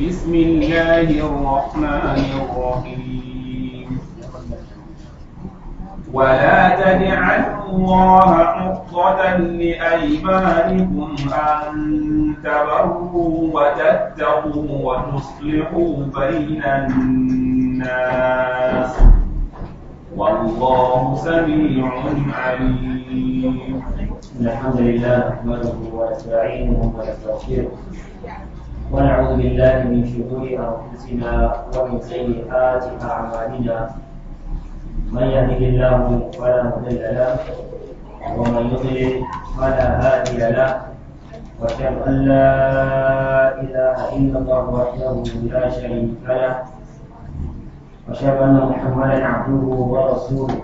بسم الله الرحمن الرحيم ولا تجعلوا الله عقدة لأيمانكم أن تبروا وتتقوا وتصلحوا بين الناس والله سميع عليم الحمد لله نحمده ونستعينه ونستغفره ونعوذ بالله من شرور أنفسنا ومن سيئات أعمالنا من يهده الله فلا مضل له ومن يضلل فلا هادي له واشهد ان لا اله الا الله وحده لا شريك له واشهد ان محمدا عبده ورسوله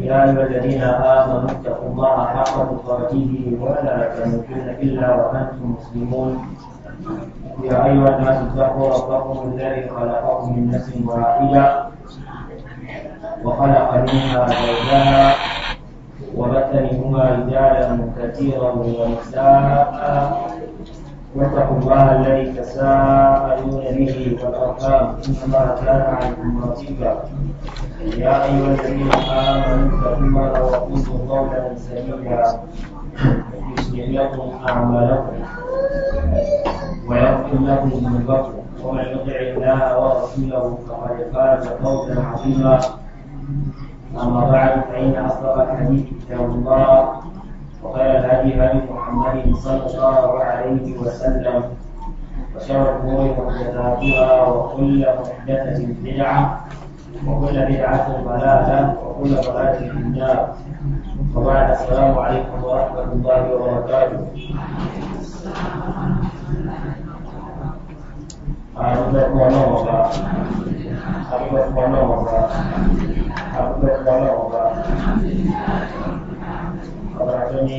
يا ايها الذين امنوا اتقوا الله حق تقاته ولا تموتن الا وانتم مسلمون يا أيها الناس اتقوا ربكم الذي خلقكم من نفس واحدة وخلق منها زوجها وبث منهما رجالا كثيرا ونساء واتقوا الله الذي تساءلون به والأرحام إنما كان عليكم رقيبا يا أيها الذين آمنوا اتقوا الله وقولوا قولا سديدا يصلح لكم أعمالكم ويغفر لكم ذنوبكم ومن يطع الله ورسوله فقد فاز فوزا عظيما اما بعد فان اصدق الحديث كتاب الله وخير الهدي هدي محمد صلى الله عليه وسلم وشر الامور محدثاتها وكل محدثه بدعه وكل بدعه ضلاله وكل ضلاله في النار وبعد السلام عليكم ورحمه الله وبركاته àdúgbò ọlọ́wọ́ba àdúgbò ọlọ́wọ́ba àdúgbò ọlọ́wọ́ba ọba tó ní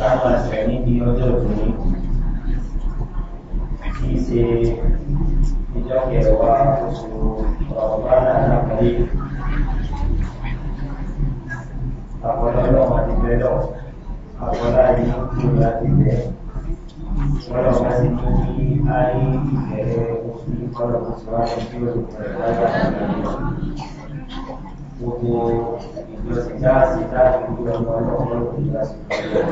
láwọn àṣẹ níbi ọjọ́ òní kì í ṣe ìjọ kẹwàá oṣù ọ̀bá náà lápẹ́lẹ́ àbọ̀lọ́lọ́wọ́ àti bẹ́lọ́ àbọ̀lá ìlú kúrò láti bẹ́ẹ̀. Gbogbo ìjọsìn jáàsì jáàsì gbogbo ọmọ ọlọ́pọ̀ lórí ìjọsìn ọjọ́.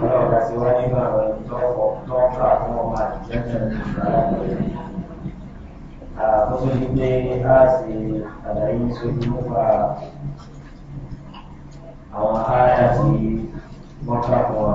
Ọlọ́run ká sí wá nínú àwọn ìtọ́kọ̀ tọ́kà fún ọmọ àtijọ́ náà ní ìgbàlá pẹ̀lú. Àkóso ní pé a ṣe àlàyé sójú nípa àwọn ááyà tí wọ́n kà fún wa.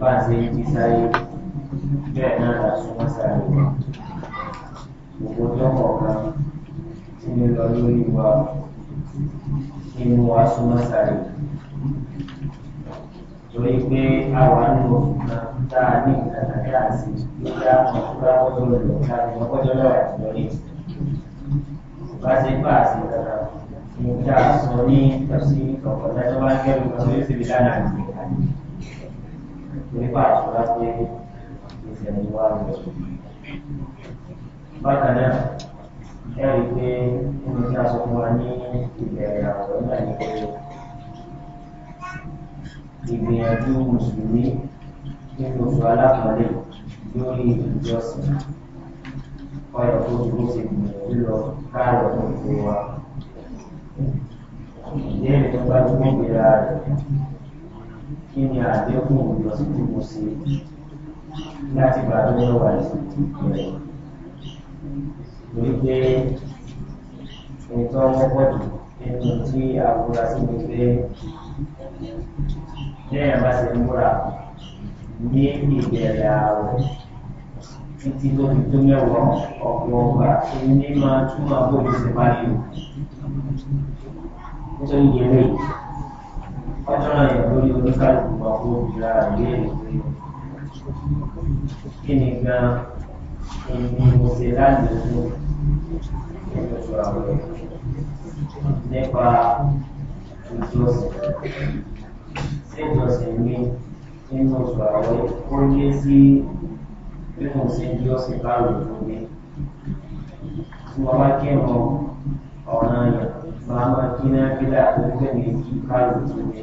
bá a ṣe ń jí sáyé bẹ́ẹ̀ náà la súnmọ́ sáyé wa gbogbo lọ́kọ̀ kan tí ń lọ lórí wa kí inú wa súnmọ́ sáyé torí pé àwa ń lò fún tá a ní ìtàkà tá a sì ló dá àwọn fúra ọjọ́ ká ní ọgbọ́jọ́ lọ́wọ́ àtìlọ́rí bá ṣe bá a ṣe dára mo dá a sọ ní tọ́sí ọ̀pọ̀ dájọ́ bá ń kẹ́rù kan lórí ìsinmi lánàá nípa ìṣúra pé ìṣẹ̀lẹ̀ wà rẹ̀. Bákan náà, ẹ rí i pé nínú tí a sọ fún wa ní ìbẹ̀rẹ̀ àwọ̀ náà ni pé ìgbìyànjú mùsùlùmí nínú oṣù alákọ̀ọ́lẹ̀ lórí ìjọsìn ọ̀yọ̀ tó dúró ti gbìyànjú lọ káàrọ̀ fún ìgbé wa. Ìdí èrè tó gbájú mọ́ ìgbéra rẹ̀ kí ni àdéhùn ìlọsí tí mo ṣe láti gbà tó lọ wà sí rẹ torí pé ètò ọkọ̀ jù nínú tí àbúrò sí mi pé lẹ́yìn bá ṣe múra ní ìbẹ̀rẹ̀ ààrùn títí tó fi tó mẹ́wàá ọ̀pọ̀ ọgbà ní máa túmọ̀ bóyá ṣe bá yìí nítorí ìyẹn lẹ́yìn. ọjọ́ oníkálukú wa kó ìlà ìbéèrè pé kí ni gan ni mo ṣe láti ọdún nínú oṣù àwọn nípa ìjọsìn ṣé ìjọsìn mi nínú oṣù àwọn ó lé sí bí mo ṣe jọ́sìn báwo fún mi tí wọ́n bá kẹ́wọ̀n ọ̀ràn yẹn máa máa kí náà kí láàbò gbẹ̀mí kí báwo fún mi.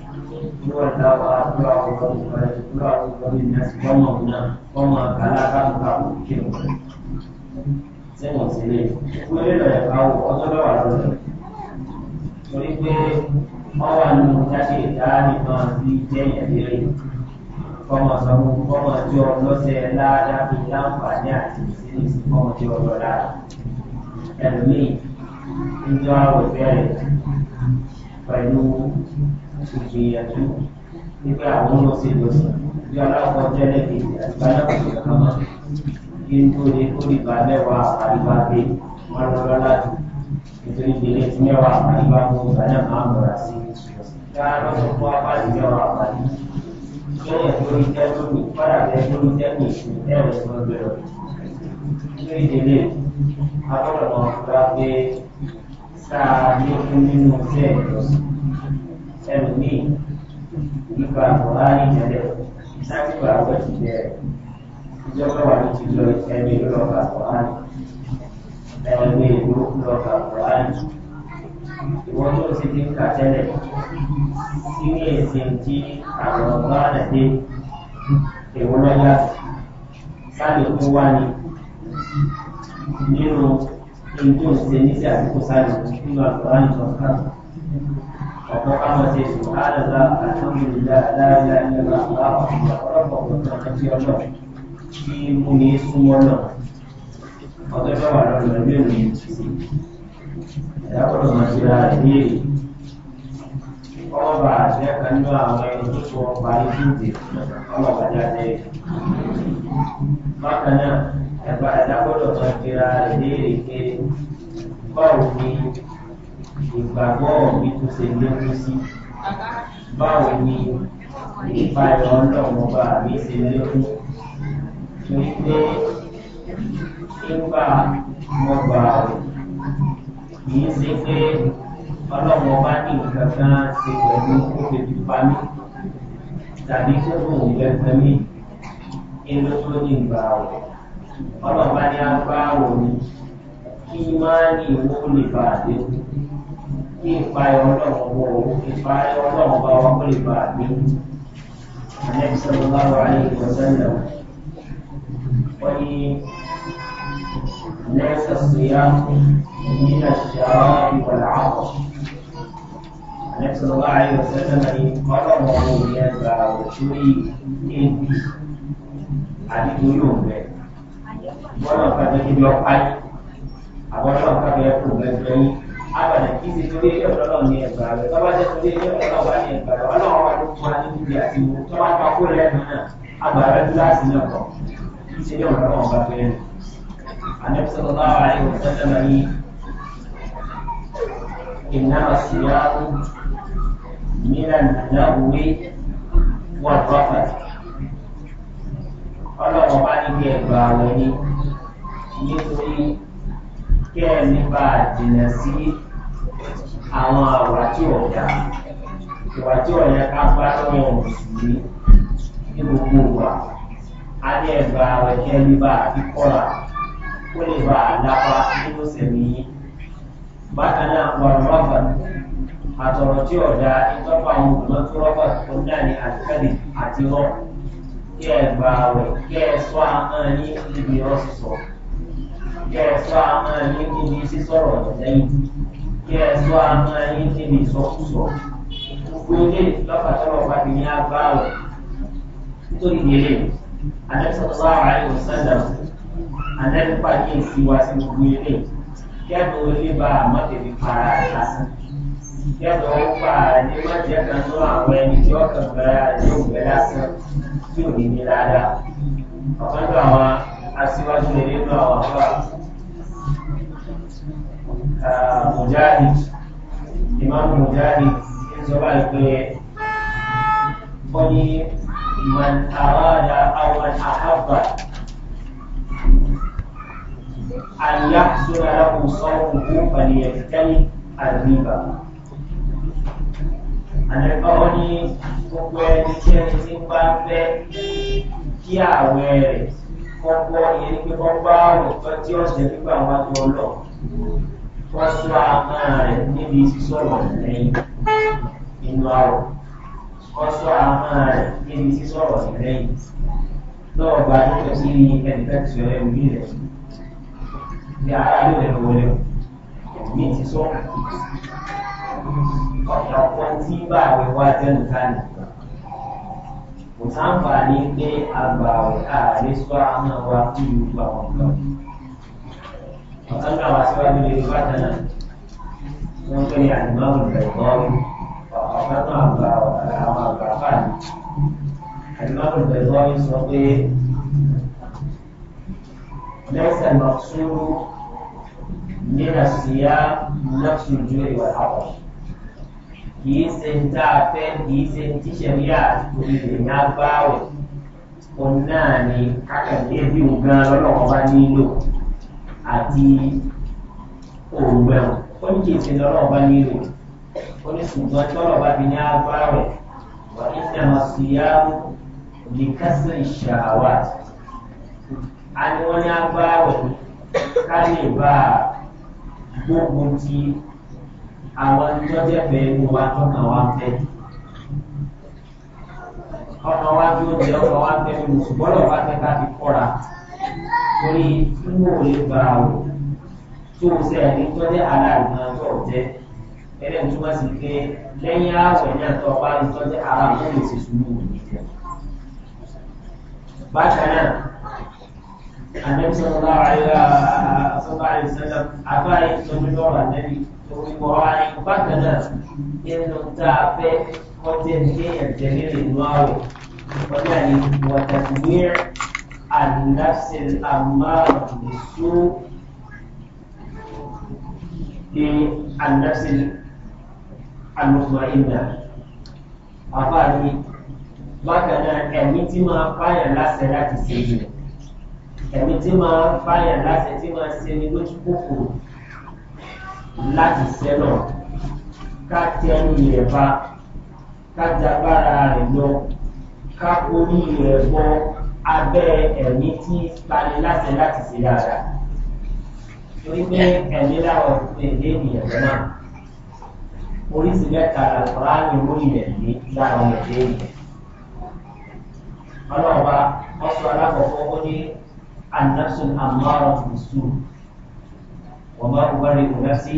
níwọ̀n dáwà àdúrà ọ̀rọ̀ ìgbàlẹ̀ àdúrà ọ̀rọ̀ ìgbàlẹ̀ àti kọ́mọ ọ̀nà kọ́mọ àgbàlá káàkà òkè wọn. sẹ́wọ̀n sí lè fún ilé ẹ̀ka wò ọjọ́ lọ́wọ́ lọ́wọ́ torí pé wọ́n wà nínú jáde ìdáhàní máa fi jẹ́ ìyàlérè kọ́mọ sanwó kọ́mọ jọ lọ́sẹ̀ ládàá fi láǹfààní àti ìsinmi sí kọ́mọ jọ lọ́dà ẹlòmíì ń jọ àwọ̀ bẹ́ẹ̀ pẹ̀lú sì gbìyànjú nígbà àwọn ọlọ́sẹ̀ lọ́sẹ̀ bí aláwọ̀ tẹ́lẹ̀ kejì àti báyàwó kama kí n tó lè kó ìgbà mẹ́wàá àríwá gbé wọn lọ́lá láti nítorí ìdílé tí mẹ́wàá àríwá tó báyà máa mọ̀ra sí ká lọ́sọ̀ fún abáyé mẹ́wàá àbáyé lọ́yẹ̀ lórí tẹ́lómi padà bẹ́ẹ̀ lórí tẹ́lómi ìṣú ẹ̀rọ tó ń bẹ̀rẹ̀ nítorí ìdílé abọ́dọ̀ náà fura pé sáà ní ó fún nínú iṣẹ́ ìjọsìn ẹlòmíì nípa àkùnrin tẹ̀lẹ̀ sásìkò àgbẹ̀ ti bẹ̀rẹ̀ ìjọba wà ní ti lọ ẹni lọ́ọ̀kà àkùnrin ẹni ìlú lọ́ọ̀kà àkùnrin ìwọ tó ti ti kà tẹ́lẹ̀ tí ní èsì tí àwọn ọ̀gá àdàdé èwo lọ́yà sáré kó wá ní nínú ìgbóhùn ṣe níṣẹ́ àdúgbò sáré nínú àkùnrin kọ̀ọ̀kan. وقرأ في سبحان الله الحمد لله لا إله إلا الله الله أكبر ربه كثيرا في منيس ولا ọjọ́ bá wà lọ́rọ̀ ẹgbẹ́ mi ìdákọ̀rọ̀ mọ̀ sí ara ìbéèrè ọba àṣẹ́ka nínú àwọn ẹni tó sọ ọba ìdíje ọba àbájáde bákan náà ẹ̀bá ìdákọ̀rọ̀ mọ̀ sí ara ìbéèrè pé báwo ni ìgbàgbọ́ mi tó ṣe lékún sí báwo ni nípa ẹ̀rọ ọlọ́run bá mi ṣe lékún torí pé nígbà mo gbà ọ́ kì í ṣe pé ọlọ́run bá ní nǹkan kan ṣe pẹ̀lú kó fi pa mí tàbí kó fún òun gẹ́gẹ́ mi inú tó ní ìgbà ọ̀ ọlọ́run bá ní agbáwo ni kí máa ní ìwó lè bá àdéhùn kí ìpayọ ọlọ́wọ́ wo ìpayọ ọlọ́wọ́ bá wọn kó lè bá a ní anẹ́bísọ́lọ́wọ́ ayé ìwọ̀sẹ́lẹ̀ wọ́n ní lẹ́sẹ̀ síyá nínú ìṣàrọ̀ ìwọ̀lẹ̀ àwọ̀ anẹ́bísọ́lọ́wọ́ ayé ìwọ̀sẹ́lẹ̀ ní ọlọ́wọ́ wo ìyẹn gbà òṣèré níbi àdídúró yóò bẹ wọ́n náà kájọ́ níbi ọ̀pá yìí àwọn náà kájọ́ ẹ̀kọ́ gbẹgbẹ́ yìí àgbàdo kí n ṣe torí ẹjọ́ ọ̀dọ́lọ́run ní ẹ̀gbà rẹ̀ tọ́ba jẹ́ torí ẹjọ́ ọ̀dọ́lọ́run wá ní ẹ̀gbà rẹ̀ ọlọ́run wá ló fún wa ní ibi àti wo tọ́ba gba kó lẹ́nu náà àgbà rẹ̀ tó láti náà kọ̀ kí n ṣe ní ọ̀dọ́lọ́run bá fẹ́ rẹ̀. ànẹ́bísọ̀tọ̀ náà wà ní òṣèlú náà ní ìnáwó síyáwó mìíràn náà wé wọ́n rọ́pà ọlọ́run bá níbi ẹ̀gbà rẹ̀ ní kí ẹni bá jìnà sí àwọn àwà tí ò dá ìwà tí ò yẹ ká ní gbogbo wa a ní ẹ̀gbà rẹ̀ kí ẹni bá kíkọ́ra kó lè bá àlápá nínú sẹ̀mí yín bákan náà wọn rọ́bà àtọ̀rọ̀ tí ò dá àwọn tó tó ń dà ní àtìkẹ́lẹ̀ àti rọ́ kí kẹ́ ẹ sọ àwọn ẹ̀yìn kí ni sísọ̀rọ̀ lẹ́yìn kẹ́ ẹ sọ àwọn ẹ̀yìn kí ni ìsọkúsọ gbogbo ilé lọ́kàtọ́rọ̀ bá ti ní agbáwọ̀ nítorí ìdílé àdẹ́sọ̀tọ̀ ààrẹ òṣèlú àdẹ́sọ̀tọ̀ àkíyèsí wa sí gbogbo ilé kẹ́ẹ̀tọ́ ilé bá àmọ́tẹ̀bí para lásán kẹ́ẹ̀tọ́ ó pa ní mọ́tẹ̀ kan tó àwọn ẹni tí ó kàn gbẹ́ra yóò gbẹ́ lásán tí ò ní ní rárá ọ̀kan àwọn aṣíwájú ilé náà wà fún àwọn mujahid imam mujahid ìjọba ìpè wọ́n ní man àwádà àwọn àhábà أن يحصل له صومه فليجتنب الربا àlẹ́kọ̀ọ́ ní gbogbo ẹni tí ẹni tí ń bá fẹ́ kí àwẹ̀ rẹ̀ kọ́kọ́ yẹn ní pé wọ́n bá àwọ̀ tó tí ọ̀sẹ̀ fọ́sọ àmà rẹ̀ níbi sísọ̀rọ̀ lẹ́yìn nínú àrọ̀ fọ́sọ àmà rẹ̀ níbi sísọ̀rọ̀ lẹ́yìn lọ́wọ́ gba nípa sí ẹnìkan tí ọ̀rẹ́ òbí rẹ̀ ní ara yóò lẹ́nu wọlé mi ti sọ ọ̀pọ̀ tí bá àwẹ̀ wá jẹ́nu kánì kò sáǹfà ní pé àgbà àwẹ̀ ààrẹ sọ àmà wa fún ìlú àwọn ọ̀gá ọ̀kan náà wá síwájú lè fi bákan náà wọ́n pè ní àdìmọ́ọ̀mù ìbẹ̀kọ́ọ̀mù ọ̀kan náà àgbà àwọn àgbà fàánì àdìmọ́ọ̀mù ìbẹ̀kọ́ọ̀mù sọ pé lẹ́sẹ̀ lọ sóró nínà síyá lọ́sùnjú ìwà àwọ̀ kìí ṣe ń tá a fẹ́ kìí ṣe ni kàkàndé àti òògùn ẹ̀wọ̀n ó ní kí ìsinmi ọlọ́run bá ní èrè ó ní ṣùgbọ́n tí ọlọ́run bá fi ní agbára rẹ̀ wà ní sẹ́mà sí yá lè kásẹ̀ ìṣàwà a ní wọ́n ní agbára rẹ̀ ká lè bá gbógun ti àwọn ìjọ́jẹ́fẹ́ inú wa tọ́kàn wa fẹ́ ọmọ wa bí jẹ́ ọmọ wa fẹ́ nínú ṣùgbọ́n bá fẹ́ ká fi kọ́ra torí tí wọ́n ò lè gba àwọ̀ tó o ṣe ẹni tó jẹ́ aláàgbọ̀n tó o jẹ́ ẹ̀rẹ́ ìtumọ̀ sí pé lẹ́yìn àwẹ̀ náà tó o bá ń tọ́jú ara tó lè ṣe sùúrù òní jẹ́. bákan náà àdébí sọ̀rọ̀ lára ayé àfọ́bá rẹ̀ sẹ́lẹ̀ àbáyé tọ́jú lọ́rọ̀ àdébí torí wọ́n wá ní bákan náà nínú tá a fẹ́ kọ́jẹ́ ní ẹ̀jẹ̀ nílẹ̀ ìlú àwẹ̀ wọ́n náà ní wọ́n tẹ̀síwìrì النفس الأمارة بالسوء للنفس المطمئنة أفاني bákan náà ẹ̀mí tí máa fáyà láṣẹ láti ṣe ilẹ̀ ẹ̀mí tí máa fáyà láṣẹ tí máa ṣe ni lójú kòkòrò láti sẹ́lọ̀ ká tẹnu rẹ̀ bá ká jagbára rẹ̀ lọ ká orí rẹ̀ abẹ́ ẹ̀mí tí pani láti láti ṣe dáadáa torí pé ẹ̀mí láwọn èdè ènìyàn náà oríṣi mẹ́ta làkúrá ní orí rẹ̀ ní láwọn èdè ènìyàn ọlọ́ọ̀bá wọ́n sọ alákọ̀ọ́kọ́ ó ní anapsun amára fùsù wọ́n bá wọ́n rí nafsi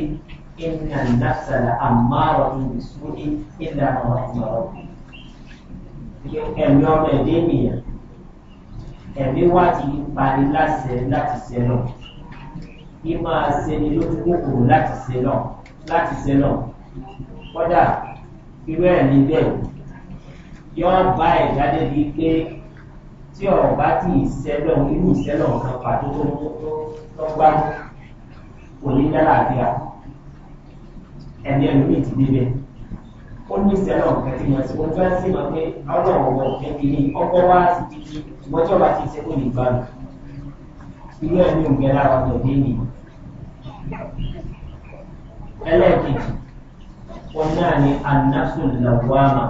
inna nafsa la amára fùsù inna ọmọ ọmọ ọmọ ẹ̀mí ọmọ èdè ènìyàn ẹ̀mí wá ti parí láṣẹ láti ṣe náà kí máa ṣe ni lójú kòkòrò láti ṣe náà láti ṣe náà kọ́dà irú ẹ̀ ní bẹ́ẹ̀ yọ bá ẹ̀dá débi pé tí ọ̀rọ̀ bá ti ìṣẹ́lọ̀ irú ìṣẹ́lọ̀ kan pàtó tó tó gbá kò ní lálàáfíà ẹ̀mí ẹlòmíì ti débẹ̀ ó ní ìṣẹ́lọ̀ kan tí wọ́n ti wọ́n tí wọ́n sì mọ̀ pé ọlọ́run ọ̀gbìn kìíní ọkọ̀ wá sí títí ṣùgbọ́n tí ọba ti ṣe kó lè gbàdùn irú ẹ̀ ní òǹgẹ́ lára ọ̀dọ̀ déèmì ẹlẹ́ẹ̀kejì wọn náà ni anasun lawama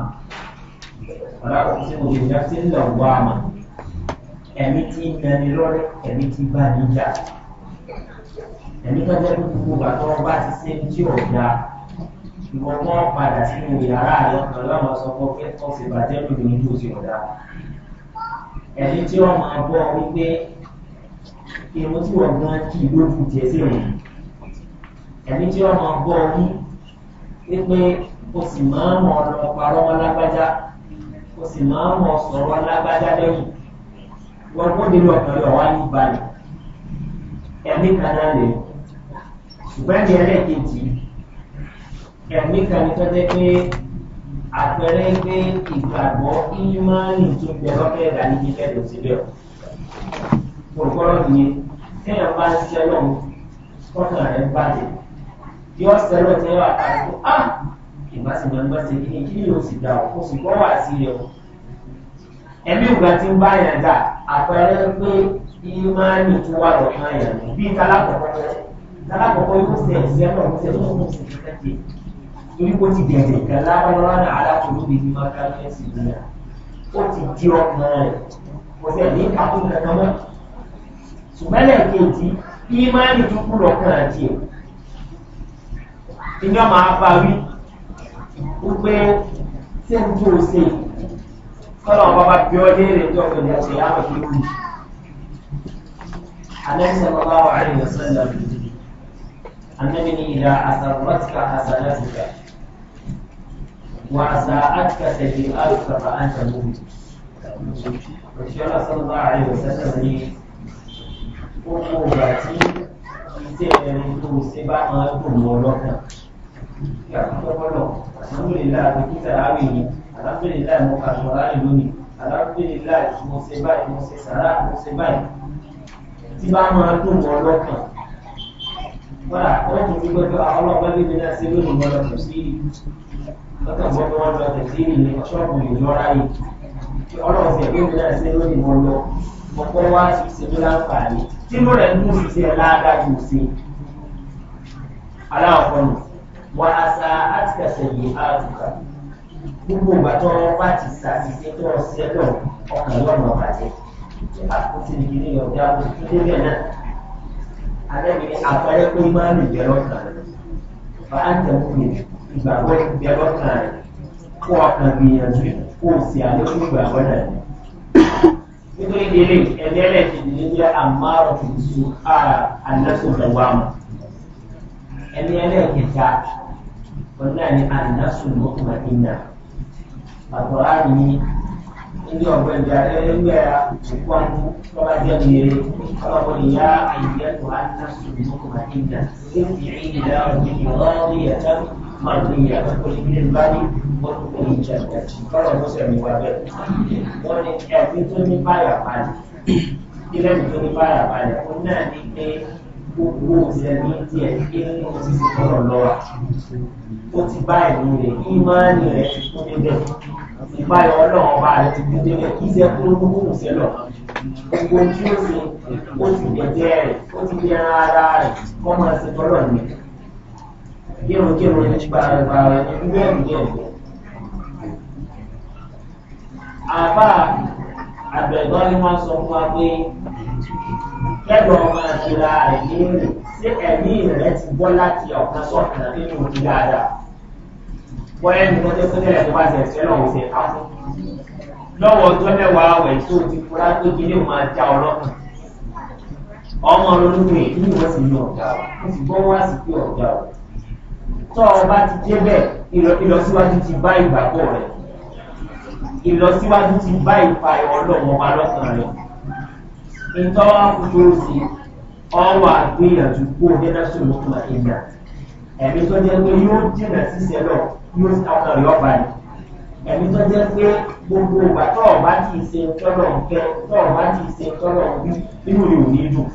ọlọ́kùnrin onídàásí lawama ẹ̀mí tí nani lọ́rẹ́ ẹ̀mí tí bá níjà ẹ̀mí tó jẹ́ gbogbo bàtọ́ bá ti ṣe tí ò dáa ìwọ̀n tó padà sínú yàrá rẹ̀ ọ̀kan lọ́wọ́ sọ fún pé ọ̀sẹ̀ bàjẹ́ lóde ní oṣù ọ̀dà ẹni tí wọ́n máa bọ́ wípé irun tí wọ́n gan kì í lójú tiẹ̀ sí rìn ẹni tí wọ́n máa bọ́ wí wípé o sì máa ń mọ̀ ọ̀rọ̀ wọn lágbájá o sì máa ń mọ̀ sọ̀rọ̀ wọn lágbájá lẹ́yìn wọ́n kó nínú ọ̀kan yọ̀ wá ní ìbàlẹ̀ ẹ̀mí kan náà lè ṣùgbọ́n ẹni ẹlẹ́ẹ̀kejì ẹ̀mí pé àpẹẹrẹ pé ìgbàgbọ́ ìmánì tó ń bẹ lọ́kẹ́ ẹ̀dá ní kíkẹ́ lò síbẹ̀ o. Olùkọ́rọ̀ nìyẹn téèyàn bá ń ṣiṣẹ́ lọ́wọ́ kọ́kàn rẹ̀ ń bàjẹ́. Bí wọ́n ṣiṣẹ́ lọ́wọ́ tẹ́lẹ̀ àtàrà tó á ìbáṣepọ̀ ń bẹ́sẹ̀ kí ni kí ni o sì gbà o sì kọ́ wà sí rẹ̀ o. Ẹ̀mí ìgbà tí ń bá yàn dà àpẹẹrẹ pé ìmánì tó wà lọ́kàn yàn bí tálákọ̀ọ́kọ́ torí kó ti dẹ̀dẹ̀ kan lágbára aláàtúrú bí i máa ká ní ẹ̀sìn ìlú rẹ̀ ó ti di ọkàn rẹ̀ kò sẹ̀ ní kàtó kankan mọ́ ṣùgbọ́n kejì ìmáàlì tó kú lọ́kàn àti ẹ̀ ìyá máa bá wí wípé ṣé ń tó ṣe kọ́lọ̀ bàbá bí ọ rẹ̀ tó ọ̀gbìn ẹ̀sìn yàrá tó kú àlẹ́sẹ̀ bàbá wà á rìn lọ́sẹ̀ lọ́dún àmẹ́ni ìlà àsàrọ̀tìkà àsàrọ̀tìkà وأساءتك سيئاتك فأنت مؤمن òṣìṣẹ́ sọ́lọ́bà àìwòsẹ́sẹ̀ ní gbogbo ìgbà tí iṣẹ́ ẹni tó ṣe bá máa dùn mọ́ lọ́kàn kí àkókòkòlò àtúndìlélá àdókítà láàrin yìí alábìlélá mo kà sọ láàrin lónìí alábìlélá mo ṣe báyìí mo ṣe sàrà mo ṣe báyìí tí bá máa dùn mọ́ lọ́kàn kọ́dà ó tún fi gbọ́dọ̀ àwọn ọlọ́pàá lè náà ṣe lónìí mọ́ lọ́kàn sí lọ́tọ̀ tí wọ́n lọ tẹ̀sí ní ṣọ́ọ̀bù ìjọra yìí kí ọlọ́run fi ẹ̀gbẹ́ mi náà ṣe lónìí mo lọ mo kọ́ wá ṣe mí láǹfààní tí ló rẹ̀ ń mú sí ẹ láàdájú sí i aláwọ̀ nù wà á sa àtìkàṣẹ̀ yìí àtùkà gbogbo ìgbà tó bá ti sa ìṣe tó ń ṣe lọ ọkàn lọ́nà bàjẹ́ àkóso ìdílé ọ̀dà tó débẹ̀ náà alẹ́ mi àpẹẹrẹ pé má lè jẹ́ lọ́kàn fà á tẹ̀ mú mi jù ìgbàgbọ́ ìgbẹ́gbọ́ kan rẹ̀ kó ọkàn gbìyànjú kó o sì àlékún ìgbàgbọ́ náà ni. nítorí délé ẹ̀mí ẹlẹ́ẹ̀kejì ní jẹ́ àmárọ̀ ìṣù ànásùnmọ̀wámù ẹ̀mí ẹlẹ́ẹ̀kẹta ọ̀nà ni ànásùnmọ̀kùnmọ̀kìnà àtọ̀ àrùn ní ilé ọ̀gbẹ́ ìjà ẹgbẹ́ ìpọ́nú lọ́ba jẹ́ mi rẹ̀ ọlọ́wọ́ ìyá àyíkẹ́ tó ànásùnmọ̀kùnmọ̀kìnà ní ìrìn ìlà ọ̀gbìn ìrọ̀rùn ìyàtọ̀ مروية والابن الباني والابن الجنة قال مسلم وابن wọn ẹbí tó ní báyà balẹ̀ ìrẹ́bí tó ní báyà balẹ̀ ó náà ní pé gbogbo ìsẹ̀mí tiẹ̀ kí ní o ti fi tọrọ lọ́wọ́ ó ti bá ẹ̀mí rẹ̀ ìmánì rẹ̀ ti kú débẹ̀ ìbáyọ̀ ọlọ́run ọba rẹ̀ ti kú débẹ̀ kí iṣẹ́ kú ló gbogbo ìṣẹ̀lọ̀ gbogbo tí ó ṣe ó ti dẹ̀jẹ̀ rẹ̀ ó ti dẹ̀ ara rẹ̀ kọ́ máa ṣe tọ́lọ̀ nìyẹn kírun kírun ní gbaragara ní wíwẹ́ẹ̀mù ní ẹ̀fọ́. àbá àgbẹ̀gbọ́ ni wọ́n sọ fún wa pé kẹ́lọ́ ọmọ ìlà rẹ̀ léèrè sí ẹ̀mí rẹ̀ ti bọ́ láti ọ̀kan sọ̀kan nínú omi dáadáa. wọ́n ẹni wọ́n tẹ́ fúnlẹ̀ tó bá tẹ̀ sẹ́lọ̀ ọ̀hún ṣe ká fún. lọ́wọ́ ọjọ́ mẹ́wàá àwẹ̀ tó ti fura pé kí ni màá já ọlọ́kùn. ọmọ olólùfẹ́ ìlú wọn sì ní tọ́ ọba ti débẹ̀ ìlọsíwájú ti bá ìgbàgbọ́ rẹ̀ ìlọsíwájú ti bá ìpa ọlọ́wọ́n ọba lọ́sàn-án rẹ̀ ìtọ́wá kúkúrú sí ọwọ́ àgbéyànjú kó o dẹ́nà sọ̀rọ̀ fún ẹ̀yà ẹ̀mí tó jẹ́ pé yóò dènà sísẹ lọ yóò sí ọkàn rẹ̀ ọba rẹ̀ ẹ̀mí tó jẹ́ pé gbogbo ìgbà tọ́ ọba ti ṣe tọ́lọ̀ nkẹ́ tọ́ ọba ti ṣe tọ́lọ̀ wí nínú ìwòye dùn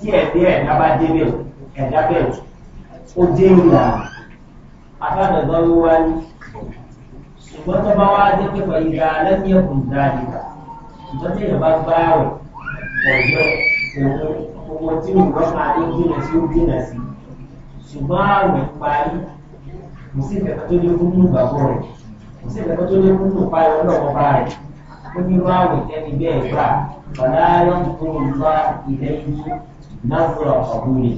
tí ẹ̀dẹ́ ẹ̀dá bá débẹ̀ ẹ̀dá bẹ̀rù ó dé ìlà afẹ́dàgbọ́rú wá ní ṣùgbọ́n tó bá wá dé pípa ìgbà lẹ́yìn ẹ̀kùn dáadìgbà ṣùgbọ́n tí ìyàbá gbá rẹ̀ ọ̀jọ́ òun gbogbo tí òwúrọ̀ máa dé jìnà sí ó jìnà sí ṣùgbọ́n àwẹ̀ parí kò sí ìfẹ̀kọ́ tó lé fún ìgbàgbọ́ rẹ̀ kò sí ìfẹ̀kọ́ tó lé fún ìpayọ̀ ọlọ́wọ́ bá rẹ̀ ó ní wá àwẹ̀ tẹ́ni bẹ́ẹ̀ gbà bàlá yọ̀ tó ń bá ilẹ̀ yìí náà fúra ọ̀gbìn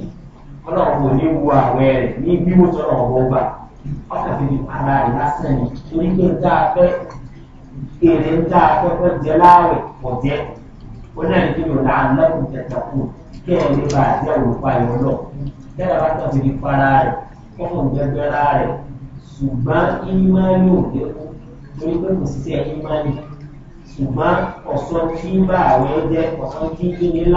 ọlọ́run kò ní wo àwẹ̀ rẹ̀ ní bí wọ́n sọ̀rọ̀ ọ̀bọ̀ gbà ọkàtí ní ara rẹ̀ lásán ni torí pé ń dáa fẹ́ èrè ń dáa fẹ́ fẹ́ jẹ́ láàwẹ̀ pọ̀ jẹ́ ó náà ní kí ló là ń lọ́kùn tẹ̀tẹ̀ kù kí ẹ̀ lè bá àjẹ́ òrùpa yọ lọ tẹ́lẹ̀ bá tọ̀ fi para rẹ̀ kọ́kọ́ ń gbẹgbẹ́ ra ṣùgbọ́n ìmánì ò lékún torí pé kò síṣẹ́ ìmánì ṣùgbọ́n ọ̀sán tí bá àwẹ̀ jẹ́ ọ̀sán tí ń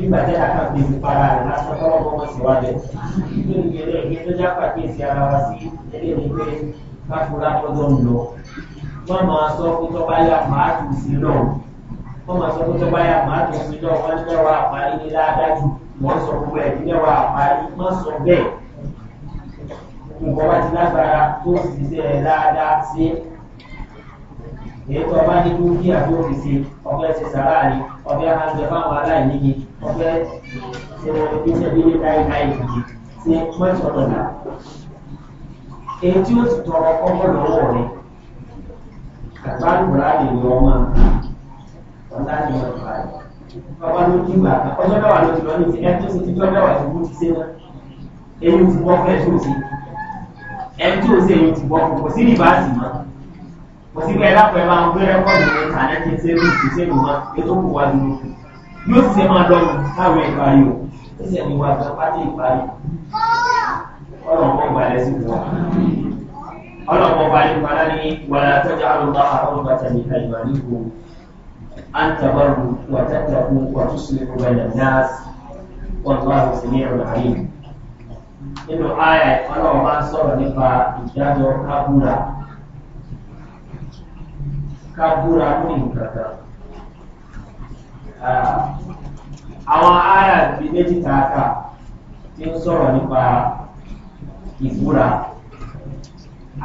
nígbà tí àkàbí ti para rẹ̀ lásán tọ́wọ́ bọ́ wọ́n sì wá bẹ̀. nínú ìgbélé ìgbé tó já pàkíyèsí ara wa sí ẹlẹ́ ní pé káfúrá tọ́jọ́ ń lọ. wọ́n máa sọ pé tọ́ba yà máa tù sí náà. wọ́n máa sọ pé tọ́ba yà máa tù sí náà wọ́n ní wàá parí ní ládájú. wọ́n sọ gbogbo ẹ̀ ní wàá parí má sọ bẹ́ẹ̀. nǹkan wá ti lágbára tó sì ṣe ẹ̀ dáadáa sí èyí tó bá ní dúkìá tó fi ṣe ọ̀fẹ́ ṣe sàrà ni ọ̀fẹ́ àjẹfáwọn aláìní ni ọ̀fẹ́ iṣẹ́ ilé dáìdáì yìí ti twelve hundred naira èyí tí ó ti tọrọ kọ́kọ́ lọ́wọ́ rẹ̀ àgbàlùbọ̀lá lè ní ọmọ ọ̀la ní ọ̀la bàbá ló kí wà ọjọ́ mẹ́wàá ló ti lọ ní ti ẹ tó ti tọ́ mẹ́wàá ti kú ti ṣe náà èyí ti bọ́ fún ẹ̀ tó ṣe ẹ tó ṣe èyí ti bọ́ fún kò sí rìbáàsì mọ́ kò sí pé ẹ lápò máa ń gbé rẹ́kọ̀dù ní ìtàn ṣe é lù ṣe mọ́ ètò kù wá lù ú yóò ti máa lọ láwọn ìparí o ó sì ní wàá tó pátí ìparí ọlọ́pọ̀ ìgbàlẹ̀ sí wọn ọlọ́pọ̀ parí padà ní wàlá tọ́jà àlùbá àwọn bàtà ní àyùbá níbo à ń tabaru wà tàtàkù wà tó sì lè wà nàásì wọn tó àwọn sì ní ìrọ̀lẹ́ ayé nínú ayà ọlọ́wọ́ bá ń sọ̀rọ̀ nípa ìdájọ́ kábúra kábúra ní nǹkan kan. Ah. àwọn ará bí méjì tààkà tí ń sọ̀rọ̀ nípa ìbúra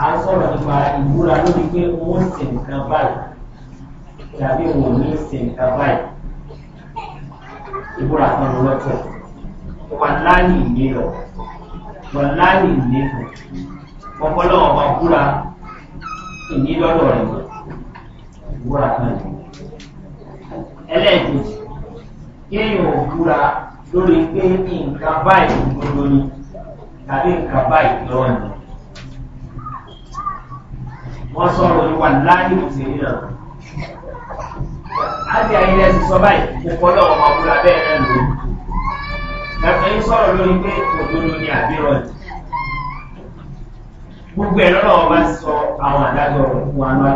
a ń sọ̀rọ̀ nípa ìbúra lórí pé wọ́n sì nǹkan báyìí tàbí wọ́n ní sì nǹkan báyìí ìbúra kan lọ́tọ̀ wà láàyè ìlérò wà láàyè ìlérò ọpọlọ ọba búra ìnílọ́dọ̀ rẹ̀ búra kan yìí. ẹlẹ́ẹ̀kejì kéèyàn ò búra lórí pé nǹkan báyìí gbogbo ni tàbí nǹkan báyìí ni wọ́n sọ̀rọ̀ ìwà n'la òṣèré náà láti ayẹyẹ ti sọ báyìí kò kọ́lọ́ ọmọ búra bẹ́ẹ̀ ni gbogbo ẹ̀ sọ àwọn àdájọ́ ọ̀rọ̀ fún wa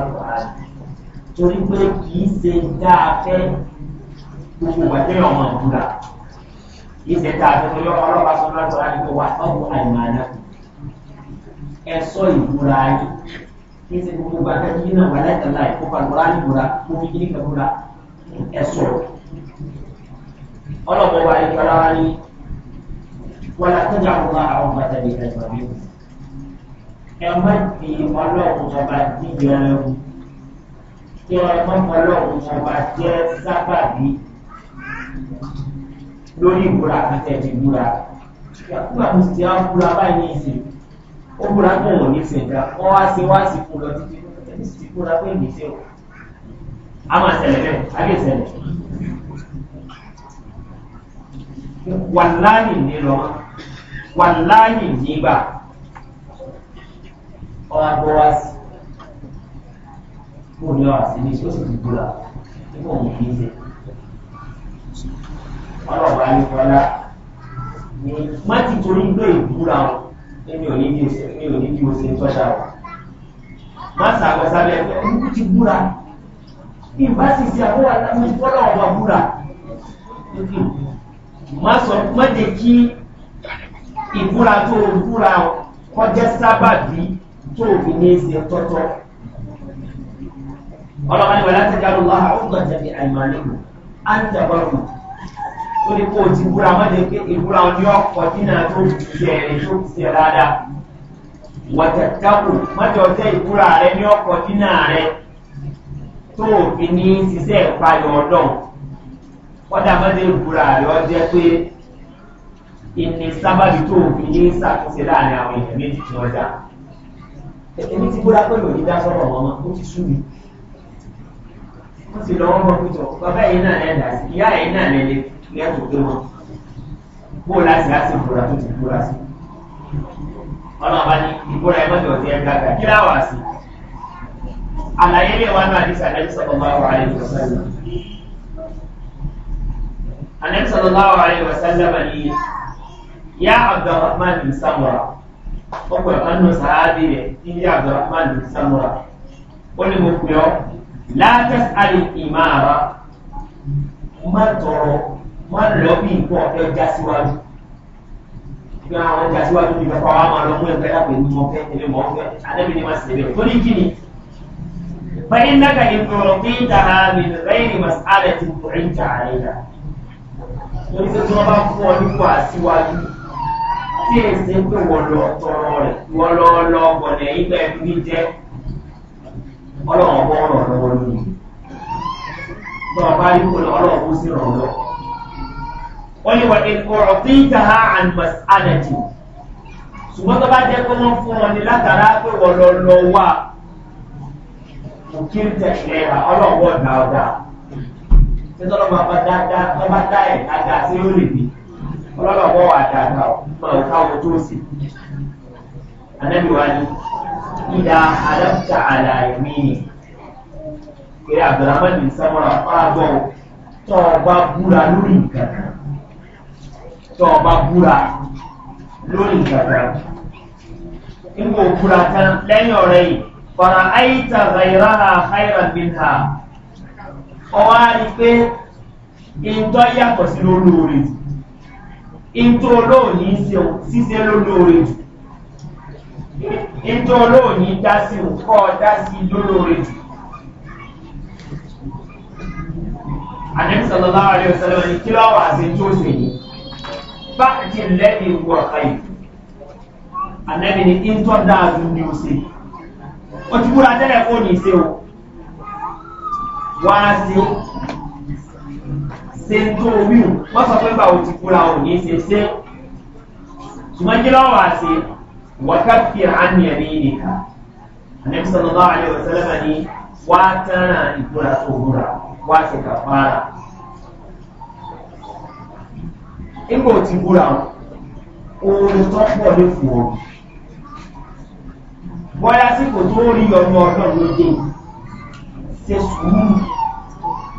torí pé kìí ṣe dáafẹ́ gbogbo wàtẹ́ ọmọ ìdúrà ìṣe dáafẹ́ tó yọ ọlọ́pàá sọ lọ́tọ̀ àdúgbò wà ọ̀gbọ́n àìmọ̀ọ́dá ẹ̀sọ́ ìdúrà ayé kìí ṣe gbogbo wàtẹ́ yìí náà wà láìtàlá ìkópa lọ́la ìdúrà kó fi kiri kàbúrà ẹ̀sọ́ ọlọ́pàá wà ìgbàlá wa ní wàlá tó jà wọn àwọn bàtà ní ẹ̀sọ́ mi ẹ̀ má fi ọlọ́pàá tó jẹ́ mọ́mọ́lọ́hún ọba jẹ́ sábàbí lórí ìbúra àtẹ̀lé ìbúra. Ìyàkúrà mi ti á búra báyìí ní ìsìn. Ó búra tó wọ̀ ní ìsìnká. Wọ́n wá sí wá sí kú lọ títí ní ti búra pé ní ìsìn o. A máa ṣẹlẹ̀ bẹ́ẹ̀, a lè ṣẹlẹ̀. Wàláyì ní lọ, wàláyì ní gbà. Ọ̀rọ̀ àbọ̀ wá sí fóun ní ọ̀rọ̀ àti ní ìṣe ó sì ti o ṣe mi ò ní bí o ṣe ń tọ́ṣà wọn. má sàgbọ́ sábẹ́ ẹgbẹ́ òkú ti búra ìbá sì ṣe àbúrò àtàwọn ìfọ́lọ́ ọba búra. má sọ má jẹ́ kí ìbúra tó o búra kọjá sábàbí tó o fi ní í ṣe tọ́tọ́ ọlọ́run ní wàlá tẹ̀kálù lọ́ha ọ̀gbọ̀n tẹ̀lé àìmọ̀lẹ́kù á ń tẹ̀kọ́rù tó ní kó o ti búra wọn lè pé ìbúra wọn ni ọkọ̀ dínà tó jẹ tó jẹ dáadáa wọ̀tẹ̀kálù mọ́jọ tẹ ìbúra rẹ ní ọkọ̀ dínà rẹ tó o fi ní ṣiṣẹ́ ìpayọ̀ ọ̀dọ́ kọ́dà mọ́jọ ìbúra rẹ ọ jẹ́ pé ìní sábàbí tó o fi ní ṣàtúnṣe láàrin àwọn èèyàn méjì tí wọ́n dá èmi ti búra pẹ̀lú onídàásọ̀rọ̀ wọn mọ́ ó ti sú mi wọ́n sì lọ́wọ́ mọ́ pìtọ̀ bàbá yìí náà lẹ́dà sí ìyá yìí náà lẹ́lẹ́ lẹ́tọ̀ pé wọn bó o láti láti ìbúra tó ti búra sí ọlọ́run bá ní ìbúra ẹgbẹ́ tó ti ẹ gbàgbà kí láwà sí àlàyé lè wá náà àdìsí àdìsí ọ̀pọ̀ máa wà ayé ìwọ̀sẹ́lẹ̀ àdìsí ọ̀pọ̀ máa wà ayé ìwọ̀sẹ́lẹ̀ mà ní yá abdulrahman bin samura ó pẹ̀lú kánú sàádìí rẹ̀ ní yá abdulrahman bin samura ó ní mo pè ọ́ látẹ́sí àlè ìmáàrá má tọrọ má lọ bí nǹkan ọ̀fẹ́ já síwájú bí àwọn já síwájú ní ìfẹ́ wa máa lọ mú ẹgbẹ́ dàpọ̀ ní mọ́ fẹ́ ẹgbẹ́ mọ́ fẹ́ adébí ni má sì lè tó ní kí ni fẹ́yìn náà ní tọrọ pé ń tara mi lẹ́yìn masálẹ̀ tí kò ń tà àlẹ́ yà lórí pé tí wọ́n bá fún ọ nípò àsíwájú tí èsì ń pè wọ́n lọ tọrọ rẹ̀ wọ́n bọ́ọ̀bá yíkò lọ́rọ̀ ó sì rọ̀ lọ. wọ́n ní wọ́n ní ọ̀rọ̀ tí ń ta ha àlùmọ̀sí àdàjì ṣùgbọ́n tó bá jẹ́ pé wọ́n fún wọn ní látara pé wọ́n lọ lọ wà òkè tẹ̀lé ọlọ́wọ́ dáadáa nítorí wọn bá dáadáa wọn bá dá ẹ̀ dáadáa sí yóò lè bí ọlọ́wọ́ wà dáadáa máa ìdá àdáfíà àlàyé mi pé abdulhamid ní sámọ́ra fáàbọ̀ tọ́ ọba búra lórí nǹkan kan tọ́ ọba búra lórí nǹkan kan nígbà òbúra tán lẹ́yìn ọ̀rẹ́ yìí fara àyíta ràìrà àìrà bìnà ọwọ́ á rí pé ìtọ́ yàtọ̀ sí lólóore jù ìtọ́ olóòní ṣíṣe lólóore jù olóòní dá sí òkọ́ dá sí lólóore jù. àdẹ́bí sọlọ́lá àrẹ òsèlú ní kí lọ́wọ́ àti tó sì ní bá ti lẹ́bi wọ àyè àdẹ́bí ní kí n tọ́ dáa ju ní o ṣe o ti búra tẹ́lẹ̀ kó ní ṣe o wá sí o ṣe ń tó omi o wọ́n sọ pé báwo ti búra o ní ṣe ṣe ṣùgbọ́n kí lọ́wọ́ àti wákàtí àmì ẹ̀mí nìkan àdẹ́bí sọlọ́lá àrẹ òsèlú ní wá tẹ́ràn ìbúra tó búra o wá sí kàfàrà nígbà tí búra oorun tó pọ̀ lè fò ọ́ bọ́lá sí kò tó rí ọmọ ọdún lóde ṣe sùúrù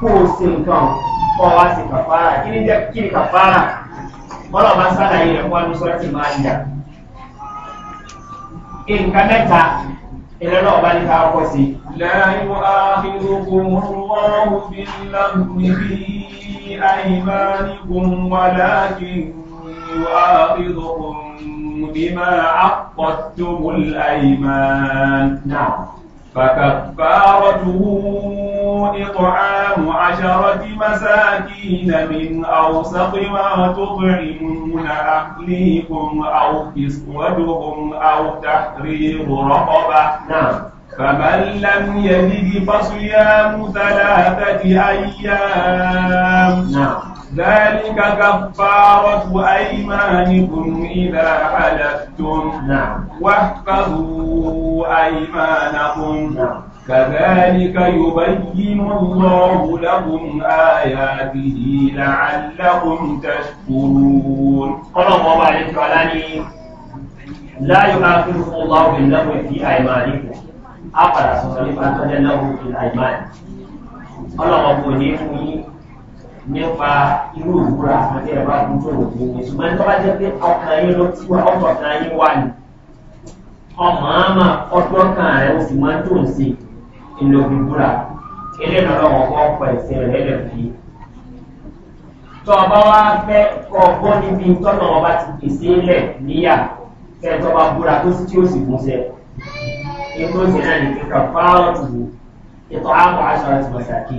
kó o ṣe nǹkan kọ́ wá sí kàfàrà kí ni jẹ́ kí ni kàfàrà bọ́lá bá sálàyé rẹ̀ fún àdúsọ́tì máa ń jà nǹkan mẹ́ta ilẹ̀ náà bá ní káàkọ́ sí. Láàrín ààrínlógún wọ́n bí láàrín bí àìmá nígun فكفارته إطعام عشرة مساكين من أوسط ما تطعمون أهليكم أو كسوتهم أو تحرير رقبة نعم فمن لم يجد فصيام ثلاثة أيام نعم ذلك كفارة أيمانكم إذا حلفتم نعم واحفظوا أيمانكم كذلك يبين الله لكم آياته لعلكم تشكرون قال الله عليه وسلم لا يؤاخذكم الله باللغو في أيمانكم أقرأ سوسلم أن تجلغوا في الأيمان الله عليه وسلم nípa irú ìwúra àti ẹ̀rọ àdúgbò òde òde ṣùgbọ́n tó bá jẹ́ pé ọkàn yín ló ti wá ọkọ̀ kan yín wà ní ọmọ àmà ọdún kan rẹ̀ ó sì máa ń dùn sí ìlò ìwúra eléyìí lọ́wọ́ kọ́ ọ̀pọ̀ ẹ̀sẹ̀ rẹ̀ lẹ̀ fi. tó ọba wa fẹ́ kọ́ ọgbọ́n níbi tọ́nà ọba ti pèsè lẹ̀ níyà fẹ́ tọ́ba búra tó sì tí ó sì gúnṣẹ́ ètò ìsìn ní kíkà fáwọn tìwò ètò àbọ̀ aṣọ àti mọ̀ṣàkì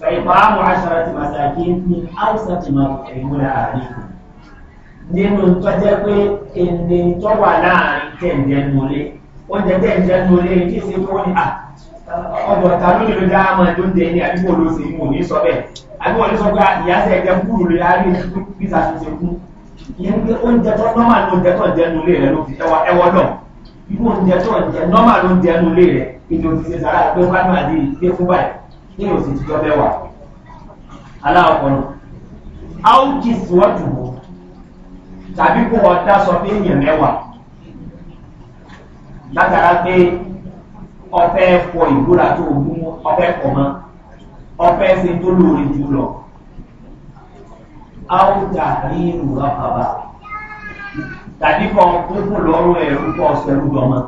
فإطعام عشرة مساكين من أوسط ما تطعمون أهليكم nínú tọ́jẹ́ pé ẹni tó wà láàrin tẹ̀ǹjẹ́ nulẹ̀ oúnjẹ tẹ̀ǹjẹ́ nulẹ̀ kí ṣe fún ni ọ̀dọ̀ ta ló lè dá àmọ́ tó ń tẹ̀lé àdúgbò ló ṣe mú ní sọ bẹ́ẹ̀ àdúgbò ló sọ pé ìyáṣẹ́ ẹ̀jẹ̀ kúrò lè rárí písà tó ṣe kú ìyẹn pé oúnjẹ tó nọ́mà ló ń jẹ tó ń jẹ nulẹ̀ rẹ ló fi ẹwà ẹwọ́ náà irú oúnjẹ tó ń jẹ nọ́mà ló ń jẹ nulẹ̀ rẹ ìjọ ní òsì tíjọ́ mẹ́wàá aláwọ̀kọ̀nà áùkì síwọ́tù tàbí kó wọ́n dá sọ pé èèyàn mẹ́wàá látara pé ọfẹ́ pọ̀ ìbúra tó mú ọfẹ́ pọ̀ mọ́ ọfẹ́ ṣe tó lóore jù lọ áùkà rírù ọ̀pàbà tàbí kọ́ tó kù lọ́rùn ẹ̀rú kọ́ ọ̀sẹ̀ rúgbọ́n mọ́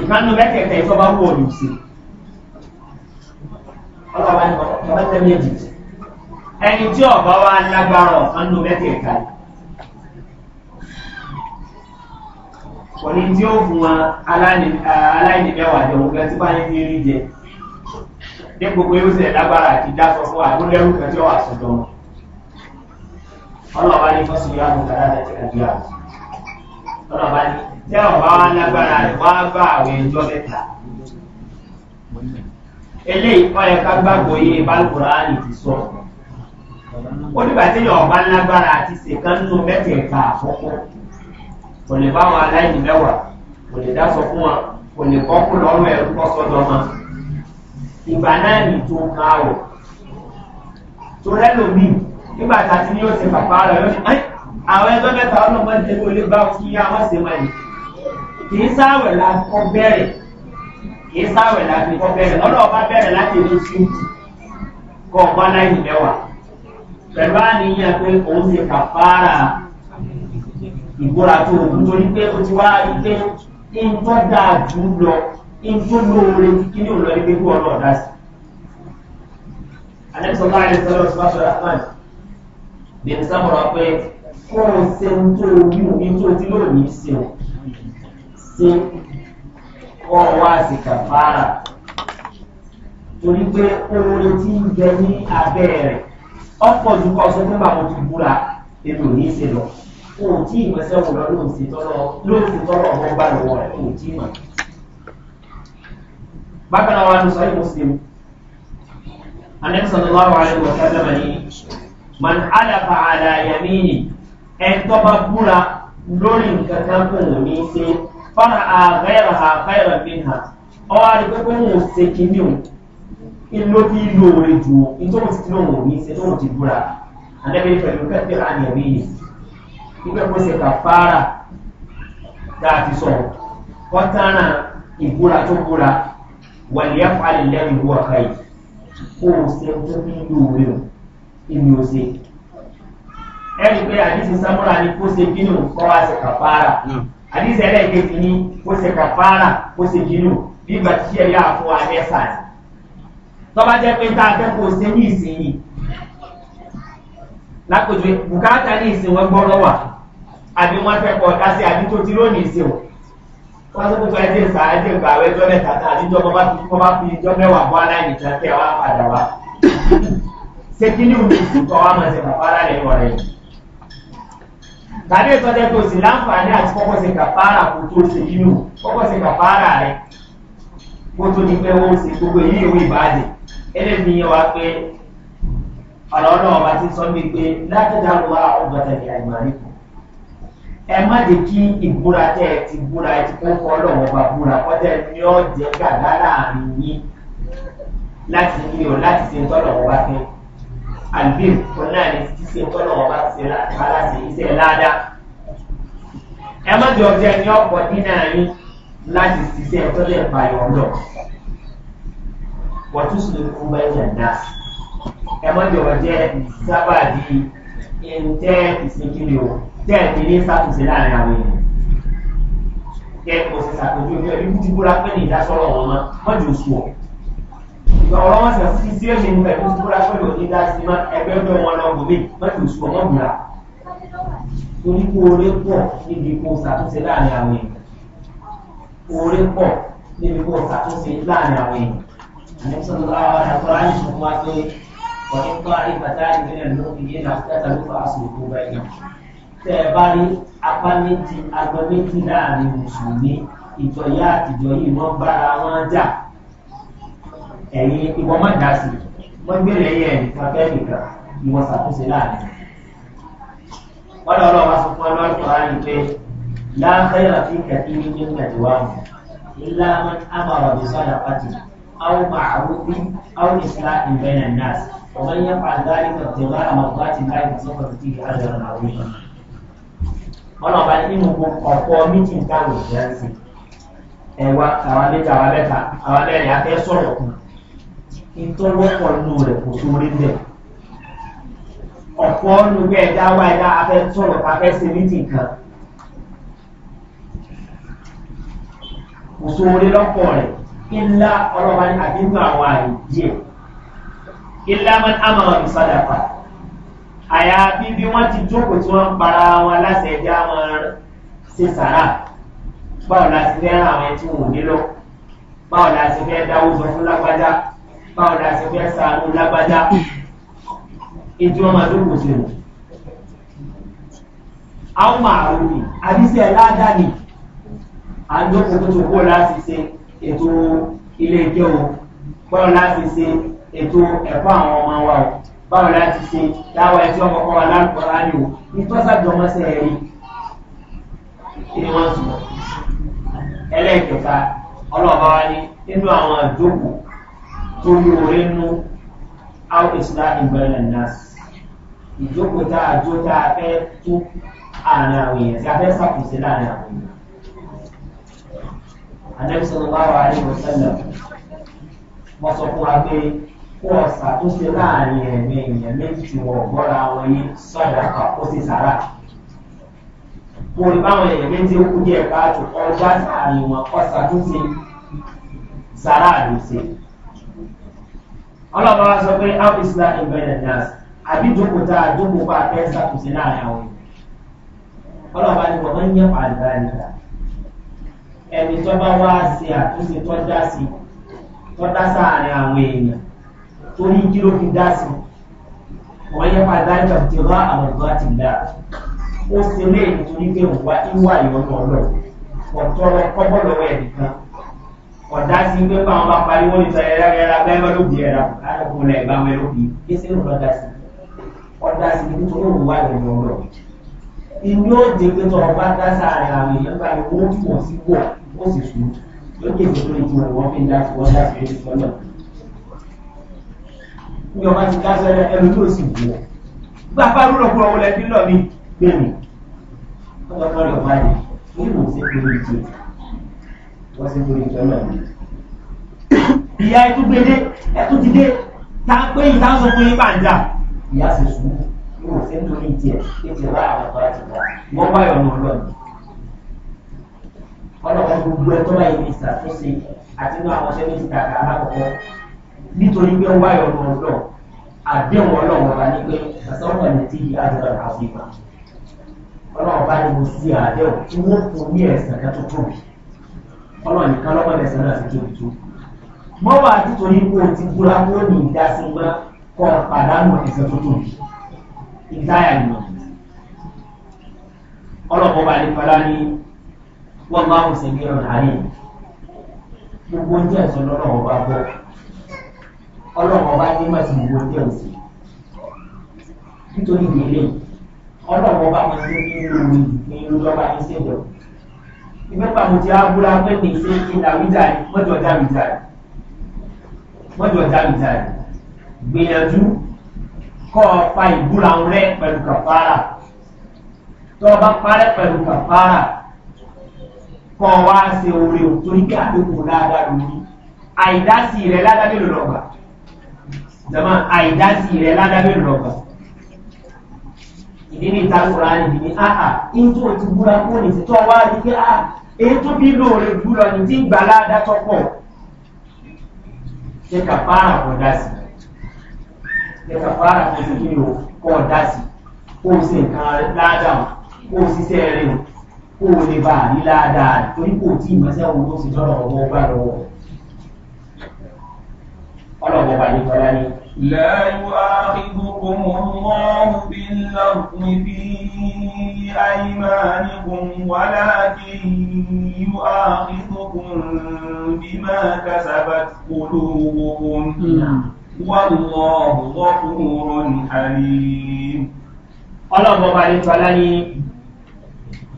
ìkànnì mẹ́tẹ̀ẹ̀tẹ̀ ìjọba wọ̀ lù sí i ọba ní ọmọdé méjì ẹni tí ọba wa lágbára ọ̀kan ló mẹ́tẹ̀ẹ̀ka yìí kò ní tí ó fún wa aláìní mẹ́wàá jẹun gbẹ́ tí bá ní fi rí jẹ dípò pé ó sì lágbára àti dáṣọ fún àgbélẹ́rù kan tí ó wà sọ́dọ̀ wọn ọlọ́ọ̀bá ní fọ́sí yóò àwọn kàdá àti àdúrà ọlọ́ọ̀bá eléyìí kọ́ ẹ ká gbàgbọ́ yé balùkùránì ti sọ onígbà tí yọ̀ọ̀ bá lágbára àti ṣèkan nínú mẹ́tẹ̀ẹ̀ta àkọ́kọ́ kò lè bá wọn aláìní mẹ́wàá kò lè dáṣọ fún wọn kò lè kọ́kù lọ́rùn ẹ̀rú kọ́sọ́dọ̀ wọn ìgbà náà nì tó ká o tó rẹ́lòmí nígbà tá a ti ní yóò ṣe pàpà rẹ̀ yóò ṣe àwọn ẹgbẹ́ mẹ́ta ọlọ́mọdé ló lè bá kí á wọ́n ṣe mọ́ ẹ̀ kì í sáwẹ̀ la kọ́ bẹ́rẹ̀ kì í sáwẹ̀ láti kọ́ bẹ̀rẹ̀ lọ́dọ̀ ọba bẹ̀rẹ̀ láti ní síìtì kọ́ ọba láì mẹ́wàá pẹ̀lú àníyàn pé òun ti kàfàrà ìbúra tó òun torí pé ó ti wá ike ń tọ́ dáa jù lọ ń tó lóore kí ni òun lọ ní pé kú ọlọ́ọ̀dá sí. anẹ́sọ̀lá àìsàn o ṣe ń tó o wí òun tó ti lóòní ṣe kọ́ wá sí kàfàrà torí pé oore tí ń jẹ ní abẹ́ rẹ̀ ọ̀pọ̀ ju kọ́ sọ fún bàbá tó búra èmi ò ní í ṣe lọ kò tí ì mọ̀ sẹ́wọ̀n lọ lóun sì tọ́lọ́ lóun sì tọ́lọ́ ọmọ gbà lọ́wọ́ rẹ̀ kò tí ì mọ̀. bákan náà wà ní sọ́yìn mùsùlùmí anẹ́sàn lọ́wọ́ àlẹ́ wọ̀ sẹ́dọ̀mọ̀ ni man alaba àlàyé mi ni bá búra lórí nǹkan kan kò ní í ṣe fara àgbẹ̀rẹ̀ àgbẹ̀rẹ̀ mi hà ọwọ́ adigun pé wọn ò ṣe kíní o ìlò bí ìlò òwe jù o ìtòwò ti lóun ò ní ṣe tóun ti búra àdẹ́bẹ̀rẹ̀ pẹ̀lú kẹ́kẹ́ àmì ẹ̀mí yìí ìgbẹ́ kó ṣe kà fara tá a ti sọ̀rọ̀ wọ́n tánà ìbúra tó búra wàlíyà falẹ̀ lẹ́nu ìwọ àkàyè kó o ṣe tó bí ìlò òwe o ìmì ò ṣe ẹni pé àdìsí sámúra ni kó ṣe bínú kọ́ wá ṣe kà fara. Hmm àdìsẹ́ ẹlẹ́ẹ̀kejì ni ó ṣe kàfàrà ó ṣe jìnnú nígbà tí ṣe yà fún abẹ́sà ni tọ́ba jẹ́ pé tá a fẹ́ kó o ṣe ní ìsinyìí lápèjúwe bùkátà ní ìsìn wọn gbọ́rọ̀ wà àbí wọ́n fẹ́ kọ́ ọ̀dá sí àbí tó ti lónìí ìsìn wọn wọ́n tó kókó ẹ̀jẹ̀ ìsàrà ẹ̀jẹ̀ ìgbà àwọn ẹjọ́ mẹ́ta tá àdíjọ́ bọ́ bá fi kọ́ bá fi ìjọ́ mẹ́wàá bọ́ aláìní kan tẹ́ wá padà wá ṣé kí ni òun ìsìn kọ́ wá mọ̀ ṣe bàbá aláìní wọ̀rẹ́ yìí tàbí ìtọ́jẹ́ tó sì láǹfààní àti kọ́kọ́ sí kàfàárà kò tó ṣe inú kọ́kọ́ sí kàfàárà rẹ̀ kó tó ní pé wọ́n ṣe gbogbo èyí ìwé ìbáàdì eléyìí yẹn wá pé ọ̀rọ̀ náà ọba ti sọ mí pé látẹ̀dá ló wá ọgbọ̀tẹ̀ ní àìmọ̀rí kù ẹ má lè kí ìbúra tẹ́ ẹ ti búra ẹ ti kọ́kọ́ ọlọ́wọ́ bá búra kọ́tẹ́ ni ó jẹ́ gàdá yín láti yí albir òun náà ní ṣíṣe tọ́lọ̀ wọn bá ṣe aláṣẹ iṣẹ́ ládàá ẹ má jọ jẹ ní ọ̀pọ̀ dínà yín láti ṣiṣẹ́ tọ́lẹ̀ ìpayọ̀ lọ wọ́n tún sì lè kú bẹ́ẹ̀ yẹn ẹ má jọ jẹ sábàbí ntẹ́ ìsìnkiri o tẹ́ ẹ̀ ti ní sàtúnṣe láàrin àwọn èèyàn kẹ́ ẹ̀ kò sì ṣàpèjúwe bí ọdún tí búra pé ní ìdásọ́rọ̀ wọn mọ́ mọ́jú sùn ọ̀ ọ̀rọ̀ wọn sàn sí sí èmi ń bẹ̀ kó tó búra pẹ̀lú òní dá sí máa ẹgbẹ́ ọjọ́ wọn lọ gòmí mọ́tò oṣù ọmọ bùra torí kó oore pọ̀ níbi kó ṣàtúnṣe láàrin àwọn èèyàn oore pọ̀ níbi kó ṣàtúnṣe láàrin àwọn èèyàn àníṣọ́nù láwọn àtọ́ àyìnbó wá pé ọ̀ní kọ́ àyípadà ìgbélẹ̀ lórí yé na tẹ́tà ló fà á sùn tó bá yẹn tẹ́ ẹ bá rí apá méjì agbọ méjì láàrin mùsùlùmí ìjọyà àtijọ́ yìí wọ́n bára wọn jà ẹ̀yin ìwọ má dá sí wọ́n gbé lẹ́yìn ẹ̀ nípa fẹ́ẹ̀mì kan ni wọ́n ṣàtúnṣe láàrin. wọ́n lọ lọ́wọ́ sọ fún ọlọ́run tó rárí pé láàfẹ́ àti kẹ̀kí ní nígbà tí wàá mọ̀ ńlá àmọ̀ràn bí sọ́dà pàtì àwọn màáwùbí àwọn ìsìlá ìbẹ̀nà náà ọmọ yẹn pa àgbáyé kan tó bá àmọ̀ bá ìtọ́wọ́pọ̀ nù rẹ̀ kò sórí bẹ̀. ọ̀pọ̀ nù bí ẹ̀dá wá ẹ̀dá afẹ́ sọ̀rọ̀ afẹ́ ṣe mítì kan. kò sórí lọ́pọ̀ rẹ̀ ńlá ọlọ́ba ní àbínú àwọn àyè díẹ̀. ńlá máa ń àmọ̀ ìsọdàpà. àyàfi bí wọ́n ti jókòó tí wọ́n ń para wọn láti ẹ̀dá wọn ṣe sàrà. báwo la ti fẹ́ àwọn ẹtí wọn ò nílò báwo la ti fẹ́ dáwọ́ sọ fún lágbájá báwo la ṣe fẹ́ sàánú lágbájá ètò ọmọ àdókò sí rẹ̀ a màrún ni àdíṣẹ́ ládàá ni àdókò tó tó kó láti ṣe ètò ilé ẹjọ́ o báwo láti ṣe ètò ẹ̀kọ́ àwọn ọmọ wa o báwo láti ṣe dáwọ́ ẹjọ́ ọkọ̀ wa lálùkọ́lá ni o ìtọ́sàdọ́mọsẹ̀ rí kí ni wọ́n sùn ẹlẹ́ẹ̀kẹta ọlọ́ọ̀bá wa ní nínú àwọn àdókò tó ní isla nú out islam ìgbẹ̀rẹ̀ náà ìjókòó tá a jó tá a fẹ́ tó àárín àwọn èèyàn tí a fẹ́ sàkóso láàrin àwọn èèyàn. àdẹ́sọ̀rọ̀ bá wà ní ìwọ̀sẹ̀lẹ̀ wọ́n sọ fún wa pé kó ọ̀sà tó ṣe láàrin ẹ̀mí èèyàn méjì tí wọ́n gbọ́ra wọn yé sọ́dà kan ó sì sára. mo rí báwọn èèyàn méjì ó kú díẹ̀ káàtó ọjà sàárín wọn ọ̀sà tó ṣe sára àdùsẹ̀ ọlọ́ba wa sọ pé áfíìsì náà ìbẹ̀rẹ̀ náà àbí dókòtà dókòpá ẹ̀sà kò sí láàrin àwọn èèyàn ọlọ́ba ni wọ́n máa ń yẹ̀pà àlùbáríkà ẹni tó bá wá ṣe àtúnṣe tó dá sí tó dá sáàrin àwọn èèyàn torí kí ló fi dá sí wọ́n yẹ̀pà àlùbáríkà ti rá àwọn ìgbà ti dá ó ṣe léyìn torí pé ìwà ìwà ìwọ́n náà lọ ọ̀tọ́ ọlọ́kọ́ bọ́ọ̀lọ́wọ́ ẹ̀ nìkan ọ̀dá sí pé báwọn bá parí wọ́n lè sọ ẹ̀rá ẹ̀rá bẹ́ẹ̀ ló di ẹ̀rá arákùnrin rẹ̀ bá wọn lóbi kí sí ló lọ́dá sí ọ̀dá sí nítorí òun wà lórí ọ̀rọ̀ inú ó di pé tọrọ bá dá sáàrin àwọn èèyàn gbà ní wọ́n fò sí wọ̀ ó sì sùn lókè tó lè ju ọ̀rọ̀ wọn fi dá sí wọ́n dá lórí sọ́nà ní ọba ti dá sẹ́rẹ́ ẹnu tó sì wọ̀ gbà bá rúrọ̀ wọ́n sì lórí ìtọ́ náà. ìyá ẹtú gbélé ẹtú ti dé tá a pé ìta sọ fún yín bá ń jà. ìyá sì sùn yóò ṣe ń torí tiẹ̀ ṣé ti rà àwọn ọ̀rọ̀ ti gbà wọ́n bá yọ̀ ọ̀nà ọlọ́ọ̀ni. ọlọ́run gbogbo ẹtọ́ báyìí ní ìsàtúnṣe àti inú àwọn ṣẹ́ni ti kàkà alákọ̀ọ́ nítorí pé wọ́n bá yọ̀ ọ̀nà ọlọ́ọ̀ àdéhùn ọlọ́run ọba ní pé àsọ́nà ní ti di àdúrà àfihàn ọlọ́run ọba ni mo sí àdéhùn tí wọ́n kò ọlọ́run nìkan lọ́pọ̀ ẹ̀sán sí tóbi tó mọ́wàá àti torí pé o ti búra kó ní ìdásímọ́ kọ́ pàdánù ẹ̀sán tó tóbi ìdáyà ọlọ́pọ̀ bá ní ní wọ́n gbogbo ń jẹ́ lọ́lọ́wọ́ bá bọ́ ọlọ́wọ́ bá dé má jẹ́ òsì nítorí ìdílé ọlọ́wọ́ bá wọn ní nígbàgbà mo ti á búra pé ní ṣe ìdàwíjà rẹ mọ́jọ dáwíjà rẹ mọ́jọ dáwíjà rẹ gbìyànjú kọ́ ọ pa ìbúra rẹ pẹ̀lú kàfàrà tọ́ ọ bá parẹ́ pẹ̀lú kàfàrà kọ́ ọ wá ṣe oore torí kí àdókò dáadáa lórí àìdásí rẹ ládàbí lọ́gbà jama àìdásí rẹ ládàbí lọ́gbà ìdí ní ìta kura nìyí ní àhà ètò ti búra kó ní ti tọ́ wá rí pé à ah, ètò bí lóore búra ní ti gbà ládàtọ̀ pọ̀ ṣé kàfàrà kò dá sí ṣé kàfàrà kò sì kí ni o kò dá sí kó o sì nǹkan ládà o kó o ṣiṣẹ́ rẹ o kó o lè bá a rí ládàá torí kò tí ì mọ́sẹ́ wo ló sì tọ́lọ̀ ọwọ́ bá lọ́wọ́ ọlọ́wọ́ bá yẹ kọ́lá ni. لا يؤاخذكم الله الأرض في أيمانكم ولكن يؤاخذكم بما كسبت قلوبكم والله غفور حليم الله عليه وسلم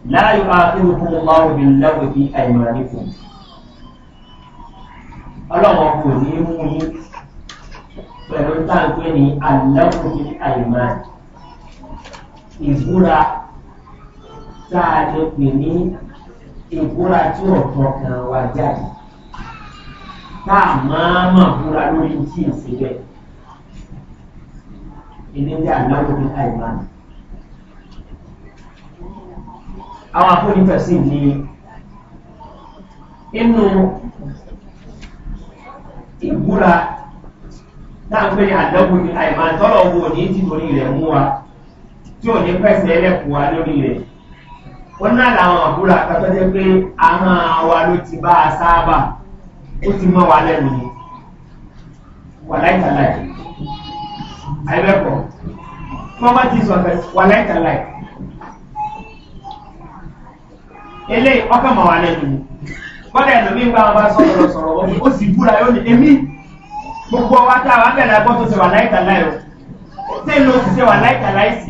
لا يؤاخذكم الله باللغو في أيمانكم الله kò ní mú yín pẹ̀lú táǹpé ní aláwòrán àìmáàdì ìbúra tá a lè pè ní ìbúra tí ọ̀tọ̀ kan wá jáde tá a máa mọ̀ búra lórí tí ì sí bẹ́ẹ̀. Ilé ní àláwọ̀ ní àìmáà. Àwọn afọ́nifẹ̀sì ní inú ìbúra táà ń pè ní àdáwọ̀ ní àìmáà tọ́lọ̀ wo ní tìtorí rẹ̀ mú wa tí ò ní pẹ̀sẹ̀ ẹlẹ́kùn wa lórí rẹ̀ wọ́n náà làwọn àbúrò àkàtọ́ jẹ́ pé ahọ́n wa ló ti bá a sáábà ó ti mọ́ wa lẹ́nu wà láìtàláì àìbẹ́kọ̀ tí wọ́n bá ti sọ̀tẹ̀ wà láìtàláì eléyìí ọkàn mọ̀ wa lẹ́nu bọ́dà ẹ̀lòmí ń bá wọn bá sọ̀rọ̀ sọ̀rọ̀ wọn ó sì búra yóò ní èmi gbogbo ọwọ́ tá a wà bẹ̀rẹ̀ agbọ́tò ṣe wà o ṣé ló ti ṣe wà sí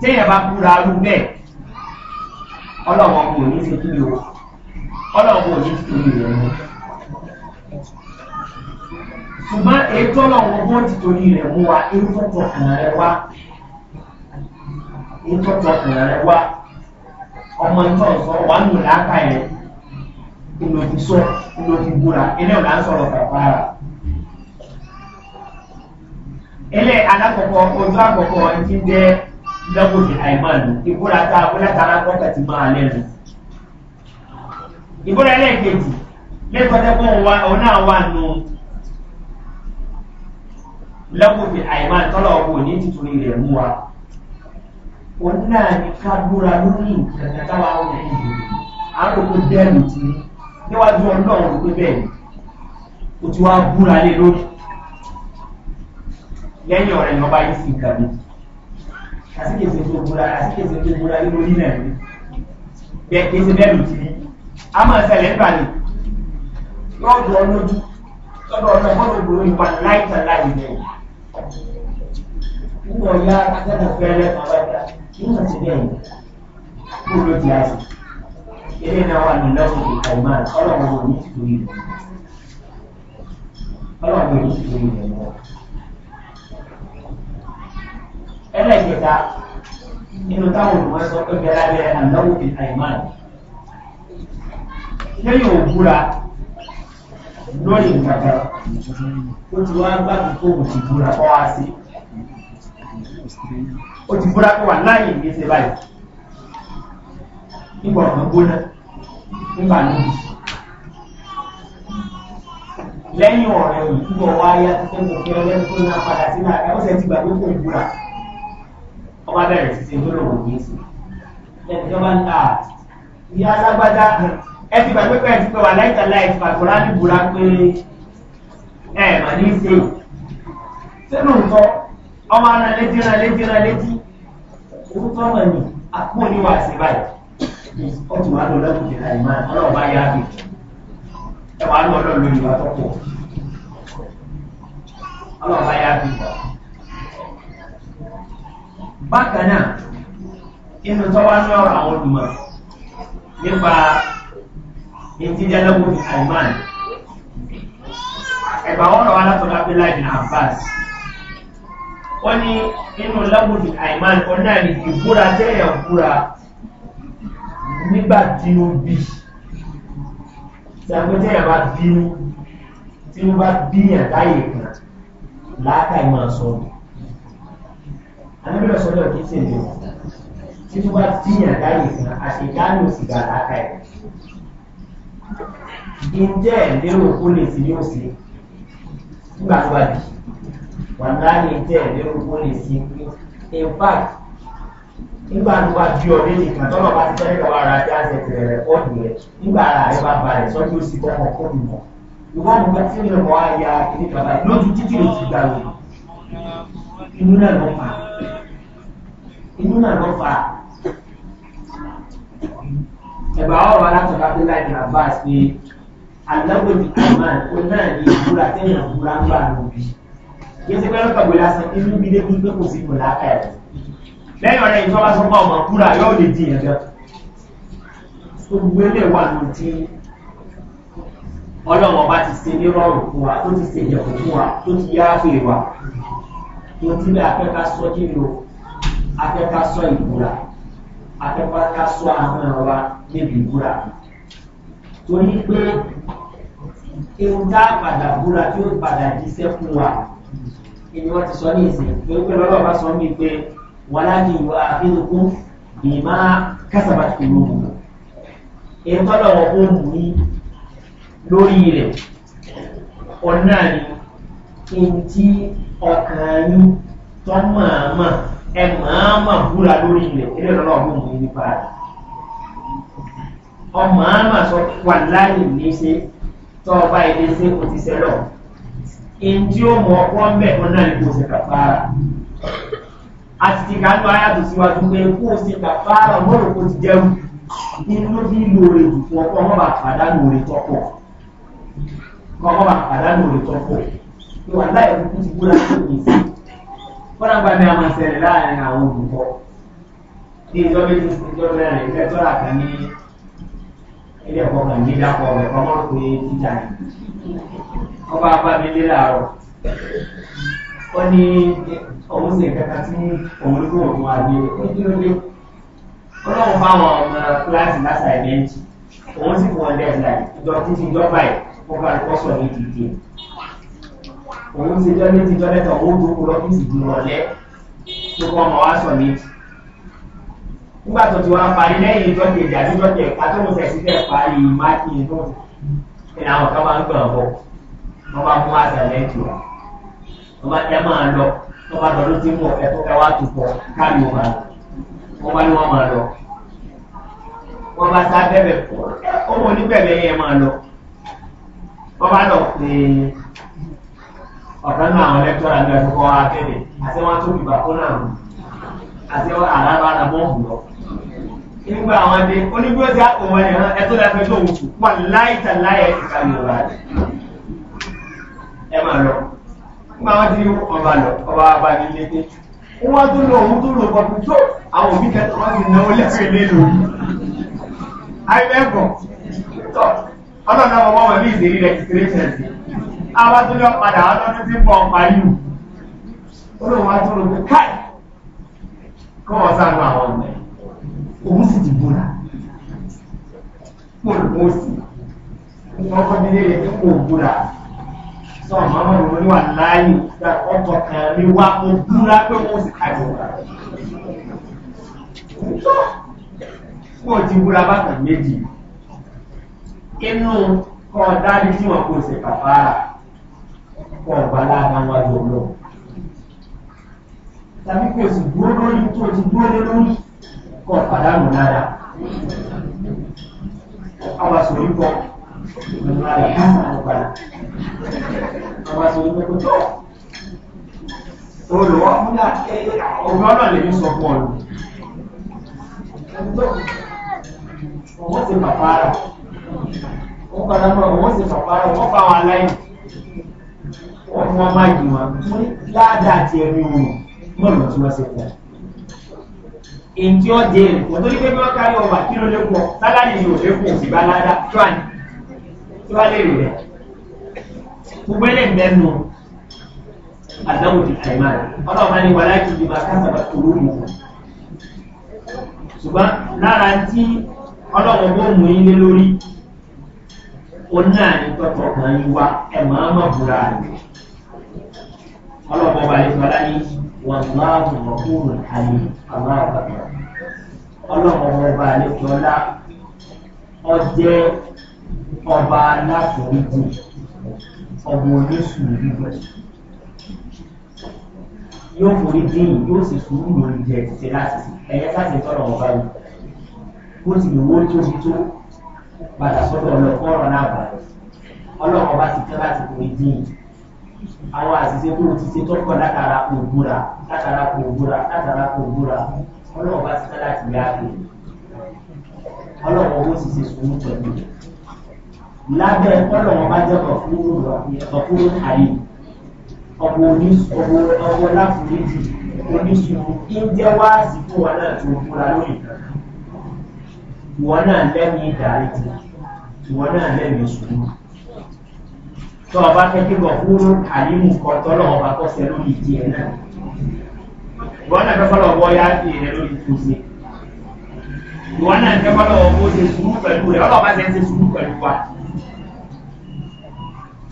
téèyàn bá kúra arú bẹ́ẹ̀ ọlọ́wọ́ kò ní ṣe kí o ọlọ́wọ́ kò ní ṣe kí mú ṣùgbọ́n ètò ọlọ́wọ́ bó ti torí rẹ̀ mú wa ètò tọkàn rẹ̀ wá ètò tọkàn rẹ̀ wá ọmọ ìtọ́ ìsọ wà nù olóògùn sọ olóògùn búra ilé ọ̀la ń sọ̀rọ̀ ilé alákọ̀ọ́kọ́ ojú àkọ́kọ́ ti lọ́kùn sí àìmánu ìbúra ta abúlé tara kọ́kà ti máa lẹ́nu. ìbúra ẹlẹ́ẹ̀kejì lẹ́kọ̀ọ́dẹ́gbọ́n òun náà wà nù lọ́kùn sí àìmánu tọ́lọ̀ ọkọ̀ ní tìtúrí rẹ̀ mú wa. òun náà ní ká búra lórí ìkànnì táwa ọ̀rẹ́ yìí dẹ́rù ti níwájú ọlọ́run ló pé bẹ́ẹ̀ ni ó ti wá búra lé lórí lẹ́yìn ọ̀rẹ́ ni ọba yìí sì kàmí àsìkèsè tó búra àsìkèsè tó búra nínú nílẹ̀ ní bẹ́ẹ̀ kése bẹ́ẹ̀ lù tí ní a máa ṣẹlẹ̀ ń balẹ̀ yóò bọ̀ lójú lọ́dọ̀ ọ̀tọ̀ gbọ́dọ̀ gbòòrò ìwà láìta láì lẹ̀ nígbà ọ̀yá akẹ́kọ̀ọ́ fẹ́rẹ́ àbájá nígbà tí bẹ́ẹ̀ ní kó ló di àṣì eré náà wà ní lọ́sùn ìka ìmọ̀ ọlọ́run ò ní tìtorí rẹ̀ ọlọ́run ò ní tìtorí rẹ̀ náà ẹlẹ́gbẹ̀ta nínú táwọn olùmọ̀ sọ pé bẹ́ẹ̀ lábẹ́ ànáwó fi àìmáà lẹ́yìn òbúra lórí ìgbàgbà ó ti wá gbàgbé tó kò ti búra kọ́ wá sí ó ti búra kọ́ wà láàyè ìgbésẹ̀ báyìí nígbà ọ̀nà gbóná nígbà níbi lẹ́yìn ọ̀rẹ́ òyìnbó wáyá tó fẹ́ kò fẹ́ ọlẹ́kùn náà padà sínú àgbà ó sì ti gbàgbé kò búra ọba bẹ̀rẹ̀ sí ṣe lórí òun yìí sí ẹnìjọba ń ta ìyá alágbádá ẹ ti gbàgbé pé ẹ ti pé wà láìka láìka pàtàkùrá ní bùrá pé ẹ mà ní í o sínú nǹkan ọmọ ara létí ra létí ra létí owó tó ọmọ ẹni àpò ní wà sí báyìí ọtún wà lọ lọ́dún kìlá ìmá ọlọ́ọ̀bá yá bì ẹ wà lọ lọ́dún ìlú àtọ́kọ̀ ọlọ́ọ̀bá yá bì bákan náà inú tọ́wá ní ọ̀rọ̀ àwọn olùmọ̀ nípa ìtìjẹ́lẹ́wò ní alman ẹ̀bà ọ̀rọ̀ alátọ́lá bí láì ní abbas wọ́n ní inú lẹ́wò ní alman ọ̀nà ìgbúra tẹ́yẹ̀ gbúra nígbà tí ó bí ṣàgbé tẹ́yẹ̀ bá bínú tí ó bá bí ẹ̀dáyè kan láákàá anábìlẹ̀ sọ́dọ̀ kì í sì lò tí tó bá tíyàn láyè fún àṣekáàlù òsìgbà àlákà ẹ̀ jíjẹ́ ìlérò kó lè sí yóò sí nígbà tó bá di wà láyé jẹ́ ìlérò kó lè sí in fact nígbà tó bá di ọdún nìkan tọ́lọ̀ bá ti tẹ́lẹ̀ kọ́wọ́ ara já ṣe tẹ̀lẹ̀ rẹ̀kọ́ọ̀dù rẹ̀ nígbà ara rẹ̀ bá balẹ̀ sọ́jú ó sì kọ́kọ́ kó mi mọ̀ ìwádìí bá tí ìrìnàmọ́ á ya kìnnìkan báyìí inú náà lọ fà á. ẹ̀bà ọ̀rọ̀ alátọ̀dá tó láì ní abbas ni alágbèdì kamal ó náà ní ìbúra téèyàn búra ń bá àrùn bí. yóò ṣe pé lọ́pọ̀ ìwé lásán inú bí dé bí pé kò sí ìmọ̀lá ká ẹ̀. lẹ́yìn ọ̀rẹ́ ìjọba sọ pé ọmọ búra yóò lè di yẹn gan. gbogbo ilé wà ló ti ọlọ́run ọba ti ṣe ní rọrùn fún wa tó ti ṣe ìyẹ̀kùn fún wa tó ti yára fèrè wa. mo ti bẹ́ẹ̀ afẹ́ ká sọ́jú ni o akẹ́kọ̀ọ́ sọ ìbúra akẹ́kọ̀ọ́ sọ àwọn wa níbi ìbúra torí pé irun tá a padà búra tí ó padà jíṣẹ́ fún wa èmi wọ́n ti sọ ní ìsìn torí pé lọ́lọ́ bá sọ mí pé wọn láti ìwà àfihàn ìmá kásábà tó lóhùn èyí tọ́lọ̀ wọn ó mú ní lórí rẹ̀ ọ̀nà ni ohun tí ọkàn yín tọ́ mọ̀ọ́mọ̀ ẹ máa máa búra lórí ilẹ̀ ilé ọlọ́run mú mi nípa rẹ̀ ọmọ àmà sọ wà láyé ní ṣe tọ́ ọba ilé ṣe kò ti ṣẹlọ ìdí ó mọ ọkọ ń bẹ̀ ọ náà ní kò ṣe kàfàrà àti ti ká lọ ayàtò síwájú pé kó o ṣe kàfàrà mọ́rò kó ti jẹun inú ló fi lóore jù fún ọkọ ọmọ bá pàdánù orí tọ́pọ̀ ọmọ bá pàdánù ìwà láyé kúkú ti búra tó kìí sí kọ́nà gba mi àwọn ìṣẹ̀lẹ̀ láàrin àwọn olùkọ́ ní ìjọ méjì ìjọ mẹ́rin ìfẹ́ tọ́lá kan ní ilé ẹ̀kọ́ kan ní ìdápọ̀ rẹ̀ kọ́ máa ń pè é títà ní ọba abámilé làárọ̀ ó ní òun sì kẹta tí òun ló fún òun àgbé ó kí ló dé ọlọ́run bá wọn ọmọ kíláàsì lásà ẹ̀mẹ́ntì òun sì fún ọdẹ ìlà ìjọ títí ìjọba ẹ̀ kó bá lọ ní ìdíje òun ti jẹ́ méjì jọ́lẹ̀ tán ó dúró lọ́fíìsì dùn lọ́lẹ́ tó kọ́ ọmọ wa sọ méjì nígbà tó ti wá parí lẹ́yìn ìjọ kejì àti ìjọ kẹta tó ń sẹ̀sí fẹ́ parí máàkì inú ìlà àwọn kan máa ń gbọ̀n bọ̀ wọ́n bá mú àṣà lẹ́jù wa wọ́n bá ẹ máa lọ wọ́n bá lọ́dún tí mò ẹ tó fẹ́ wá tó pọ̀ káàdì wọn máa wọ́n bá ní wọ́n máa lọ wọ́n bá sá bẹ́ẹ̀ bẹ́ẹ̀ pọ̀ ọmọ oníbẹ̀rẹ̀ yẹn máa lọ wọ́n bá lọ pé ọ̀kan náà àwọn lẹ́kítọ́rà ń gbẹ́fọ́ kọ́ akéde àti wọ́n tó ìgbà kó náà mú àti alábàárà mọ́ òun lọ. nígbà àwọn dé onígbòsí àkùnwọ̀n ni hàn ẹ̀tọ́ lẹ́fẹ́ tó wù kú wà láìta láyẹ̀ ìka yorùbá rẹ̀. ẹ máa lọ nígbà wọn ti ọba lọ ọba bá mi lé pé wọ́n tó lọ òun tó lọ pọ̀pù tó àwọn òbí kẹta wọ́n ti náwó lẹ́fẹ̀ẹ́ lé àwọn tó lọ padà ọlọ́dún tí mọ̀ ọ̀pá yìí olóòwò wá tó lọ pé káì kọ́ wọ́n sáré àwọn ọmọ ẹ̀ òun sì ti búra fún òun sì wọ́n kọ́ nílé rẹ̀ tí kò búra sọ ọmọ ọmọ ìwọ ni wà láàyè gba ọkọ̀ kan ní wá kó búra pé wọ́n sì ká ìwọ̀n wọ́n ti búra bákan méjì inú kọ́ dárí tí wọ́n kò sì kàfàrà wọn ò bá láàdá wá lò lọ. tàbí kò sì dúró lórí tó ti dúró lé lórí kọ̀ pàdánù lára. àwọn àṣọ yìí kọ́ ìgbìmọ̀ lára yìí máa ń padà. àwọn àṣọ yìí kọ́ tó. olùwọ́ fúnlá ọ̀gá náà lè ní sọ fún ọ wọ́n ti fàfárà wọ́n padà mọ́ wọ́n ti fàfárà wọ́n fà aláìní wọ́n ti wọ́n máa yìí wọn mú ládàá àti ẹ̀rí wọn mọ̀nà tí wọ́n ṣe fún un. èyí tí wọ́n dé rẹ̀ wọ́n tó ní pé bí wọ́n kárí ọba kí ló lé pọ̀ sálárì ni ò lé pọ̀ sì bá ládàá tó àní tó wá lè rè rẹ̀. gbogbo ẹlẹ́ mẹ́nu àdáwò ti kà ìmáà ọlọ́ọ̀bá ni wàlá kì í bá tòró mu. ṣùgbọ́n lára tí ọlọ́wọ́ bó mú yín lé lórí òun náà ní tọ́tọ̀ kan yín wá ẹ̀ máa má búra rẹ̀ ọlọ́pọ̀ balẹ̀ fọlá ní wọn láàbù mọ̀kúrù àyè àwọn àgbàgbà ọlọ́pọ̀ balẹ̀ fọlá ọjẹ́ ọba aláforíjì ọmọ oníṣùúrù gbígbẹ yóò forí dín yóò sì sùúrù lórí jẹ títí láti ẹyẹ láti tọrọ ọba yìí bó ti lè wó tóbi tó padà sọdọ ọlọpọ ọrọ náà bàrẹ ọlọpàá bá ti tẹ láti forí dín yìí àwọn àṣìṣe tó ti ṣe tó kọ̀ látara kò búra látara kò búra látara kò búra ọlọ́wọ́ bá ti fẹ́ láti yá pé ọlọ́wọ́ ó sì ṣe sùúrù pẹ̀lú lábẹ́ ọlọ́wọ́ bá jẹ́ ọ̀fúrú àyè ọ̀pọ̀ ọ̀pọ̀ láfúréjì oníṣòwò ìjẹ́ wá sí fún wọn náà tó búra lórí ìwọ náà lẹ́yìn ìdáríjì ìwọ náà lẹ́yìn sùúrù tó ọba fẹ́jú bọ̀ kúrú àlímù kọ́ tọ́lọ̀ ọba kọ́ sẹ lórí ìdí ẹ̀ náà ìwọ náà fẹ́ fọ́lọ̀ ọwọ́ yá sí rẹ lórí ìtòsí ìwọ náà fẹ́ fọ́lọ̀ ọwọ́ ṣe sùúrù pẹ̀lú rẹ ọlọ́ọ̀bá ṣe ń ṣe sùúrù pẹ̀lú wa.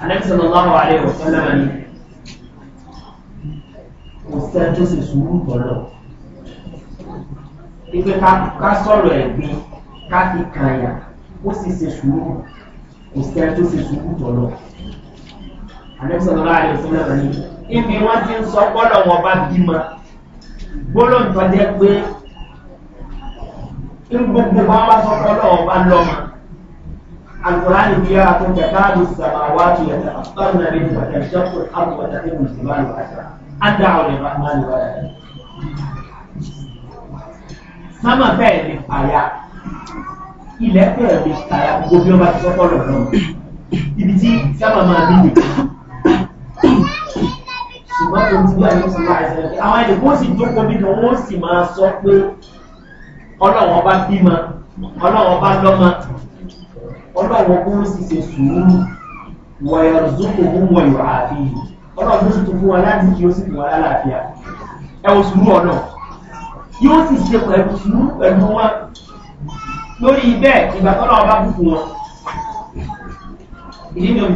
alẹ́bí sọ̀rọ̀ lọ́wọ́ alẹ́ ọ̀sán náà ni kò sẹ́ tó ṣe sùúrù tọ̀lọ̀ ipe ká sọ̀rọ̀ ẹ̀gbin ká fi kàn yà ó sì ṣe sùúrù kò sẹ́ tó ṣe sùúrù tọ̀lọ̀ àdébísọ̀lọ́lá àdébísọ̀lá ní ibi wọ́n ti ń sọ gbọ́dọ̀ wọn bá bímọ gbọ́dọ̀ ń tọ́jẹ́ pé gbogbo wọn bá sọ gbọ́dọ̀ wọn bá lọ́mọ alukuraani bi yaa ko ka taa di sama waati na bi ba ka jɛ ko a ko ta e musulma ni waati a daa o de ma ma ni waati sama bɛɛ ni paya ilẹ̀ bɛɛ ni paya gbogbo wọn bá sọ gbọ́dọ̀ lọ́mọ ibi tí sábà máa bí nìkan ṣùgbọ́n tó ti bí àwọn ti máa ṣe pé àwọn ẹni kó sì jókòó bí kan wọ́n sì máa sọ pé ọlọ́wọ́n bá bímọ ọlọ́wọ́n bá lọ́mọ ọlọ́wọ́n kó sì ṣe sùúrù wọ̀yọ̀ zókò mú wọ̀yọ̀ àfihàn ọlọ́wọ́n tó tún fún wa láti kí ó sì fún wa lálàáfíà ẹ wò sùúrù ọ̀nà yóò sì ṣe pẹ̀lú sùúrù pẹ̀lú wọn lórí bẹ́ẹ̀ ìgbà tọ́lọ́wọ́n bá bùkún wọn ìdí ni ò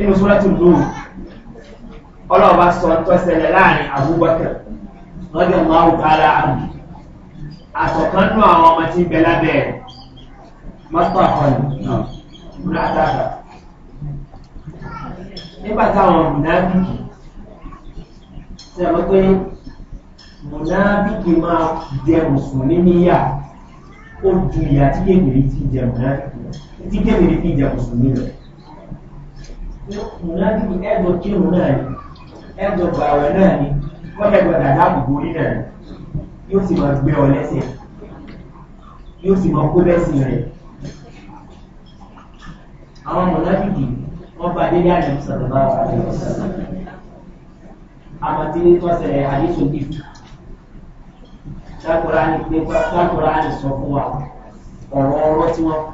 nínú súrẹ́tì lóòrùn ọlọ́ọ̀bá sọ tọ́sẹ̀lẹ̀ láàrin àbúgbọ́kẹ̀ lọ́dẹ̀ máa tààrà àmì àtọ̀kánú àwọn ọmọ tí bẹ lábẹ́ ẹ̀ mọ́tò àkọlù múlátàkà nígbà táwọn mùnábìkì tí a mọ́ pé mùnábìkì máa ó ju ìyà mùnádìbò ẹ̀dọ̀ kírun náà ni ẹ̀dọ̀ gbàwẹ̀ náà ni wọ́n dẹ̀gbọ̀ dàdá àbùkù orí náà ni yóò sì máa gbé ọ lẹ́sẹ̀ yóò sì máa kó lẹ́sìn rẹ̀ àwọn mùnádìbò wọ́n bá délé àjọ sọ̀rọ̀ bá wà lẹ́yìn ọ̀sán àmọ̀tí tọ́sẹ̀ àdéṣò gift lákùrá ní pé lákùrá ní sọ fún wa ọ̀rọ̀ ọ̀rọ̀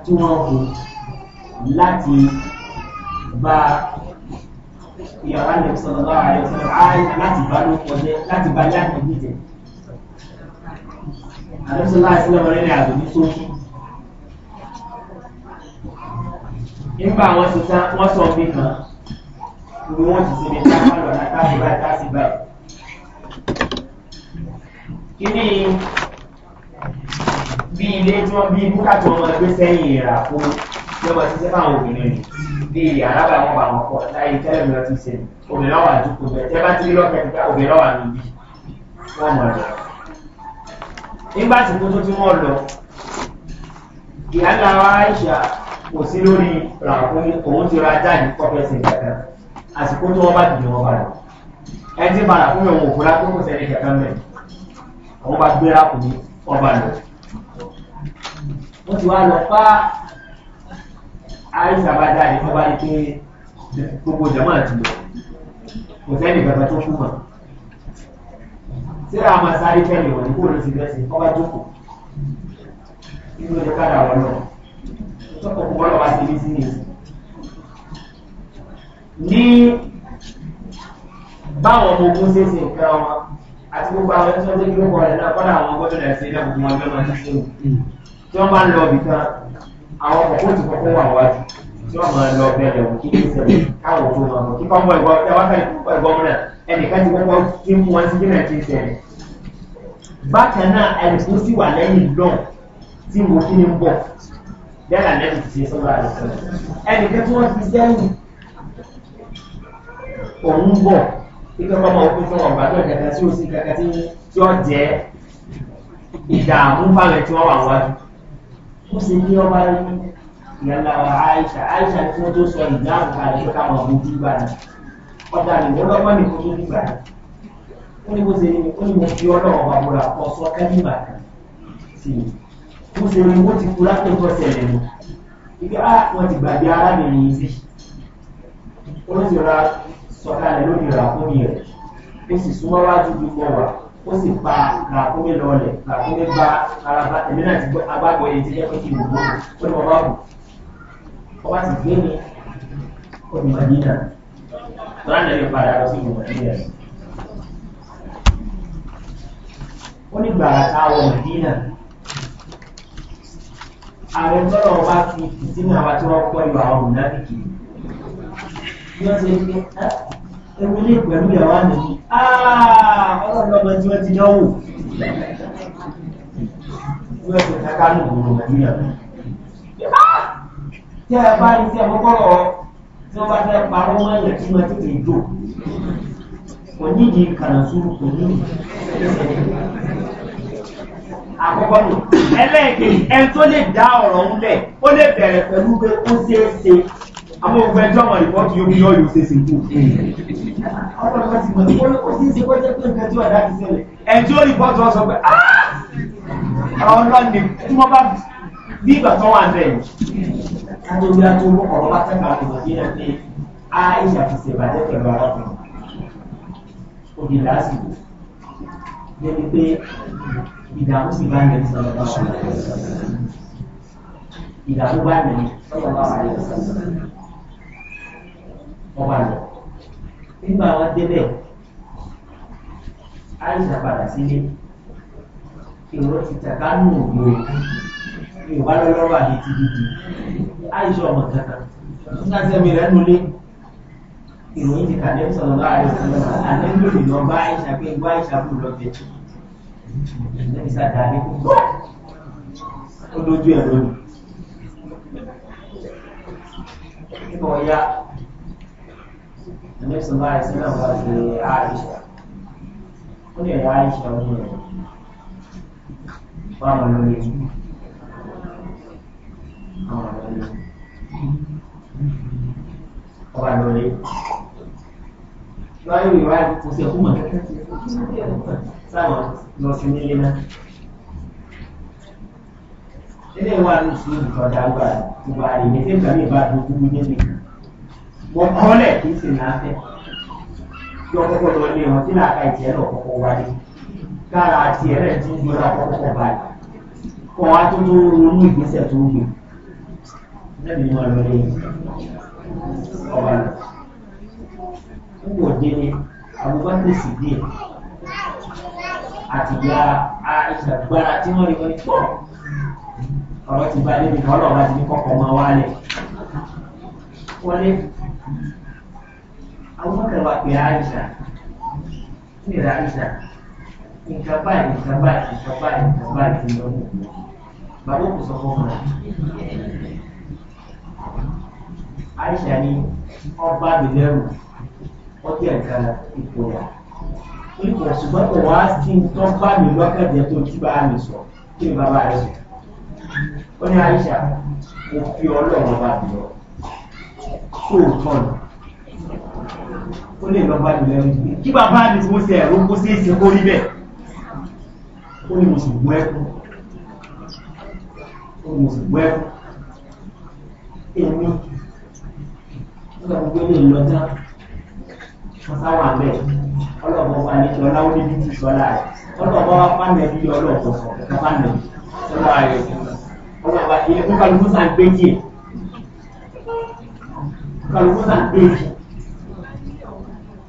tí wọ́n hù láti bá ìyàwó àlẹ́ sọ̀rọ̀ bá ààrẹ sọ̀rọ̀ ààrẹ láti bá ló kọjẹ́ láti bá láti bí jẹ. àlọ́sọ láti sílẹ̀ wọlé ní àgbò ní sókí. nígbà wọn ti tán wọn sọ bí kan ni wọn ti sinmi táwọn lọ láti báyìí láti báyìí. kí ni bí ilé tí wọ́n bí búkàtù ọmọ ẹgbẹ́ sẹ́yìn ìrà fún ìjọba ṣiṣẹ́ fáwọn obìnrin ni bí àràbà wọn bá wọn pọ̀ láyé tẹ́lẹ̀ mi lọ ti ṣe obìnrin lọ́wọ́ àdúgbò bẹ́ẹ̀ tẹ́ bá ti lọ́kẹ́ nípa obìnrin lọ́wọ́ àmì bí wọ́n mọ̀ lọ. nígbà tí mo tún ti wọ́n lọ ìyáńlá wa àìṣà kò sí lórí ràkúnmí òun ti ra jáde kọ́fẹ́sì kankan àsìkò tí wọ́n bá dìde wọn padà ẹni tí bàrà fún mi òun òfurá tó kò sẹ́ni kankan mẹ́ àwọn bá gbé ràkúnmí wọn bá lọ. wọ́n ti wá lọ fáá àìsà bá jáde tó bá rí pé gbogbo jama ti lọ kò sẹ́ni bàbá tó kú mọ̀ síra máa sáré fẹ́lẹ̀ wọ̀ ní kó ló ti bẹ́sẹ̀ kọ́ bá jókòó nínú ọjọ́ kádà wọ́n lọ tọ́kọ̀ kó wọ́n lọ wá sí ní sí nìyí. ní báwọn ọmọ ogun ṣe ṣe nǹkan wọn àti gbogbo àwọn ẹni tí wọ́n jẹ́ kí ó kọ́ ọ̀rẹ́ náà kọ́dà àwọn gbọ́dọ̀ náà ṣe náà wọn fẹ́ máa ṣe ṣe tí wọ́n bá ń lọ ibì kan àwọn ọkọ̀ tí kọ́kọ́ wà wájú tí wọ́n máa lọ bẹ̀rẹ̀ wò kí ní sẹ́wọ̀n káwọn tó máa mọ̀ kí kọ́ mọ́ ẹ̀gbọ́n ẹ wá fẹ́ ẹ̀gbọ́n mọ́ ẹnìkan ti kọ́kọ́ tí mú wọn sí gínà tí ń sẹ́wọ̀n. bákan náà ẹnìkú sì wà lẹ́yìn lọ́n tí mo kí ní bọ̀ yálà lẹ́yìn ti ṣe sọ́dọ̀ àdìsẹ́ ẹnìkan tí wọ́n ti sẹ́yìn òun bọ̀ kíkọ́ kọ́ máa fún ọ̀gbà tó kẹta tí ó sì tí ó jẹ́ ìdààmú fáwọn tí wọ́n wà wájú ó sì ní ọba rí ìyàlá àìsà àìsà tí wọ́n tó sọ ìdáhùn kalẹ̀ pé káwọn ọmọ ojú gbà ní ọjà nìyẹn lọ́gbọ́n ní kó tó dìgbà ó ní bó ṣe ní ó ní mo fi ọlọ́wọ́ bàbúrà kọ sọ kẹ́límà sí i bó ṣe ní mo ti kura pé nǹkan ṣẹlẹ̀ ní ibi á wọ́n ti gbàgbé arábìnrin yìí sí ó sì ra sọ̀kalẹ̀ lórí ìràkúnmí rẹ̀ ó sì súnmọ́ wájú gbogbo wà ó sì pa ràkúnmí lọlẹ̀ ràkúnmí gba ara bá tẹ̀mí náà ti agbábọ̀ èyí ti jẹ́ pé kí n wò ó ní ọba wò ọba sì gbé ní olùmọ̀dínà tọ́lá lẹ́yìn padà lọ sí olùmọ̀dínà ó ní gbàrà tá a wọ mọ̀dínà ààrẹ tọ́lọ̀ ọba fi fìtínà wa tí wọ́n kọ́ ìwà ọ̀rùn náà bí wọ́n ṣe ń gbé ẹwọ ilé pẹ̀lú ìyàwó ànàbí ah, ọlọ́run lọ́mọ tí wọ́n ti dánwò wọ́n ti káká ní ìgboro nàìjíríà ah! tí ẹ bá ní tí ẹ kọ́kọ́ lọ tí wọ́n bá fẹ́ parọ́ mọ́ ẹ̀yà tí wọ́n tètè jò kò ní ìdí kànáfúrú kò ní ìdí àkọ́kọ́ nù ẹlẹ́ẹ̀kejì ẹni tó lè dá ọ̀rọ̀ ńlẹ̀ ó lè bẹ̀rẹ̀ pẹ̀lú pé ó é ṣe àwọn ogun ẹjọ́ àwọn ìpọ́tù yóò yọ yóò ṣe sí kú. ẹjọ́ ìpọ́tù wọn sọ pé ah! àwọn ọlọ́run ni tí wọ́n bá bí ìgbà tán wà bẹ́ẹ̀. adébí ató ọ̀rọ̀ bá tẹ́ka àgbègbè bí ẹ̀ pé a ìyà ti ṣe ìbàjẹ́ pẹ̀lú arákùnrin òbí lásìkò débi pé ìdààmú sì bá ń yẹ ní sọ̀rọ̀ bá wà ìdààmú bá ń yẹ ní sọ̀rọ̀ bá wà wọ́n bá lọ. nígbà wọn débẹ̀ àìsàn padà sílé èrò ti tàkà nù ògbó yorùbá lọ́wọ́ àti ti dìdì àìsàn ọmọ kankan nígbà tí ẹ̀mí rẹ̀ nulẹ̀ ìròyìn ti kàdé sọ̀rọ̀ láàrin sọ̀rọ̀ àti lórí lọ bá àìsàn pé gbọ́ àìsàn kù lọ bẹ̀ lẹ́yìn sáadà ní kúkú ó lójú ẹ̀ lónìí. nípa ọ̀ya Annabi sallallahu alaihi wasallam wá sí Aisha. Ó lè rí Aisha mú rẹ̀. Báwọn ló lè mú. Báwọn ló lè mú. Ọba ló lè mú. Lọ́yìn ìwà kò sí ẹ̀kú mọ̀ kẹ́kẹ́ sí ẹ̀kú sáwọn lọ sí nílé náà. Ilé ìwà ní sùúrù kan dágbà tó bá wọ́n kọ́lẹ̀ kì í sì náà fẹ́ kí ọkọ̀kọ̀ lọ lé wọn tí làákà ìjẹ́ lọ kọ́kọ́ wáyé kára àti ẹ̀rẹ́ tí ń gbọ́dọ̀ kọ́kọ́ báyìí kọ́ wa tó tó ronú ìgbésẹ̀ tó gbé lẹ́bi ni wọ́n lọ lé ọba lọ. Wúwo dé ní ti ní kọ́kọ́ máa wálẹ̀. Wọ́n lé abubakar wa pe aisha ne da aisha nǹkan báyìí nǹkan báyìí nǹkan báyìí nǹkan báyìí ti lọ bàbá kò sọ fún mi aisha ni ọba mi lẹrù ọdí ẹ̀ka ipò wa ipò ṣùgbọ́n kò wá sí tó bá mi lọ́kẹ̀dẹ̀ tó tí bá mi sọ kí ni bàbá rẹ sọ ó ní aisha mo fi ọlọ́run bá mi lọ kó tọ̀n ó lè lọ bá o ẹ̀rù kí bàbá mi tí wọ́n ṣe ẹ̀rọ kó sí ìṣe kó rí bẹ́ẹ̀ ó ní mo sì gbọ́ ẹ̀kú ó ní mo sì gbọ́ ẹ̀kú èmi ọlọ́run gbé lè lọ já wọ́n sáwà bẹ́ẹ̀ ọlọ́run wà ní ìṣọ́lá ó níbi tí ìṣọ́lá rẹ̀ ọlọ́run wá pàmẹ́ bí ọlọ́run kọ̀ọ̀kan pàmẹ́ ìṣọ́lá rẹ̀ ọlọ́run wá ilé kúkàlùkù sàn gbé díẹ̀ kálukú náà béèrè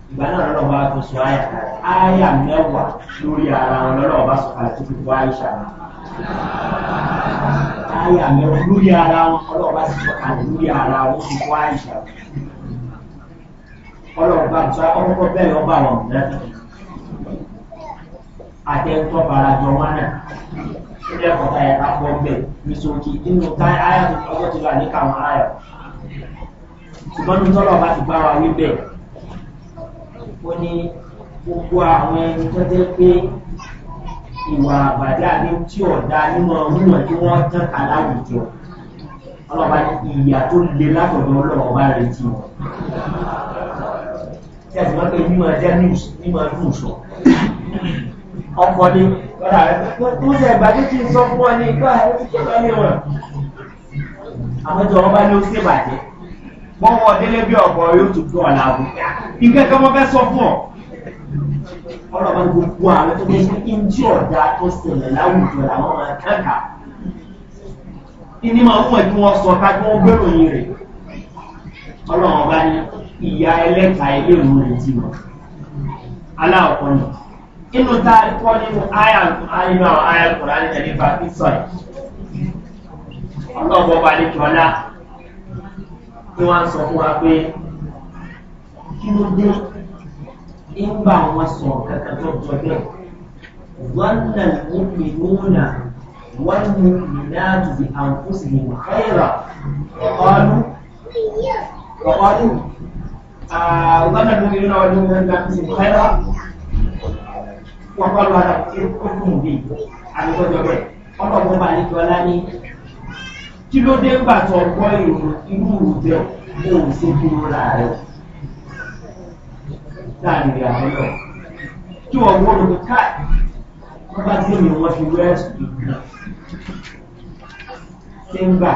ìgbà náà lọ́nà bá tó sọ àyà àyà mẹ́wàá lórí ara wọn lọ́nà bá sọ àti tó kó àyíṣà àyà mẹ́wàá lórí ara wọn ọlọ́run bá sọ àti lórí ara wọn tó kó àyíṣà ọlọ́run bá sọ ọkọ̀ bẹ́ẹ̀ lọ́ba wọn náà àtẹ̀tọ́ barajọ wọn náà ó lẹ́kọ̀ọ́ ká yẹ ká pọ̀ bẹ́ẹ̀ ní sọ́kì nínú ká tó kọ́ tó ti lọ ṣùgbọ́n ní tọ́lọ̀ bá ti bá wa wíbẹ̀ ó ní gbogbo àwọn ẹni tó jẹ́ pé ìwà àbàdà ní tí ọ̀dà nínú ọ̀húnà tí wọ́n tán ká láwùjọ ọlọ́ba ìyà tó le látọ̀dọ̀ ọlọ́ọ̀bá rẹ̀ ti wọ̀ tí a sì máa ń pè mímọ jẹ́ mímọ dùn sọ ọkọ ni tó jẹ́ ìbàdí tí ń sọ fún ọ ní ìgbà ẹni wọn àmọ́jọ ọba ni ó ṣèbàjẹ́ bọ́wọ́ délé bí ọ̀bọ̀ yóò tó gbọ́ ọ̀la o nǹkan kan wọ́n fẹ́ sọ fún ọ. ọlọ́ba gbogbo àwọn tó ní ìjì ọ̀dà tó ṣẹlẹ̀ láwùjọ làwọn máa kàkà. ìní máa ń wọ̀ kí wọ́n sọ ká kí wọ́n gbèròyìn rẹ̀. ọlọ́run bá ní ìyá ẹlẹ́ta ilé ìlú rẹ̀ ti wọ̀. aláwọ̀kọ́ ni inú tá a kọ́ nínú àyà nínú àwọn àyà kọ̀ọ̀lá ní ẹ̀rí bá fi sọ ẹ̀. ọlọ́ọ̀bọ̀ bá ní kí ọlá ni wọ́n sọ fún wa pé kí ló dé ń bá wọn sọ kankan tó jọ bẹ́ẹ̀ wọ́n nà mú mi lónà wọ́n mú mi láti di àǹfóṣì mi kẹ́rà ọ̀ọ́dún wọ́n nà mú mi wọ́n mú mi láti di kẹ́rà wọ́n kọ́ lọ́dà tí ó kún un bí àdúgbò jọ bẹ́ẹ̀ wọ́n kọ́ fún balẹ̀ jọ lá kí ló dé gbà tó ọgbọ́ irú ìjẹ òun ṣe dúró láàárẹ̀ láàrin àwọn náà kí wọ́n wọ́n lórí káì wọ́n bá dé mi wọ́n fi wẹ́ ìgbà ṣe ń gbà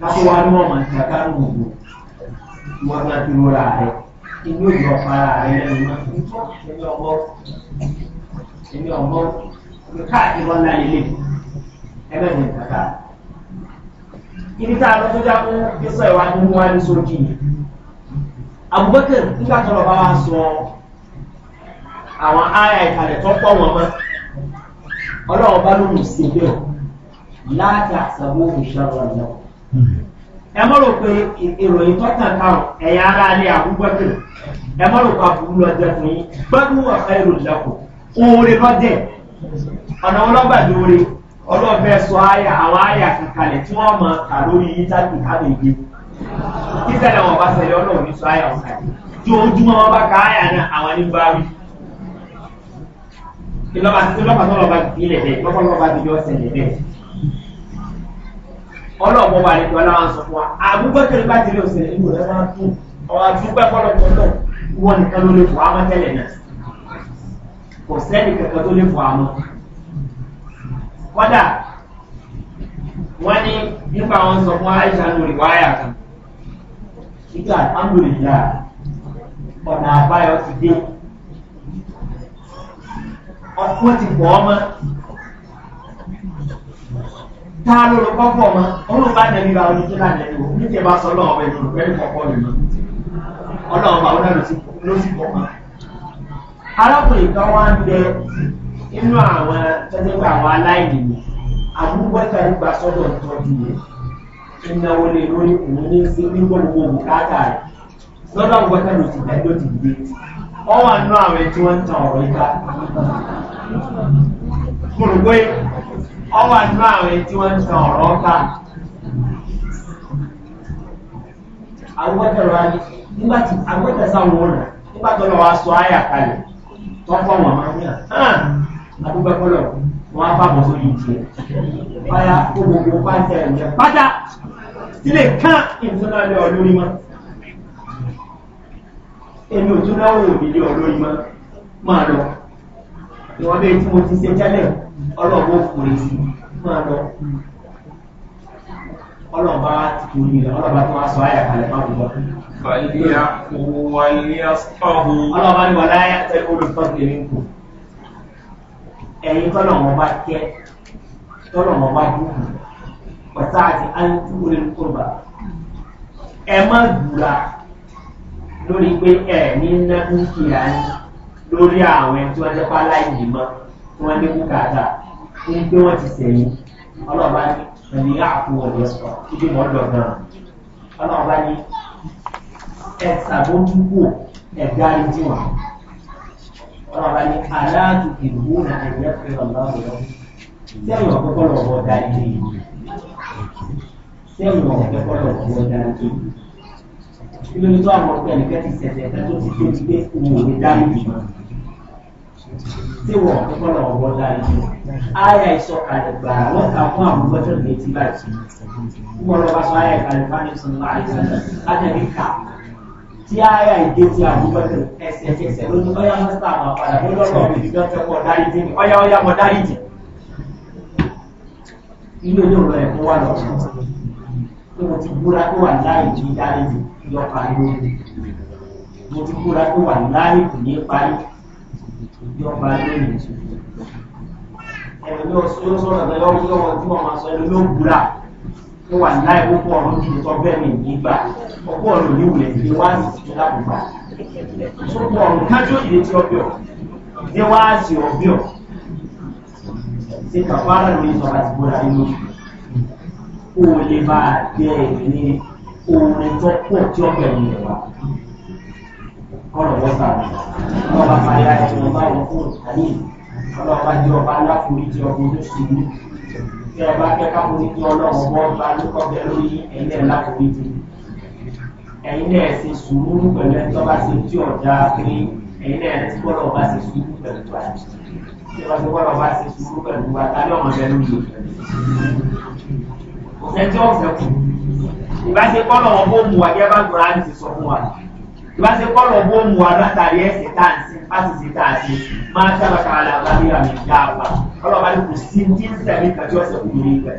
káfí wá ní ọmọ ìgbà kárùn ún wọ́n bá dúró láàárẹ̀ inú ìjọ para rẹ̀ lẹ́nu náà ní ọmọ ẹni ọmọ káàkiri wọn láyé lè ẹgbẹ́ mi kàkà ibi tá a lọ tó dákú kíso ìwà ní wá ní sókè abubakar nígbà tó lọ bá wa sọ àwọn aya ìkàlẹ̀ tó pọ̀ wọn mọ́ ọlọ́run bá lóun sí bẹ́ẹ̀ láti àṣàbò ìṣàrò ọ̀nà ẹ mọ́ rò pé ìròyìn tó tàn káwọn ẹ̀yà ara alẹ́ abubakar ẹ mọ́ rò pé àbúrú lọ jẹ fún yín gbọ́dún ọ̀fẹ́ ìròyìn lọ́kọ̀ oore lọ́jẹ̀ ọ̀nà ọlọ́gbàdúró ọlọ́fẹ́ sọ àyà àwọn àyà kankalẹ̀ tí wọ́n mọ kà lórí yíjáde káàdì ìgbé títẹ̀lẹ̀ wọn bá sẹlẹ̀ ọlọ́run ní sọ àyà ọ̀sà tí ojúmọ́ wọn bá ka àyà náà àwọn ní bá rí ìlọ́ba tí lọ́ba tó lọ́ba ilẹ̀ bẹ́ẹ̀ lọ́ba lọ́ba tó yọ sẹlẹ̀ bẹ́ẹ̀ ọlọ́ọ̀bọ wà lẹ́tọ́ láwọn sọ fún wa àbúgbẹ́kẹ̀rẹ́ bá ti rí òsèlè ìlú rẹ̀ wá tún ọ̀rọ̀ àdúgbẹ́ fọlọ́pọ̀ náà wọ́n nìkan ló lè fọ àwọn tẹ́lẹ̀ náà kò sẹ́ni kankan tó lè fọ àwọn kọ́dà wọ́n ní nípa wọn sọ fún aisha lórí wáyà kan nígbà alhamdulilá ọ̀nà àbáyọ ti dé ọkùnrin ti bọ̀ ọmọ tá a lọ lọ pọ́pọ̀ ọmọ olùbá nẹ̀bí bá ojú tó náà nẹ̀bí wò níjẹ̀ bá sọ lọ́wọ́ ẹ̀dùn rẹ̀ pẹ́lú pọ̀pọ̀ rẹ̀ mọ́ ọlọ́wọ́ bá wọn ló sì pọ̀ inú àwọn tẹ́lẹ̀gbà àwọn aláìní ni àbúgbẹ́ta gbà sọ́dọ̀ tọ́jú rẹ̀ tó náwó lórí òun ní sí nígbò gbogbo bùkátà rẹ̀ lọ́dọ̀ gbẹ́ta ló ti gbẹ́ ti gbé wọ́n wà àwọn wọ́n ń tan ọ̀rọ̀ ìta wọ́n wà àwọn wọ́n ń tan ọ̀rọ̀ nígbà tí sáwọn nígbà tó lọ wá sọ kalẹ̀ adúgbò ẹ̀kọ́lọ̀ wọn á fàbọ̀ sórí ìjẹ́ báyà ó gbogbo pàṣẹ ẹ̀jẹ̀ pátá sílé kán ìtúná lé ọ lórí mọ́ èmi ò tún náwó òbí lé ọ lórí mọ́ máa lọ ìwọ́n bẹ́ẹ̀ tí mo ti ṣe tẹ́lẹ̀ ọlọ́ọ̀bọ̀ fòrè sí máa lọ ọlọ́ọ̀bá ti kò ní ọlọ́ọ̀bá tó wá sọ ayà kalẹ̀ máa wùwọ́. Fàlíyà kò wà ní asọ́hùn. ni wà láyà tẹ́lẹ̀ olùfọ́sílẹ̀ ní kò ẹ̀yin tọ́lọ̀ wọn bá kẹ́ tọ́lọ̀ wọn bá dúkù ọ̀tá àti àǹtúwòrè kúrúbà ẹ má gbùrà lórí pé ẹ ní ná dúkìá ní lórí àwọn ẹni tí wọ́n jẹ́ pálá ìgbìmọ̀ tí wọ́n ní bùkátà ní pé wọ́n ti sẹ̀yìn ọlọ́ọ̀bá ní ẹni àpò ọ̀dọ̀ sọ ibi mọ́ ọ̀dọ̀ náà ọlọ́ọ̀bá ní ẹ sàbójúkò ẹ̀dá ọ̀rọ̀ bá ní aláàtù ìlú náà ẹ̀yẹ́ fẹ́ ọ̀lọ́run lọ. Sẹ́yìn ọ̀kọ́kọ́ lọ wọ dáadé yìí. Sẹ́yìn ọ̀kọ́kọ́ lọ wọ dáadé yìí. Ilé tó àwọn ọ̀pẹ nìkan ti sẹ̀sẹ̀ tó ti tó ti gbé owó ní dáadé yìí. Sẹ́yìn ọ̀kọ́kọ́ lọ wọ dáadé yìí. Ayà ìsọ̀kalẹ̀ gbà wọ́n kà fún àwọn gbọ́dọ̀ ní etí báyìí. Wọ́n lọ bá sọ ayà ìkàlẹ̀ fáyọ̀ sọ̀rọ̀ àìsàn tí ara ìdí ti àbúgbọ́tẹ̀ ẹsẹ̀kẹsẹ̀ ló ní ọyá mọ́sítà àwọn àpàdà ló lọ́rọ̀ ìdíjọ́ tẹ́kọ̀ dáríjì ní ọyá ọyá mọ́ dáríjì ilé ilé òun ẹ̀kọ́ wà lọ pé mo ti búra pé wà láì ní dáríjì yọ parí mo ti búra pé wà láì kò ní parí yọ parí lónìí ẹ̀rọ ní ọ̀sọ́ sọ̀rọ̀ náà yọ wọ́n tí wọ́n máa sọ ẹ̀rọ ló búra pé wà láì kó pọ̀ ọ̀run ọ̀pọ̀ ọ̀rọ̀ ní wùlẹ̀ ní wá sí lábùbá sọ́pọ̀ ọ̀rọ̀ kájú ìdè tí ọbẹ̀ ọ̀ ní wá sí ọbẹ̀ ọ̀ ṣe kàfàrà ní ìsọ̀rọ̀ àti bọ́lá inú o lè bá a jẹ́ ìní orin tó pọ̀ tí ọbẹ̀ ní ẹ̀wà kọ́lọ̀ wọ́sà ọmọ bá parí àti ọba ìwọ̀n fún ìtàní ọlọ́ba jẹ́ ọba aláforíjì ọgbọ́n tó ṣubú tí ọba kẹ́kọ̀ọ́ ní kí ọlọ́run bọ́ bá lókọ̀ bẹ́ẹ̀ lórí ẹ̀yẹ́ aláforíjì ẹ̀yin náà ṣe sùúrù pẹ̀lú ẹni tó bá ṣe tí ọ̀dà pé ẹ̀yin náà ti gbọ́dọ̀ bá ṣe sùúrù pẹ̀lú wa tí wọ́n ti gbọ́dọ̀ bá ṣe sùúrù pẹ̀lú wa tàbí ọmọ bẹnu yìí. kò fẹ́ tí ọ̀sẹ̀ kù ìbáṣe kọ́lọ̀ wọn bó mu wa bí a bá gbọ́dọ̀ á ti sọ fún wa ìbáṣe kọ́lọ̀ bó mu wa látàrí ẹ̀sẹ̀ tá à ti ṣe tá a ṣe máa sábàkà alábàbí àmì ìyá wa kọ́lọ̀ bá ní kò sí ní ń sẹ̀mí kàtí ọ̀sẹ̀ kù lórí ìgbà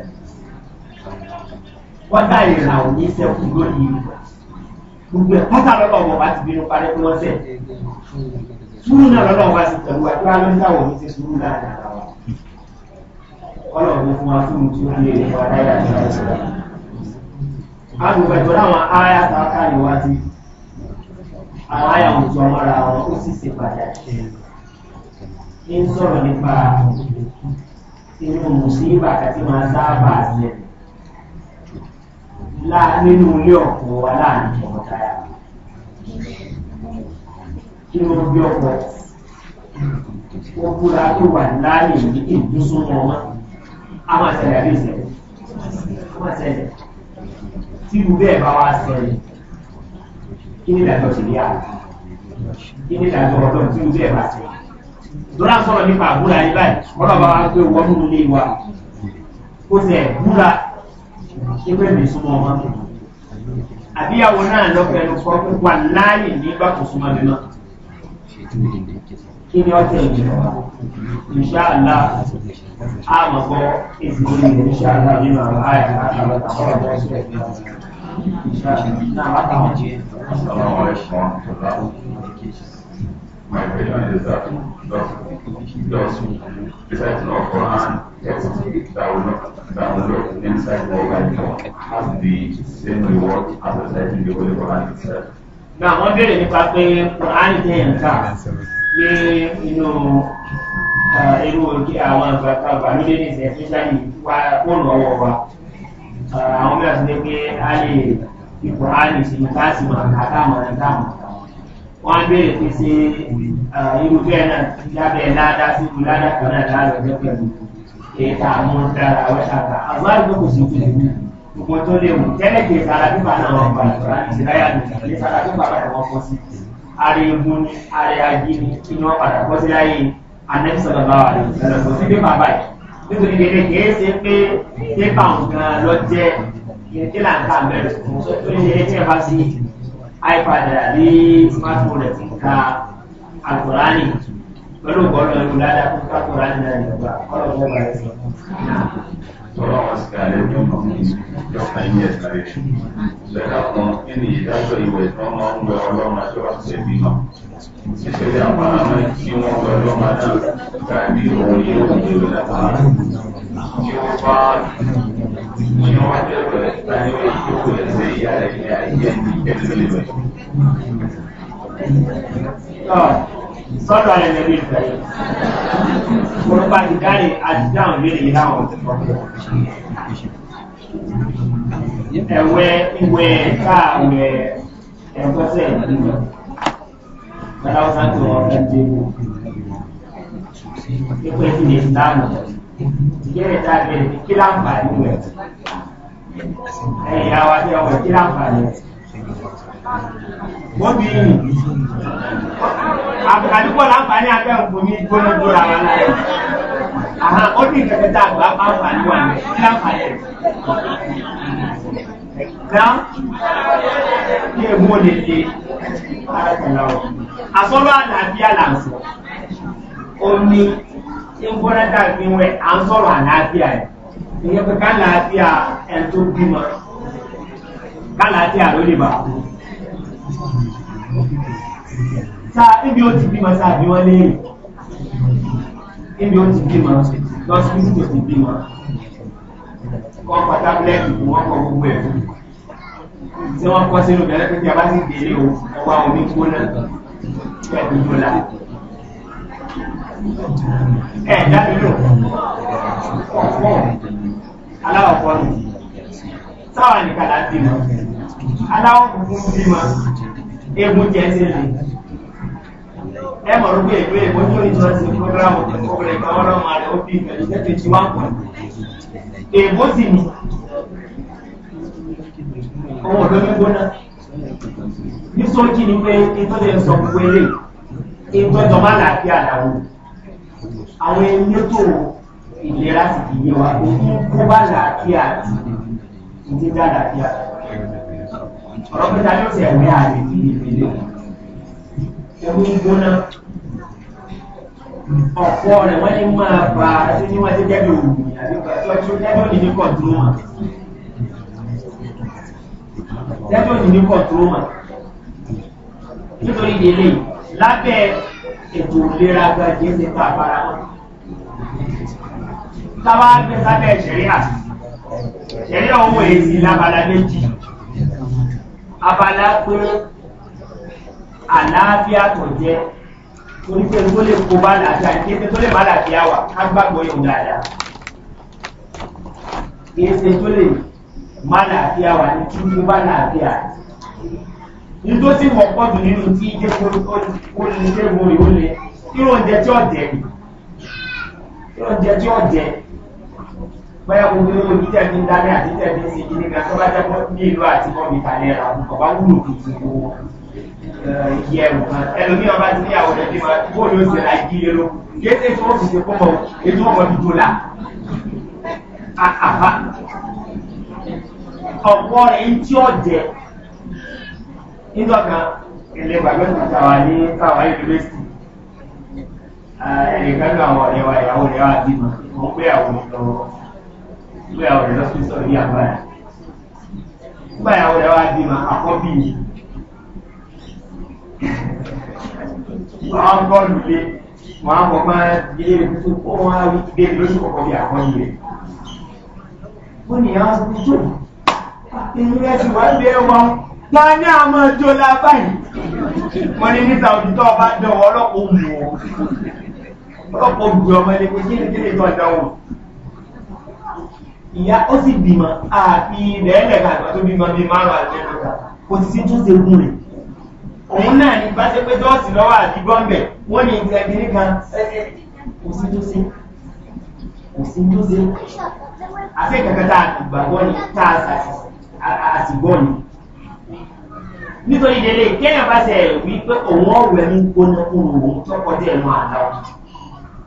gbogbo ẹ̀ pátá lọ́dọ̀ ọ̀bọ̀ bá ti bínú parẹ́ kí wọ́n sẹ̀. sùúrù náà lọ́dọ̀ ọ̀bá ti tẹ̀lú wa tí wọ́n á lọ sáwọ̀ ní ti sùúrù náà dára wa. ọlọ́run fún wa fún mi tí ó lè wà láyà ní àìsàn. agbègbè tó láwọn aráyà tá a ká ní wá sí àwọn àyà òjò ọmọra wọn ó sì ṣe pàtàkì. ń sọ̀rọ̀ nípa inú mùsùlùmí bàtà tí máa sábà sílẹ̀ nínú ilé ọ̀pọ̀ wa láàrin tọkọtaya kí ló bí ọkọ̀ ó búra tó wà láàyè ní ìdúsúnmọ́ wọn a máa ṣẹlẹ̀ àbí ìṣẹ̀lẹ̀ a máa ṣẹlẹ̀ tí irú bẹ́ẹ̀ bá wá ṣẹlẹ̀ kí ni ìdájọ́ ṣe ní àná kí ni ìdájọ́ ọdọ́ tí irú bẹ́ẹ̀ bá ṣẹlẹ̀ lọ́la sọ̀rọ̀ nípa àbúrò ayé báyìí ọlọ́ba wa pé wọ́n mú un wa ó ṣe búra nígbà mi súnmọ́ ọmọ àbíyàwó náà lọ́pẹ̀lú kọ́ wà láàyè nígbà kò súnmọ́ mi náà kí ni ọ tẹ̀ mí ìṣáàlá àmọ̀gbọ́ ìsinmi ìṣáàlá nínú àwọn àyà àtàwọn àtàwọn ọ̀ṣẹ́ ìṣáàlá náà látàwọn jẹ́ My opinion is that those, those who decide Quran text that will download inside the Quran has the same reward as reciting the Holy Quran itself. Now, wọ́n béèrè nípa pé Quran jẹ́ ẹ̀ka ní inú irú kí àwọn àgbàkà gbàmílẹ̀ ní ìsẹ̀ fíṣàlì wá fóònù ọwọ́ wa. Àwọn mìíràn ti ní pé a lè fi Quran sí ní káàsì mọ̀ àtàmọ̀ àtàmọ̀ wọ́n á béèrè pé ṣe irúfẹ́ náà lábẹ́ ládá sí ìlú ládá kan náà láàrọ̀ ọjọ́ pẹ̀lú ètà àwọn dára wẹ́sàkà àwọn àdúgbò kò sí ìpìlẹ̀ mú gbogbo tó léwu tẹ́lẹ̀ kì í sara pípa náà wọ́n pa ìtura ìṣẹ́ láyà lòdì ní sara pípa padà wọ́n kọ́ sí ara egun ní ara ajé ní kí ni wọ́n padà kọ́ sí láyé anẹ́sọ̀rọ̀ bá wà lòdì lọ́dọ̀ kò sí pípa báyìí nítorí ipad àbí smartphone rẹ̀ fún ká alukọ̀ránì pẹ̀lú ọ̀gọ́rùn-ún ẹ̀rù ládàá fún ká alukọ̀ránì náà ní ọgbà kọ́lọ̀ ọgbà tọ́lọ́ wọn sì kàlẹ́ tó kù ní ìjọba ní ẹ̀sán rẹ̀. Bẹ̀rẹ̀ kan kí ni ìdájọ́ ìwẹ̀ tí wọ́n máa ń wẹ ọlọ́run àti wọ́n ṣe bí mọ́. Nítorí àwọn àwọn tí wọ́n wẹ ọlọ́run náà tàbí òun yóò wù ú lọ́wọ́. Tí wọ́n bá ní wọ́n jẹ́ bẹ̀rẹ̀ láyé wọ́n yóò wẹ̀ sí ìyá rẹ̀ ní ayé ẹni sọ́dọ̀ alẹ́ ní ìlú ìgbà yìí wọ́n bá ti dáre àti dáhùn lórí yìí láwọn ọ̀dọ́ ẹ̀wẹ́ ìwẹ̀ káàwẹ̀ ẹ̀kọ́sẹ̀ ìdílé gbadawo santo ọ̀rẹ́ ti wò ipò ẹ̀sìn ní ìsìlámù ìjẹ́rẹ̀ tá a bẹ̀rẹ̀ kí láǹfààní rẹ̀ ẹ̀yà wa ní ọ̀rẹ́ kí láǹfààní rẹ̀. wọ́n bí yìí àdúgbò láǹfààní abẹ́òkú ní gbóná gbóra wa láyé àhán ó ní ìkẹ̀kẹ́ tá àgbà fáǹfààní wà ní kí láǹfààní ẹ̀ náà ní èmú òní lè arákùnrin àwọn àsọ́lọ́ àlàáfíà là ń sọ ó ní tí ń gbóná dàgbé wẹ̀ à ń sọ̀rọ̀ àlàáfíà ẹ̀ tó bímọ kálá tí àrò lè bá sa ibi ó ti bímọ sáà bí wọ́n léèrè ibi ó ti bímọ lọ́sibítì tó ti bímọ kọ́ pátákìlẹ́tì kò wọ́n kọ́ gbogbo ẹ̀ tí wọ́n kọ́ sínú bẹ̀rẹ̀ pé kí a bá sì délé o ọwọ́ àwọn onígbóná ẹ̀ dúdú la ẹ̀ dábìlò ọ̀pọ̀ aláwọ̀ pọ̀ nù táwa nìkan láti mọ̀ aláwọ̀ funfun bí ma egun jẹ́ sí rè ẹ mọ̀ ló pé ìwé ìwé tó ní ìjọsí programu ọkùnrin kan wọ́n lọ́mọ rẹ̀ ó bí ìgbẹ̀lú jẹ́ twenty one point èèbó sì ni ọmọ olómi gbóná ní sókí ni pé ìtọ́lẹ̀ sọ gbogbo eré ìgbẹ́jọ má làáfíà làwọn àwọn ẹni tó ìlera sì kì í yé wa òun kó bá làáfíà àti ìdí dáadáa bí a. ọ̀rọ̀ pé ta ló ti ẹ̀mí àlè ní ìpínlẹ̀ ẹ̀mí gbóná ọ̀pọ̀ rẹ̀ wọ́n ní máa bá tí ní wọ́n ti gẹ́gẹ́ òògùn ìyàgbẹ́ tọ́jú lẹ́gbẹ́ òní ní kọ̀túrọ́mà lẹ́gbẹ́ òní ní kọ̀túrọ́mà nítorí délé lábẹ́ ètò ìlera gbajẹ́ ti pàpàrà wọn táwa gbé sábẹ́ ìṣẹ̀rí àti ṣẹ̀rí ọmọ èsì lábala méjì abala pé àlàáfíà tó jẹ́ torí pé tó lè kó bá làáfíà ní kéde tó lè bá làáfíà wà ká gbàgbọ́ yóò dáadáa kéde tó lè má làáfíà wà ní kí kó bá làáfíà ní tó sì wọ́pọ̀ jù nínú tí jẹ́ kó lè ṣe mo rí ó kí ló ń jẹ tí ó jẹ ni kí ló ń jẹ tí ó jẹ ni bóyá gbogbo owó jíjẹ fi ń dáná àti tẹ̀ fi ń ṣe kíní kan tó bá jẹ́ fún ní ìlú àti mọ́ mi kàlẹ́ ra òun kọ̀ọ̀bá wúlò tuntun kó yí ẹrù kan ẹlòmíràn bá ti níyàwó rẹ̀ bí wọn bó ló ṣe ra ìdílé ló kéde tí wọ́n fi ṣe fún wọn ètò ọmọ dúdú la àhà ọ̀pọ̀ rẹ̀ ń tí ọ̀jẹ̀ nígbàkan ilé gbàgbọ́sọ̀ tàwa ní tàwa yunifásitì ẹnìkan lọ àwọn ọ̀rẹ́ wa ìyàwó rẹ̀ wá bímọ òun pé ìgbéyàwó rẹ̀ lọ́sí sọ ní àbáyà ìgbéyàwó rẹ̀ wá di ma àkọ́bí yìí àwọn bọ́ọ̀lù lé wọn á kọ́ máa ilé rẹ̀ tó kó wọn á rí gbé lóṣù kọ̀kọ́ bí àkọ́yìn rẹ̀ wọ́n ní àwọn ọdún tó inú rẹ̀ ti wá lé wọn ta ní àmọ́ jó lábáyìí wọ́n ní níta òdútọ́ ọba dánwò ọlọ́pàá òmùwọ̀ ọlọ́pàá òmùwọ̀ ọmọ ilé kò sí ní kí ìyá ó sì bímọ àfi ilẹ̀ẹ́lẹ̀ kàgbà tó bímọ bíi márùn àjẹmọ́ta kò sì sí tó ṣe gùn rẹ̀ òun náà ní bá ṣe pé jọ́ọ̀sì lọ́wọ́ àti bọ́m̀bẹ̀ wọ́n ní ìtẹ́ kiri kan kò sí tó ṣe kò sí tó ṣe àti ìkàkàtà àgbàgbọ́ ni tá a ṣàṣìgbọ́ ni nítorí délé kéèyàn bá ṣe wí pé òun ọ̀wẹ́ ń gbóná kúrò òun tó kọjá ẹ̀mọ́ àlá ọ̀tún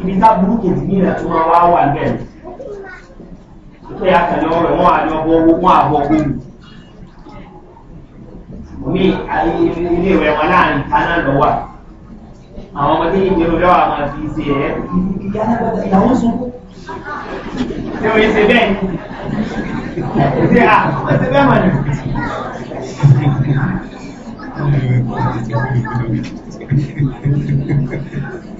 ibi tá burúkú ti ní ìrẹ̀ tó máa wá wà bẹ́ẹ̀ tó yà kàn lọ́wọ́ rẹ̀ wọ́n á lọ bọ́ owó wọ́n á bọ́ gbé mi. omi ilé ìwé wọn láàrin kaná lọ wà àwọn ọmọdé ìwé wọn lọ́wọ́ àwọn fi ṣe ẹ̀ ìyàwó sunkún. ṣé o ṣe bẹ́ẹ̀ ni ṣe à ṣe bẹ́ẹ̀ mọ̀ ni. Thank you.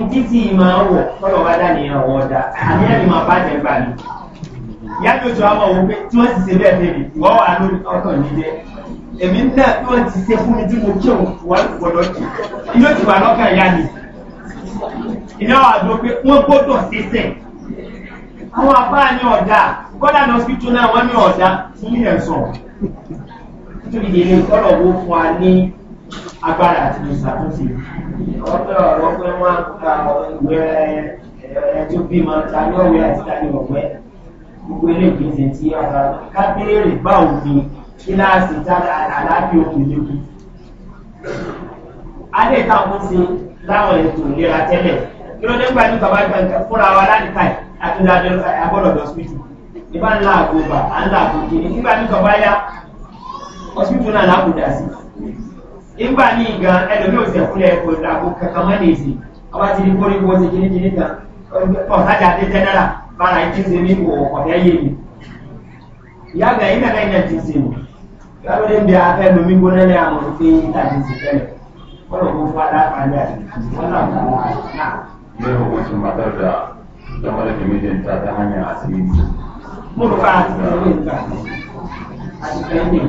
ntiti máa wọ̀ tọ́lọ̀ bá dánìyàn wọ̀ dá àníyàn ni máa bá jẹ́ gbà ní. yàtọ̀ tó àwọn òun pé tí wọ́n ti ṣe bẹ́ẹ̀ bẹ́ẹ̀ wọ́n wà lórí ọkàn mi jẹ́ èmi náà tí wọ́n ti ṣe fún mi tí mo kí òun wọ́n gbọ́dọ̀ kí inú ti wà lọ́kàn ìyá mi. iná wà ló pé wọ́n gbọ́dọ̀ ṣẹṣẹ̀ àwọn apá ní ọ̀dà kọ́dà lọ sí tún náà wọ́n ní ọ̀dà fún mi ẹ̀ sọ nítorí ìdílé kọ́lọ̀ wo fún wa ní agbára àti ìṣàtúnṣe. ọ̀pẹ ọ̀rọ̀ pé wọ́n ka ìwé ẹ̀ tó bímọ ta ní ọ̀wẹ́ àti ta ní ọ̀pẹ́ gbogbo eléyìí ṣe ti ọ̀rọ̀ kábíyèrè báwo ni kíláàsì tá àlàáfíà òkè lékun. adé táwọn ṣe láwọn ètò ìlera tẹ́lẹ̀ kí ló dé gbà ní bàbá ìgbà fúnra wa láníkà àtúndàdé agbọ́dọ̀ lọ́sibítù ìbá ńlá àgbòbà à ń là àgbòkè nígbà ní bàbá yá ọsibítù náà láàbùdà sí i nígbà ní ìgbà ẹlòmí ò tẹ̀ fúnlẹ̀ ẹ̀kọ́ ìdàgbò kankan mọ́ nìyí ọba ti di kórìkò ti kíní kíní kan ọ̀sájà ti tẹ́ náírà bára ti ṣe mí wọ̀ ọ̀dẹ́ yé mi ìyá àgbà yìí nàkà ìyá ti ṣe mi yàrá ló ń bẹ afẹ́ lomi gbóná lé àwọn òfin ìta ti ṣe fẹ́lẹ̀ wọ́n lọ kó fún aláàbàlẹ̀ àti wọ́n náà kà á náà. ilé ìwé ti matar da lamarin da mijinta ta hanyar asiri. Murfa a cikin yin ka a cikin yin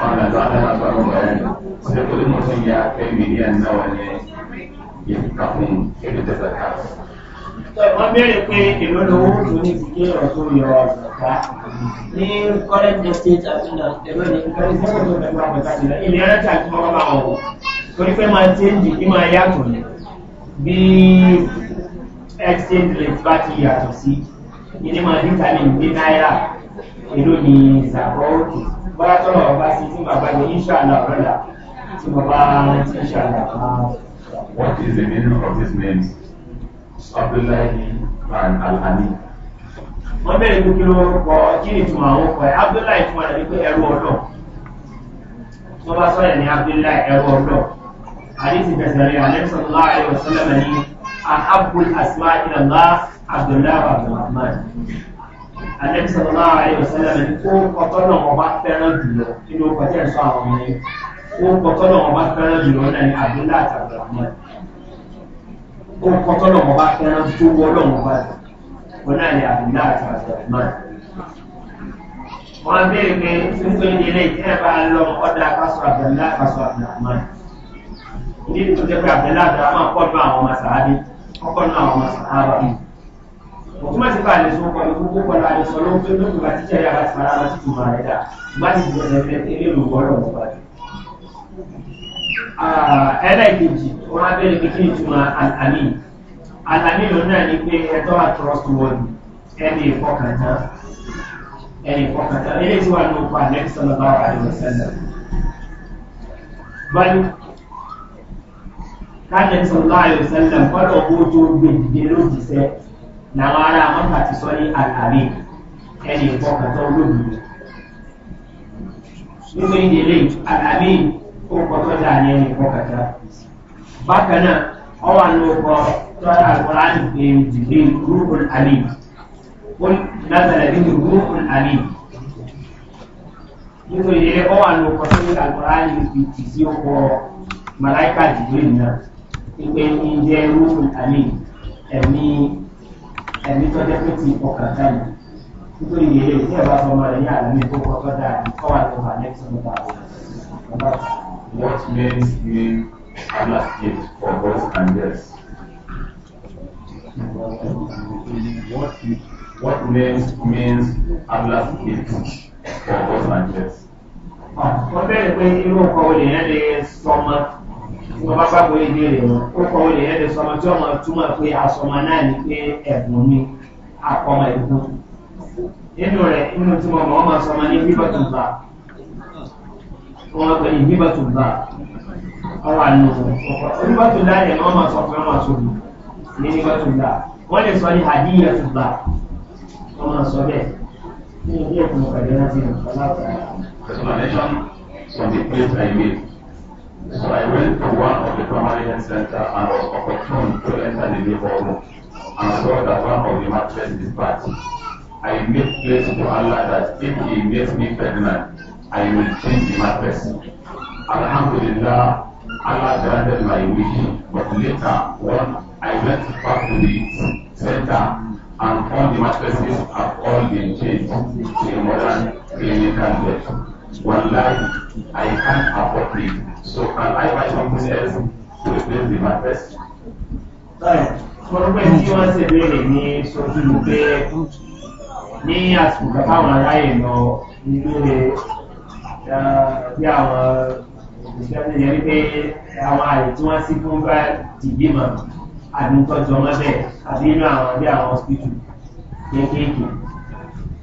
قال ظهر فرعون سيقول مسيا كيفية النوال يفقهون كيف تفقه wọ́n bẹ̀rẹ̀ pé èlò lówó tó ní ìbùkẹ́ ọ̀rọ̀ tó yọ ọ̀gá ní current estate àti ẹ̀rọ ní current tó fẹ́ máa bẹ̀rẹ̀ sílẹ̀ ilẹ̀ ẹ̀rọ tí a ti máa bá torí pé máa ṣe ń dìbí máa yàtọ̀ bí exchange rate bá ti yàtọ̀ sí ìdí máa dín tàbí gbé náírà èló ni ìsàkọ́ òkè bọ́lá tọ́lọ̀ ọba sí tí bàbá mi ìṣàlà ọ̀rọ̀là tí bàbá ti ìṣàlà What is the meaning of these names? Abdullahi and Al-Hani. Wọ́n bẹ̀rẹ̀ kí ló kọ kí ni ìtumọ̀ àwọn ọkọ̀ ẹ̀ Abdullahi fún ọ̀nà wípé ẹrú ọlọ́. Tó bá sọ̀rọ̀ ní Abdullahi ẹrú ọlọ́. Àdìsí fẹsẹ̀ rẹ̀ Alẹ́sọ̀tún láàrin ọ̀sán lẹ́mẹ̀ ní Ahabul Asma Ìlàlá abdullahi abdulrahman anabi sallallahu alayhi wa sallam ó kọ́tọ́ náà wọ́n bá fẹ́ràn jùlọ nínú kọjá ìṣọ́ àwọn ọmọ yìí ó kọ́tọ́ náà wọ́n bá fẹ́ràn jùlọ náà ní abdullahi abdulrahman ó kọ́tọ́ náà wọ́n bá fẹ́ràn tó wọ́ lọ́wọ́ bá wọn náà ní abdullahi abdulrahman wọ́n bèèrè pé nítorí ilé ìtẹ́ bá lọ ọ̀dà kásọ̀ àbẹ̀lá kásọ̀ àbẹ̀láhàn ní ìtọ́jẹ́ pé àbẹ̀lá àbẹ̀láhàn ju àwọn ọmọ sàábí ọkọ̀ náà àwọn ọmọ sàábà kò túmọ̀ sí pàlẹ́ sọ pọ̀ lóko kó kọ́ra rẹ̀ sọ lóko tó kò bá tíṣà yàrá ti fara wọn sí ìmọ̀ rẹ̀ dà bá ti dùn ẹ̀rẹ́ eré ló wọ́ lọ́wọ́ bá dé. ẹlẹ́ẹ̀kejì wọn á bẹ̀rẹ̀ pé kí ni túmọ̀ àmì àlàní ìlú náà ni pé ẹjọ́ àtrọ́sí wọn ẹni ìfọkàntán ẹni ìfọkàntán eléyìí tí wà ní òkú àlẹ́ sọ̀rọ̀ bá wà lọ́wọ́ sẹ́lẹ̀ káàdì sọ̀rọ̀ láàyò sẹ́lẹ̀ gbọ́dọ̀ owó tó gbèdìdè lójijì sẹ́ẹ̀ làwọn ará mọ́tà ti sọ ní àtàrí ẹni ìfọkàntọ́ olóògbé nínú ìdílé àtàrí orúkọ tó dáa ní ẹni ìfọkàntọ́ bákan náà ọ wà ní orúkọ tó dáa àgbọ̀rá ní pé ìdílé rúkùn àlè ó lásàlẹ̀ nínú rúkùn àlè nínú ìdílé ọ wà ní orúkọ tó dáa àgbọ̀rá ní ìpìtì sí orúkọ màláìkà ìdílé náà ìpè ìjẹ rúkùn àlè ẹ̀mí ẹ̀mí tó jẹ́ ti ọkàn jáde nítorí ìyẹlẹ tí ẹ̀ bá sọ ọmọ rẹ̀ ní àlùmí tó kọ́ tó dáa ní kọ́wà tó wà ní ẹ̀sìn ọ̀dà What means means Allah is for both and yes. What, what men means Allah is for boys and girls? Wọ́n bẹ̀rẹ̀ pé irú ọkọ̀ olè yẹn lè sọ ọmọ tí wọ́n bá gbàgbọ́ ìbéèrè wọn ó kọ́ wọlé ẹ̀ẹ́dẹ̀ sọmọ tí ọmọ túmọ̀ pé asọmọ náà ní pé ẹ̀bùn mi akọmọ ìbùkún nínú rẹ̀ nínú tí mo mọ̀ ọmọ sọmọ ní bíbọ̀tùbà wọ́n pè ní bíbọ̀tùbà ọwọ́ àánú bíbọ̀tùbà yẹn wọ́n máa sọ pé wọ́n sọ ní bíbọ̀tùbà wọ́n lè sọ ní àdíyàtùbà wọ́n máa sọ bẹ́ẹ̀ ní ilé ìkùnkùn kàdé So I went to one of the primary health centers and was opportune to enter the labor room and saw that one of the mattress is bad. I made place to Allah that if he makes me pregnant, I will change the mattress. Alhamdulillah, Allah granted my wish, but later when I went back to the center, and all the mattresses have all been changed to a modern clinical bed. One life, I can't afford it. So can I buy something else to replace the mattress? Mo rò pé tí wọ́n ṣe béèrè ní sojú ló pé ní àsìkò káwọn aráyè lọ nínú bí àwọn òṣìṣẹ́ yẹn pé àwọn àyè tí wọ́n sí fún bá dìbìmọ̀ àbí tọ́jú ọmọ bẹ́ẹ̀ àbí inú àwọn bí àwọn hospital kéékèèké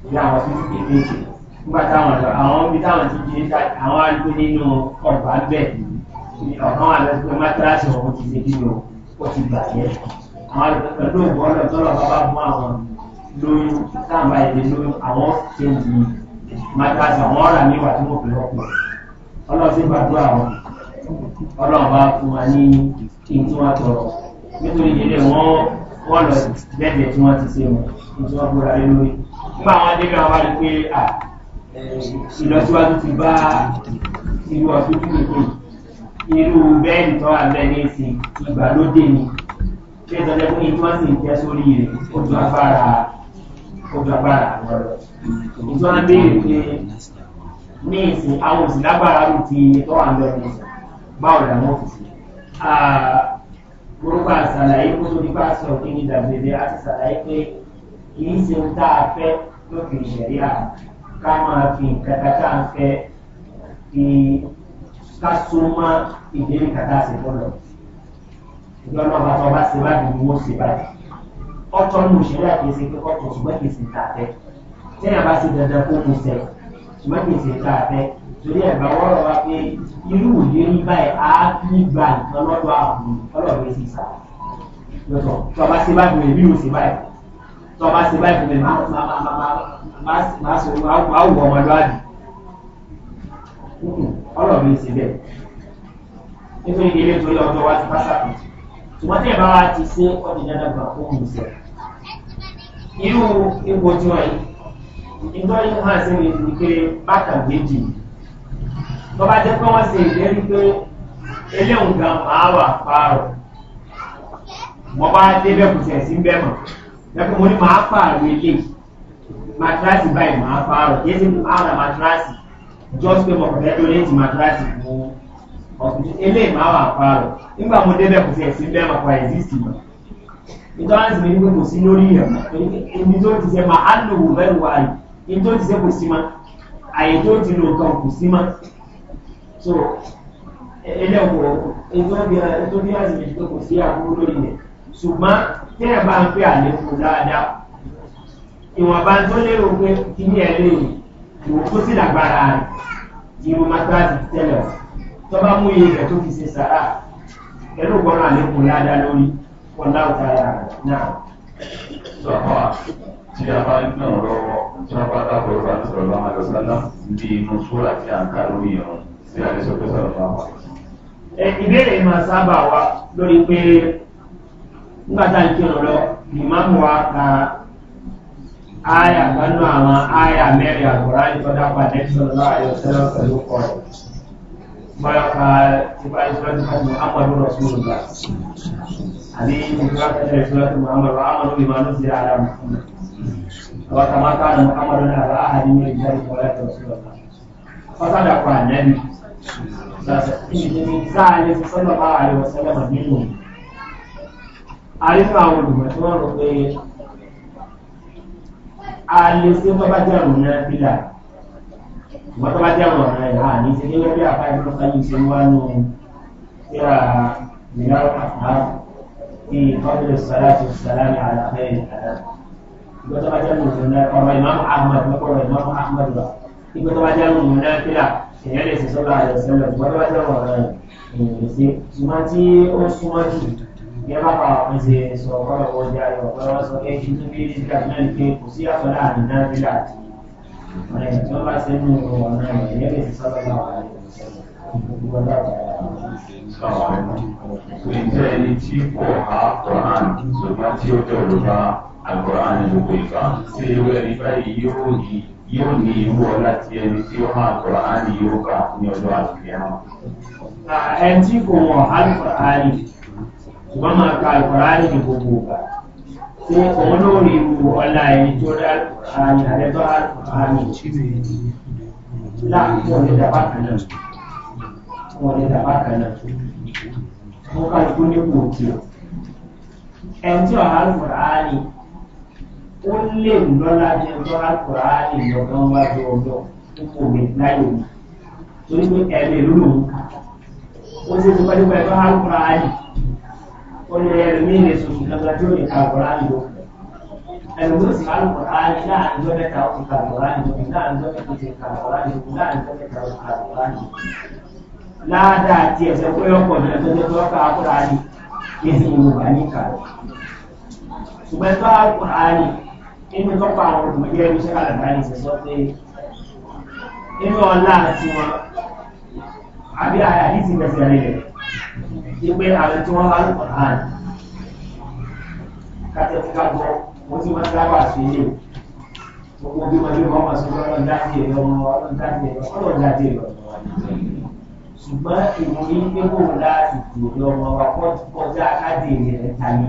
bí àwọn hospital kéékèèké nígbà táwọn ọ̀dọ́ àwọn ibi táwọn ti jí níta àwọn arúgbó nínú ọgbà bẹ̀ ọ̀kan wà lọ́sí pé mátíráàsì ọ̀hún ti ṣe kíni o ó ti gbà yẹ àwọn pẹ̀lú òògùn ọ̀nà tọ́lọ̀ bàbá mú àwọn lóyún táwọn bá yẹ lóyún àwọn ṣe ń di mátíráàsì àwọn ọ̀rà mi wà tí wọ́n fi lọ́pọ̀ ọlọ́sí gbàdúrà wọn ọlọ́run bá fún wa ní kí n tí wọ́n tọrọ nítorí ìdílé wọn wọ́n lọ bẹ́ẹ̀ tí wọ́n ti ṣe wọn kí n tí wọ́n bóra lé lórí nígbà wọn débẹ̀ wọn bá rí pé ìlọsíwájú ti bá irú ọ̀ṣojú nìkan irú bẹ́ẹ̀ nìtọ́ abẹ́ ní ìsìn ìgbàlódé ni ṣé ìtọ́jú fún ìtọ́ sì ń tẹ́ sórí rẹ̀ ó ju agbára ó ju agbára àwọn lọ. ìtọ́ ń béèrè pé ní ìsìn àwọn òsì lágbára rù ti ìtọ́ àbẹ́ ní ìsìn báwo làwọn òsì. orúkọ àṣàlàyé kó tó nípa sọ kí ni dàbẹ̀rẹ̀ àti ṣàlàyé pé kì í ṣe ń tá a fẹ́ lókè ìṣẹ̀rí àná ká máa fi nǹkan kata ń fẹ́ fi ká so mọ́ ìdílé kata sí fọlọ́ ìgbọ́n náà bàtà ọba ṣe báyìí ni wọ́n ṣe báyìí ọtọ́ ní òṣèré àkẹ́sẹ̀ pé ọtọ̀ ṣùgbọ́n kì í sì ta àfẹ́ tẹ́yà bá ṣe dandan kó mo sẹ̀ ṣùgbọ́n kì í sì ta àfẹ́ torí ẹ̀gbà wọ́rọ̀ wa pé irú ìlérí báyìí á ní gba nǹkan lọ́dọ̀ àbùrù ọlọ́ọ̀bẹ sì sà lọ́tọ̀ tọ́ba ṣe tó bá ṣe báyìí fún mi máa ṣe máa wù ọmọlúwàbí ọlọ́ mi ṣe bẹ́ẹ̀ nítorí ilé torí ọjọ́ wa ti pásítọ̀ ṣùgbọ́n tí ìbára ti ṣe ọdún dandan gbà fún mi sọ irú ipò tí wọ́n yìí nítorí hàn sí mi ní pé bákan méjì tó bá jẹ́ pé wọ́n ṣe ìlérí pé eléhùn gan máa wà pààrọ̀ mo bá débẹ̀ kù sẹ̀ sí bẹ́ẹ̀ mọ̀ lẹ́kọ̀ọ́ mo ní máa pààrọ̀ ilé matrasi báyìí máa pààrọ̀ kí ẹsẹ̀ ara matrasi just pé mo kọ̀ fẹ́ donate matrasi mo ọ̀sùn ele máa wà pààrọ̀ nígbà mo débẹ̀ kò sí ẹ̀sìn bẹ́ẹ̀ máa pa exist mọ́ insurance mi ní pé kò sí lórí yẹn ibi tó ti sẹ ma á lò wò bẹ́ẹ̀ wà áyì ibi tó ti sẹ kò sí ma àyè tó ti lò kan kò sí ma so eléyìí kò ètò ìbí àti ètò ìbí àti ètò kò sí àbúrò lórí yẹn ṣùgbọ́n tí ẹ̀ bá ń pè àlékún dáadáa ìwọ̀nba tó lérò pé kí ní ẹ̀lẹ́ yìí ìwọ̀n tó sì lágbára rẹ̀ ìwọ̀n matrasi tẹ́lẹ̀ tó bá mú iye rẹ̀ tó fi ṣe sàrà pẹ̀lú gbọ́nà àlékún dáadáa lórí ọ̀la ọ̀tá náà. sọ́kọ̀ tí a bá ń gbọ̀n lọ́wọ́ tí wọ́n bá dábọ̀ ìwà ní sọ̀rọ̀ lọ́wọ́ àlọ́sálá bí inú sóra tí a ń kà lórí ìrùn sí àdéṣọ́pẹ́sọ̀rọ̀ lọ́wọ́. ìbéèrè máa sábà nígbàtà ń kírun lọ ìmáàmù wa ka áyà gbanú àwọn áyà mẹ́rin àgbọ̀rá ìtọ́jà pàdé sọ̀rọ̀ àyọ̀sẹ́lẹ̀ pẹ̀lú kọ̀ọ̀rọ̀ bọ́yọ̀ ka ìgbà ìsọ́jú fún amadu rasulu la àbí ìgbà ìsọ́jú fún amadu amadu ìmánu sí ara mùsùlùmí àwọn kàmá kánú amadu ní ara ahadi ní ìjà ìfọ̀rẹ́ rasulu la fọ́sádà kọ́ ànẹ́ni àrífà àwọn olùmọ̀ tí wọ́n rò pé a lè ṣe tó bá jẹ́ àrùn náà fílà wọ́n tó bá jẹ́ àwọn ọ̀rọ̀ ẹ̀ àní ṣe gẹ́gẹ́ bí àpá ìlú sáyé ṣe wá ní ìra ìlànà àpá ní ìkọ́bílẹ̀ sọ́lá ti sọ́lá ní àlàfẹ́ ìlànà ìgbẹ́ tó bá jẹ́ àrùn náà ọ̀rọ̀ ìmọ̀ ahmed lọ́kọ̀ọ̀rọ̀ ìmọ̀ fílà ìyẹn lè ṣe sọ́lá àyẹ̀sẹ̀ lọ ìgbẹ́ tó jẹ́ àrùn náà ìyẹn yẹ́bàá ọ̀pẹ́sẹ̀ sọ ọ̀rọ̀ ọjà ìwọ̀pẹ́wọ́ sọ pé kí ní bí nígbà mẹ́rin pé kò sí àtọ́ láàrin náírà àti ọ̀rẹ́ tí wọ́n bá ṣe ń mú ọ̀rọ̀ náà rẹ̀ yẹ́ lè ti sọ́dọ̀ náà wà ní gbogbo ọjà ìwọ̀pẹ́wọ́. Ǹjẹ́ ẹni tí kò há Quran ṣùgbọ́n tí ó dọ̀rọ̀ bá Al-Quran ní gbogbo ìgbà tí irú ẹni báyìí yóò ní yóò ní irú ọlá tí ẹni tí ó há Quran yóò kà ní ọjọ́ àlùfíà. Ẹni tí kò wọ̀ há Quran ṣùgbọ́n máa ka ìkọ̀ráyè ní gbogbo ìgbà tí òun náà rí irú ọlá ẹni tó dá àmì àrẹ́tọ́ àmì láàpọ̀ ní dàbá kan náà wọ́n ní dàbá kan náà wọ́n ká ikú ní kò tí ọ̀ ẹni tí ọ̀há ìkọ̀ráyè ó lè lọ́lá jẹ́ lọ́lá ìkọ̀ráyè lọ́gán wájú ọjọ́ kò mí láyò torí pé ẹ̀mí lónìí ó sì ti pẹ́ nípa ẹ̀tọ́ àlùkùnrin àyè wani ẹlòmíì lè sùn sùn lọ́gbà tí ó lè ka àgbọ̀rá nìyó ẹlòmíì sì máa ń kọ̀ á láàrin ọjọ́ mẹ́ta ó ti ka àgbọ̀rá nìyó láàrin ọjọ́ mẹ́ta ó ti ka àgbọ̀rá nìyó láàrin ọjọ́ mẹ́ta ó ti ka àgbọ̀rá nìyó ládàá tí ẹ̀sẹ̀ pé ọkọ̀ náà tó tó tọ́ka àkúrà ní èsì yorùbá ní kàrọ̀ ṣùgbọ́n tó àkúrà ní inú tọ́pa àwọn olùmọ̀jẹ́ ẹni ṣẹ́ka làbá ní sọ pé inú ọlá àti wọn àbí àyà ní ti bẹ̀sẹ̀ rẹ̀ wípé àwọn tí wọ́n bá ń kọ̀ náà kájọ tí ká gbọ́ wọ́n ti máa ń dábà sí ilé gbogbo bí wọ́n bí wọ́n máa sọ lọ́rọ̀ dáàdì ẹ̀rọ wọn ọlọ́run dáàdì ẹ̀rọ ọlọ́run dáàdì ẹ̀rọ wọn ṣùgbọ́n èmi ní gbégbó láti dùn ọmọ wa kọjá káàdì ìrìn tayé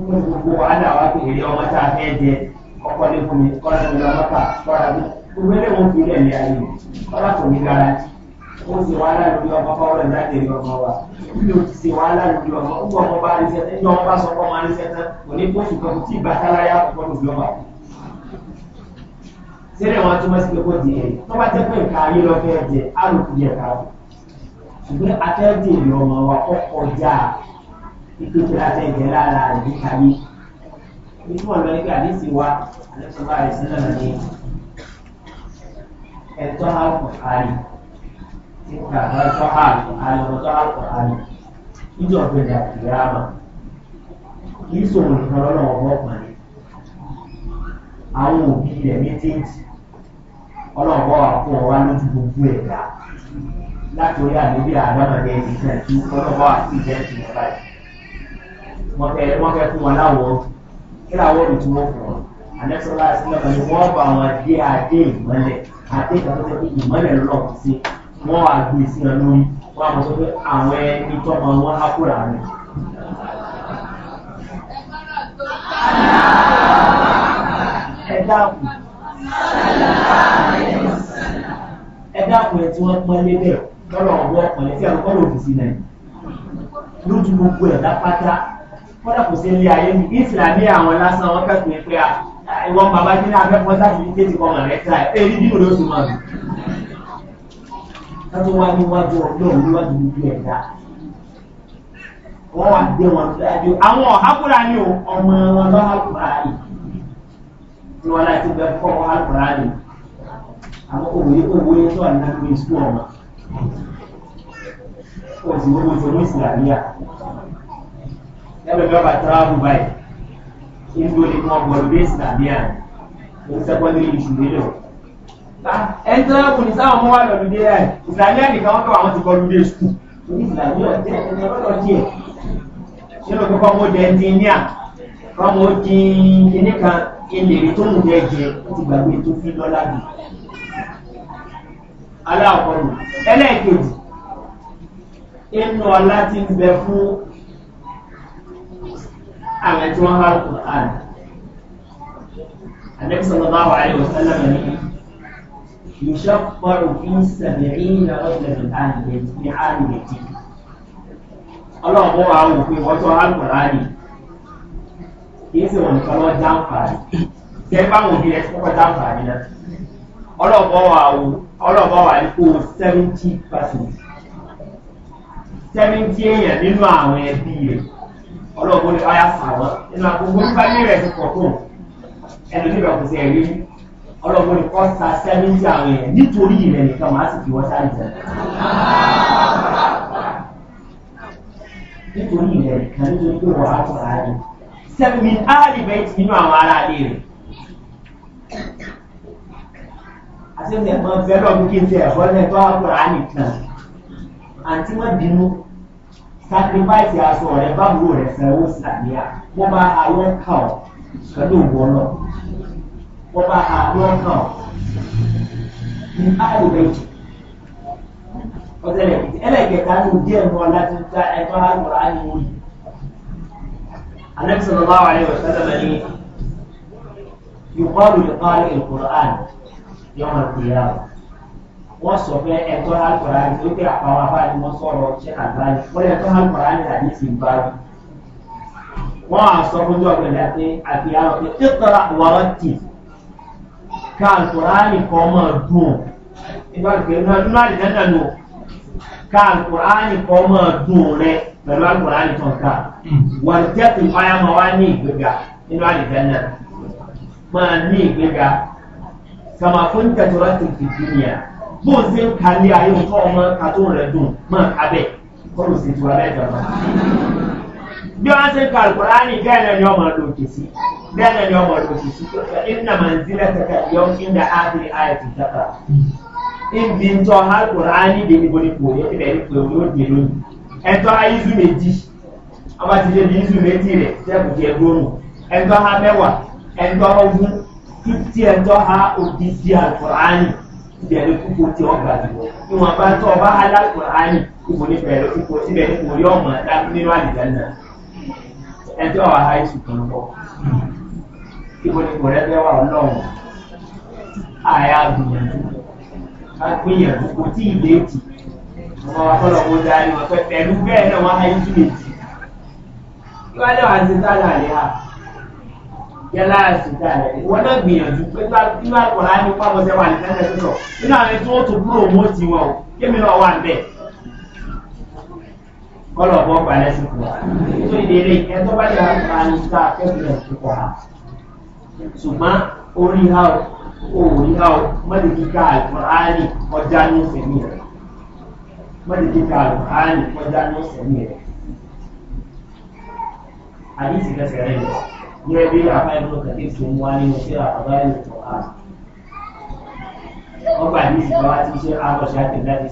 gbogbo wàhálà wa pé èrè ọmọ tá ó sì wá láàrin orí ọmọ fọwọ́ rẹ̀ láti rí ọmọ wa bí o ti sì wá láàrin orí ọmọ ó gbọ́ ọmọ bá rí sẹ́tẹ́ ní ọmọ bá sọ fọ́ máa rí sẹ́tẹ́ kò ní kóṣù kan tí ìgbà táláyà àkọ́kọ́ ló fi ọmọ kù. sílẹ̀ wọn túmọ̀ sí pé kó di ẹ̀ tó bá jẹ́ pé nǹka ayé lọ fẹ́ jẹ á ló fi yẹ ká o. ṣùgbọ́n atẹ́jì èrè ọmọ wa kọ́ kọjá ìpèkè láti ẹ̀jẹ̀ lára rẹ̀ ní kàyé. gàgbà ẹ̀tọ́ ọkọ ọ̀tọ́ àlùkùránì níjọ́ ọ̀gbẹ̀dà ìyáàmà kì í sòwò nìkan lọ́nà ọgbọ́n àwọn òbí rẹ̀ méjèèjì ọlọ́ọ̀bọ àpò wa lójú gbogbo ẹ̀dá láti orí àdébí àdámàdé ẹni náà tí ọlọ́ọ̀bọ wọ́n á gbé sí ẹ lórí wọ́n á mọ̀ sọ pé àwọn ẹni tó mọ wọn á kúrò àárín. ẹ dáàbò ẹ dáàbò ẹ tí wọ́n pọ́n lébẹ̀ lọ́rọ̀ ọ̀gbọ́n ọ̀pọ̀lẹ́ tí àwọn kọ́lọ̀ òfìsì náà lójú gbogbo ẹ̀ lápátá kọ́lá kò sí ilé ayé ní ìsìlámì àwọn lásán wọn kẹ́kọ̀ọ́ pé ìwọ́n bàbá jí náà fẹ́ fọ́n sáà ti ní kéjì kọ́ mọ̀ rẹ̀ tíra ẹ̀ ẹ́ ní bí mo ló mọ́ mi kátó wá níwájú ọlọ́run níwájú gbogbo ẹ̀dá wọ́n wá gbé wọn síwájú àwọn ọ̀hákùrà ni o ọmọ wọn lọ́ hàkùrà rẹ̀ ni wọn láti bẹ fọ́ wọn hàkùrà rẹ̀ àwọn òwe òwe tó wà nínú ìgbé ìsú ọmọ ó sì wọ́n tó ní ìsìláríà lẹ́bẹ̀ẹ́ bá tó ráàbù báyìí ìgbòlè kan bọ̀lù bí ìsìláríà ní sẹ́kọ́ndì ìṣúlélẹ̀ ẹni tó lẹ́kùn ní sáwọn ọmọ wa lọ lùdé ẹ̀ ìsìlámíà nìkan wọ́n kọ́ àwọn ti kọ́ lùdé skul torí ìsìlámíà jẹ́ ẹni ọlọ́ díẹ̀ nínú pípọ́ mo jẹ́ ẹnjìníà kọ́ mo di kíní kan ìlérí tó ń jẹ jẹ ó ti gbàgbé tó fi lọ́lá bì aláàkọlù ẹlẹ́ẹ̀kejì inú ọlá ti ń bẹ fún àwọn tí wọ́n há kùn án àdébísọ̀lọ́báwá ayé òsínlẹ̀ mẹ́rin يشفع في سبعين رجلا عن عن يتيم ọlọ́run bó wa wò pé ọjọ́ alukọ̀láàdì kìí sì wọ̀n nìkan lọ́ọ́ jáǹfààní tẹ́ báwọn òbí rẹ̀ kọ́kọ́ jáǹfààní náà ọlọ́run bó wa wò ọlọ́run bó wa ní kó seventy percent seventy èèyàn nínú àwọn ẹbí rẹ̀ ọlọ́run bó ní ọyà sàwọ́ nínú àgbogbo nípa ní rẹ̀ ti pọ̀ tó ẹnu níbẹ̀ kò sí ẹ̀rí ọlọ́run ní kọ́ sa sẹ́míńtì àwọn èèyàn nítorí ilẹ̀ nìkan máa sì fi wọ́n sáré jẹ. nítorí ilẹ̀ nìkan nítorí pé wọ́n á tọ̀ láàyè sẹ́mi áàlìbẹ̀tì nínú àwọn ará ilé rẹ̀. àti ẹ̀sẹ̀ kan lọ́ọ́ kí n tẹ ẹ̀fọ́ ẹ̀ tó àkùrọ̀ á nìkan àǹtí má bínú sacrifice aṣọ rẹ̀ báwo rẹ̀ sanwó sílàmíà wọ́n bá àwọn kà ọ́ pẹ̀lú òwò náà. وباع يوم نار من أهل بيته وذلك إليك كانوا دين ولا تتعطها القرآن يقول النبي صلى الله عليه وسلم يقال لقارئ القرآن يوم القيامة wọ́n sọ pé ẹ̀tọ́ alukọ̀rán ló pé àpáwọn afáàlú wọn sọ̀rọ̀ ṣe àgbáyé wọ́n yẹ tó alukọ̀rán ní àdísì ń bára wọ́n á sọ fún jọ́ọ̀gbẹ̀lẹ́ àti àfihàn pé títọ́ra wọ́n tì í ká alukùránì kan máa dùn ìgbàgbé náà nínú àdìdẹ́dẹ̀ lò ká alukùránì kan máa dùn rẹ pẹ̀lú alukùránì kan ká wà jẹ́ kí fáyà máa wá ní ìgbéga nínú àdìdẹ́dẹ̀ máa ní ìgbéga kàmá fún tẹ̀tọ̀rọ̀ tètè dúnìyà bó ṣe ń kalẹ̀ ayé òtọ́ ọmọ kàtó rẹ̀ dùn máa kábẹ̀ kọ́ ló sì tura lẹ́jọba bí wọ́n ṣe ń ka alukùránì bẹ́ẹ̀ ni ọmọ lòkè sí بأن اليوم والأسس فإن منزلتك اليوم عند آخر آية تقرأ إن بنت القرآن بنقول قول يتبعي قول يتبعي ẹtọ ayizu méjì ọba ti lè di izu méjì rẹ sẹkù jẹ gbóòmù ẹtọ ha mẹwàá ẹtọ ọdún títí ẹtọ ha òbí di àkùránì ìbẹ̀rẹ̀ kúkú tí ọgbà jù ìwọ̀n bá tọ́ ọba alákùránì kúkú ní bẹ̀rẹ̀ kúkú síbẹ̀ ní kò rí ọmọ dákú nínú àdìgbà náà ẹtọ ọha iṣu kan bọ̀. ibo ni kò rẹ́gbẹ́ wà ọlọ́run àyà gbìyànjú ká kò tí ì déètì wọn wá pẹ̀lú bẹ́ẹ̀ náà wọn ayé lè wọ́n náà sí sáàlà hà yálà sí wọn náà gbìyànjú pé kí wọ́n kọ̀ láti pàbọ̀ wà ní sẹ́ńtẹ̀ tó sọ nínú àwọn wọ́n o kémi náà wà bọ́ balẹ̀ sí wa nítorí ṣùgbọ́n orí ha o orí ha o mọ́lì kíkà àlùkùránì kọjá ní ìsẹ̀mí rẹ̀ mọ́lì kíkà àlùkùránì kọjá ní ìsẹ̀mí rẹ̀ àdìsí kẹsẹ̀ rẹ̀ lọ ní ẹbí àbáyọ̀ kàkí tó ń wá nínú sí àbáyọ̀ tó a ọgbà àdìsí bá wá ti ṣe àkọsí àtẹ̀lẹ́ àti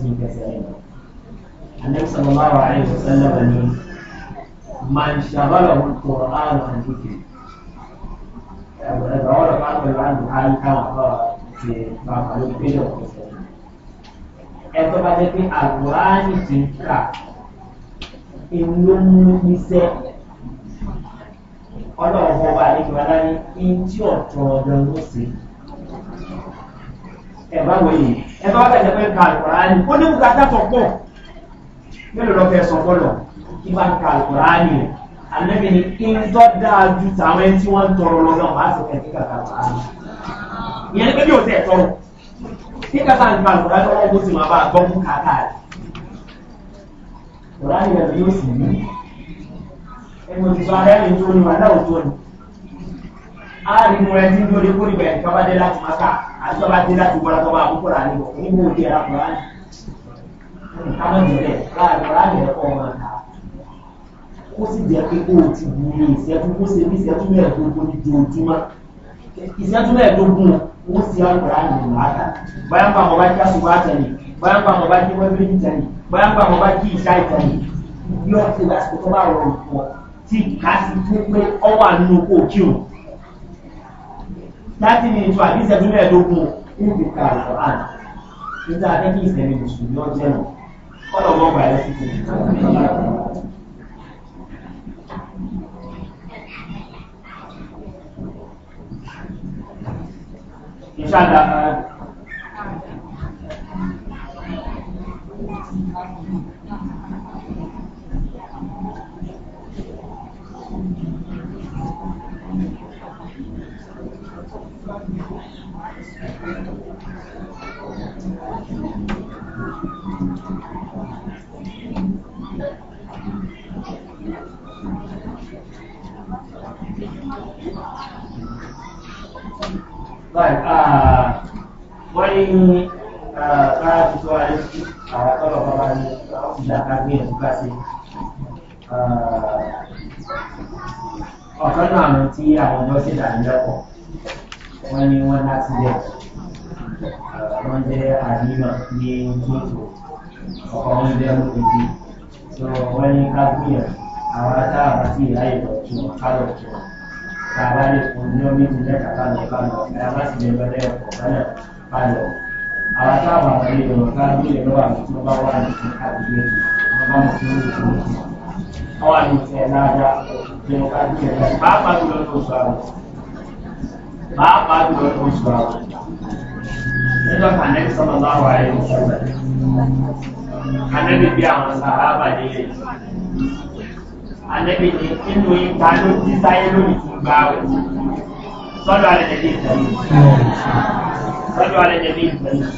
แต่ว่าเราพักเป็นร้านทานข้าวก็มีบางคนที่เลือก ẹ̀tọ́ bá jẹ́ pé àgbòránì ti ń kà ìlúmú iṣẹ́ ọlọ́ọ̀bọ bá nígbà láyé in tí ọ̀tọ̀ ọ̀dọ̀ ló ṣe ẹ̀bá wòye ẹ̀bá wọ́n tẹ̀lé pé ka àgbòránì ó ní bùkátà tó pọ̀ mélòó lọ fẹ́ sọ fọ́lọ̀ kí bá ka àgbòránì rẹ̀ ànábì ni kí n tọ́ dáa ju tàwọn ẹni tí wọ́n ń tọrọ lọ́dọ̀ wá sí kẹ̀kí kàkà wàá ìyẹn ní pé bí òsè tọrọ kí kàkà ń gba àgbàdo ọwọ́ bó ti máa bá a gbọ́ fún kàkà rẹ̀ ọ̀rá ni ẹ̀rọ yóò sì ní ẹnu ìtọ́ ara ẹni tó ní wàhálà òtó ni a rí mu rẹ tí lórí kó nígbà ẹ̀ka bá dé láti máa kà àti bá dé láti bọ́lá tó bá àkókò rà níbọ̀ níbo òde ẹ̀rọ àkùrá ni káwọn jẹ̀rẹ̀ láàrin ọ̀rá ni ẹ̀kọ́ ọmọ kó sì jẹ́ pé kó o ti wúlò ìṣẹ́jú kó ṣe bí ìṣẹ́jú mẹ́ẹ̀ẹ́dógún ní ojoojúmọ́ ìṣẹ́jú mẹ́ẹ̀ẹ́dógún ó sì àgbà ní màáta báyà ń pa àwọn bá kí aṣọ bá tẹ̀lé báyà ń pa àwọn bá kí wẹ́bírì tẹ̀lé báyà ń pa àwọn bá kí ìṣá ìtẹ̀lé bí wọ́n ti lásìkò tó bá rọrùn pọ̀ tí ká sì tún pé ọ wà nínú kó o kírun láti ní ìtú àbí ìṣẹ́jú mẹ́ẹ̀ẹ́dógún ó ti ka àlọ́ àná nígbà akẹ́kọ̀ọ́ ìṣẹ̀lẹ̀ mùsùlùmí ọjọ́ náà kọ́ 你下单。Right. Uh, wọ́n ní bá a ti sọ ayé sí àwọn tọ́lọ̀ bàbá ní ìyá agbẹ́yẹ̀dú bá ṣe. ọ̀kan náà àwọn tí àwọn ọjọ́ sì dàní lẹ́kọ̀ọ́ wọ́n ní wọ́n láti lẹ̀ uh, wọ́n jẹ́ àdínà ní mọ́tò ọkọ̀ wọn jẹ́ mọ́tòjì tó wọ́n ní ká gbìyànjú àwọn táwọn àti ìyá ìlọ̀tún ká lọ̀tún bàbá lè fún ní omi ti lẹ́ka bá lọ bá lọ ẹ̀ bá sì lè lọ lẹ́yìn ọkọ̀ bá náà bá lọ. àwọn táwọn àwọn ilé lọ bá bí ilé lọ́wọ́ àti tí wọ́n bá wà ní àgbègbè wọn bá mọ̀ fún ìlú ìlú. àwọn àmì ìfẹ́ lára ìjẹun ká bí ẹ̀ka pàápàá jùlọ ní oṣù àwọn pàápàá jùlọ ní oṣù àwọn. nígbà kànẹ́ sọ̀rọ̀ láwọ̀ ayé oṣù rẹ̀ kànẹ́ bí bí àwọn sàrábà nílé ànẹ́bí ni nínú ìta ló ti sáyé lónìí fún gba rẹ̀ sọ́dọ̀ alẹ́ jẹ̀bi ìtẹ̀lẹ̀ sọ́dọ̀ alẹ́ jẹ̀bi ìtẹ̀lẹ̀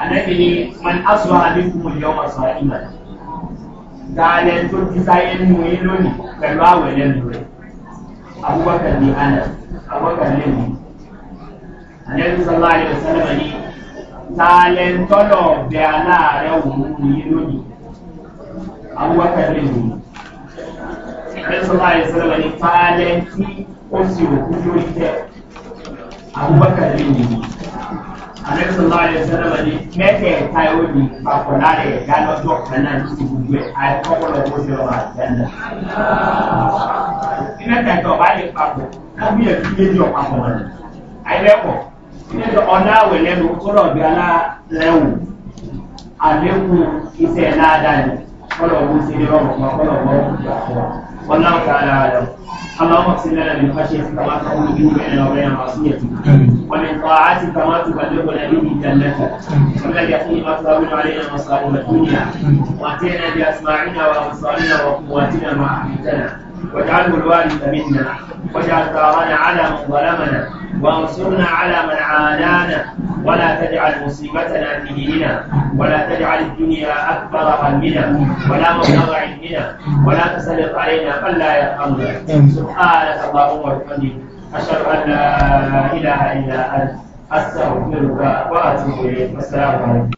ànẹ́bí ni man asọ́ àdínkù yọ ọmọ ìmọ̀ dáalẹ́ tó ti sáyé nínú yín lónìí pẹ̀lú àwẹ̀ lẹ́nu rẹ̀ abubakar ni ana abubakar lẹ́nu ànẹ́bí sọ́lá àlẹ́ sẹ́lẹ̀mẹ̀ ni dáalẹ́ tọ́lọ̀ bẹ̀ aláàrẹ̀ òun yín lónìí abubakar lè wù. Ẹ̀sọ́lá ìṣẹ̀lẹ̀ ní tààlẹ̀ tí ó sì òkú lórí tẹ̀. Abubakar lè wù. Àlẹ́sọ̀lá ìṣẹ̀lẹ̀ ní mẹ́tẹ̀ẹ̀ta ó di papọ̀ lára ẹ̀dá lọ́jọ́ kan náà ní gbogbo ẹ̀ àìkọ́kọ́lọ́wọ́ sí ọmọ àjẹ́ńdà. Bí mẹ́tẹ̀ẹ̀ta ọ̀bá lè papọ̀, lábí ẹ̀ fi méjì ọ̀papọ̀ wọn. Àìlẹ́kọ̀ọ́ nígbà ọ̀nà àwẹ̀ lẹ́nu kọ́lọ̀ bí aláàlẹ́wò àlékún iṣẹ́ náà dáa ولا أبو سيدي وما ولا الله والله تعالى أعلم اللهم اغفر لنا من خشيتك ما تقول به بيننا وبين معصيتك ومن طاعتك ما تبلغنا به جنتك ومن اليقين ما تهون علينا مصائب الدنيا واتينا باسماعنا وابصارنا وقواتنا ما احييتنا واجعله الوارث منا واجعل ثارنا على من ظلمنا وانصرنا على من عادانا ولا تجعل مصيبتنا في ديننا ولا تجعل الدنيا اكبر همنا ولا مبلغ علمنا ولا تسلط علينا من لا يرحمنا سبحانك اللهم وبحمدك اشهد ان لا اله الا انت استغفرك واتوب اليك والسلام عليكم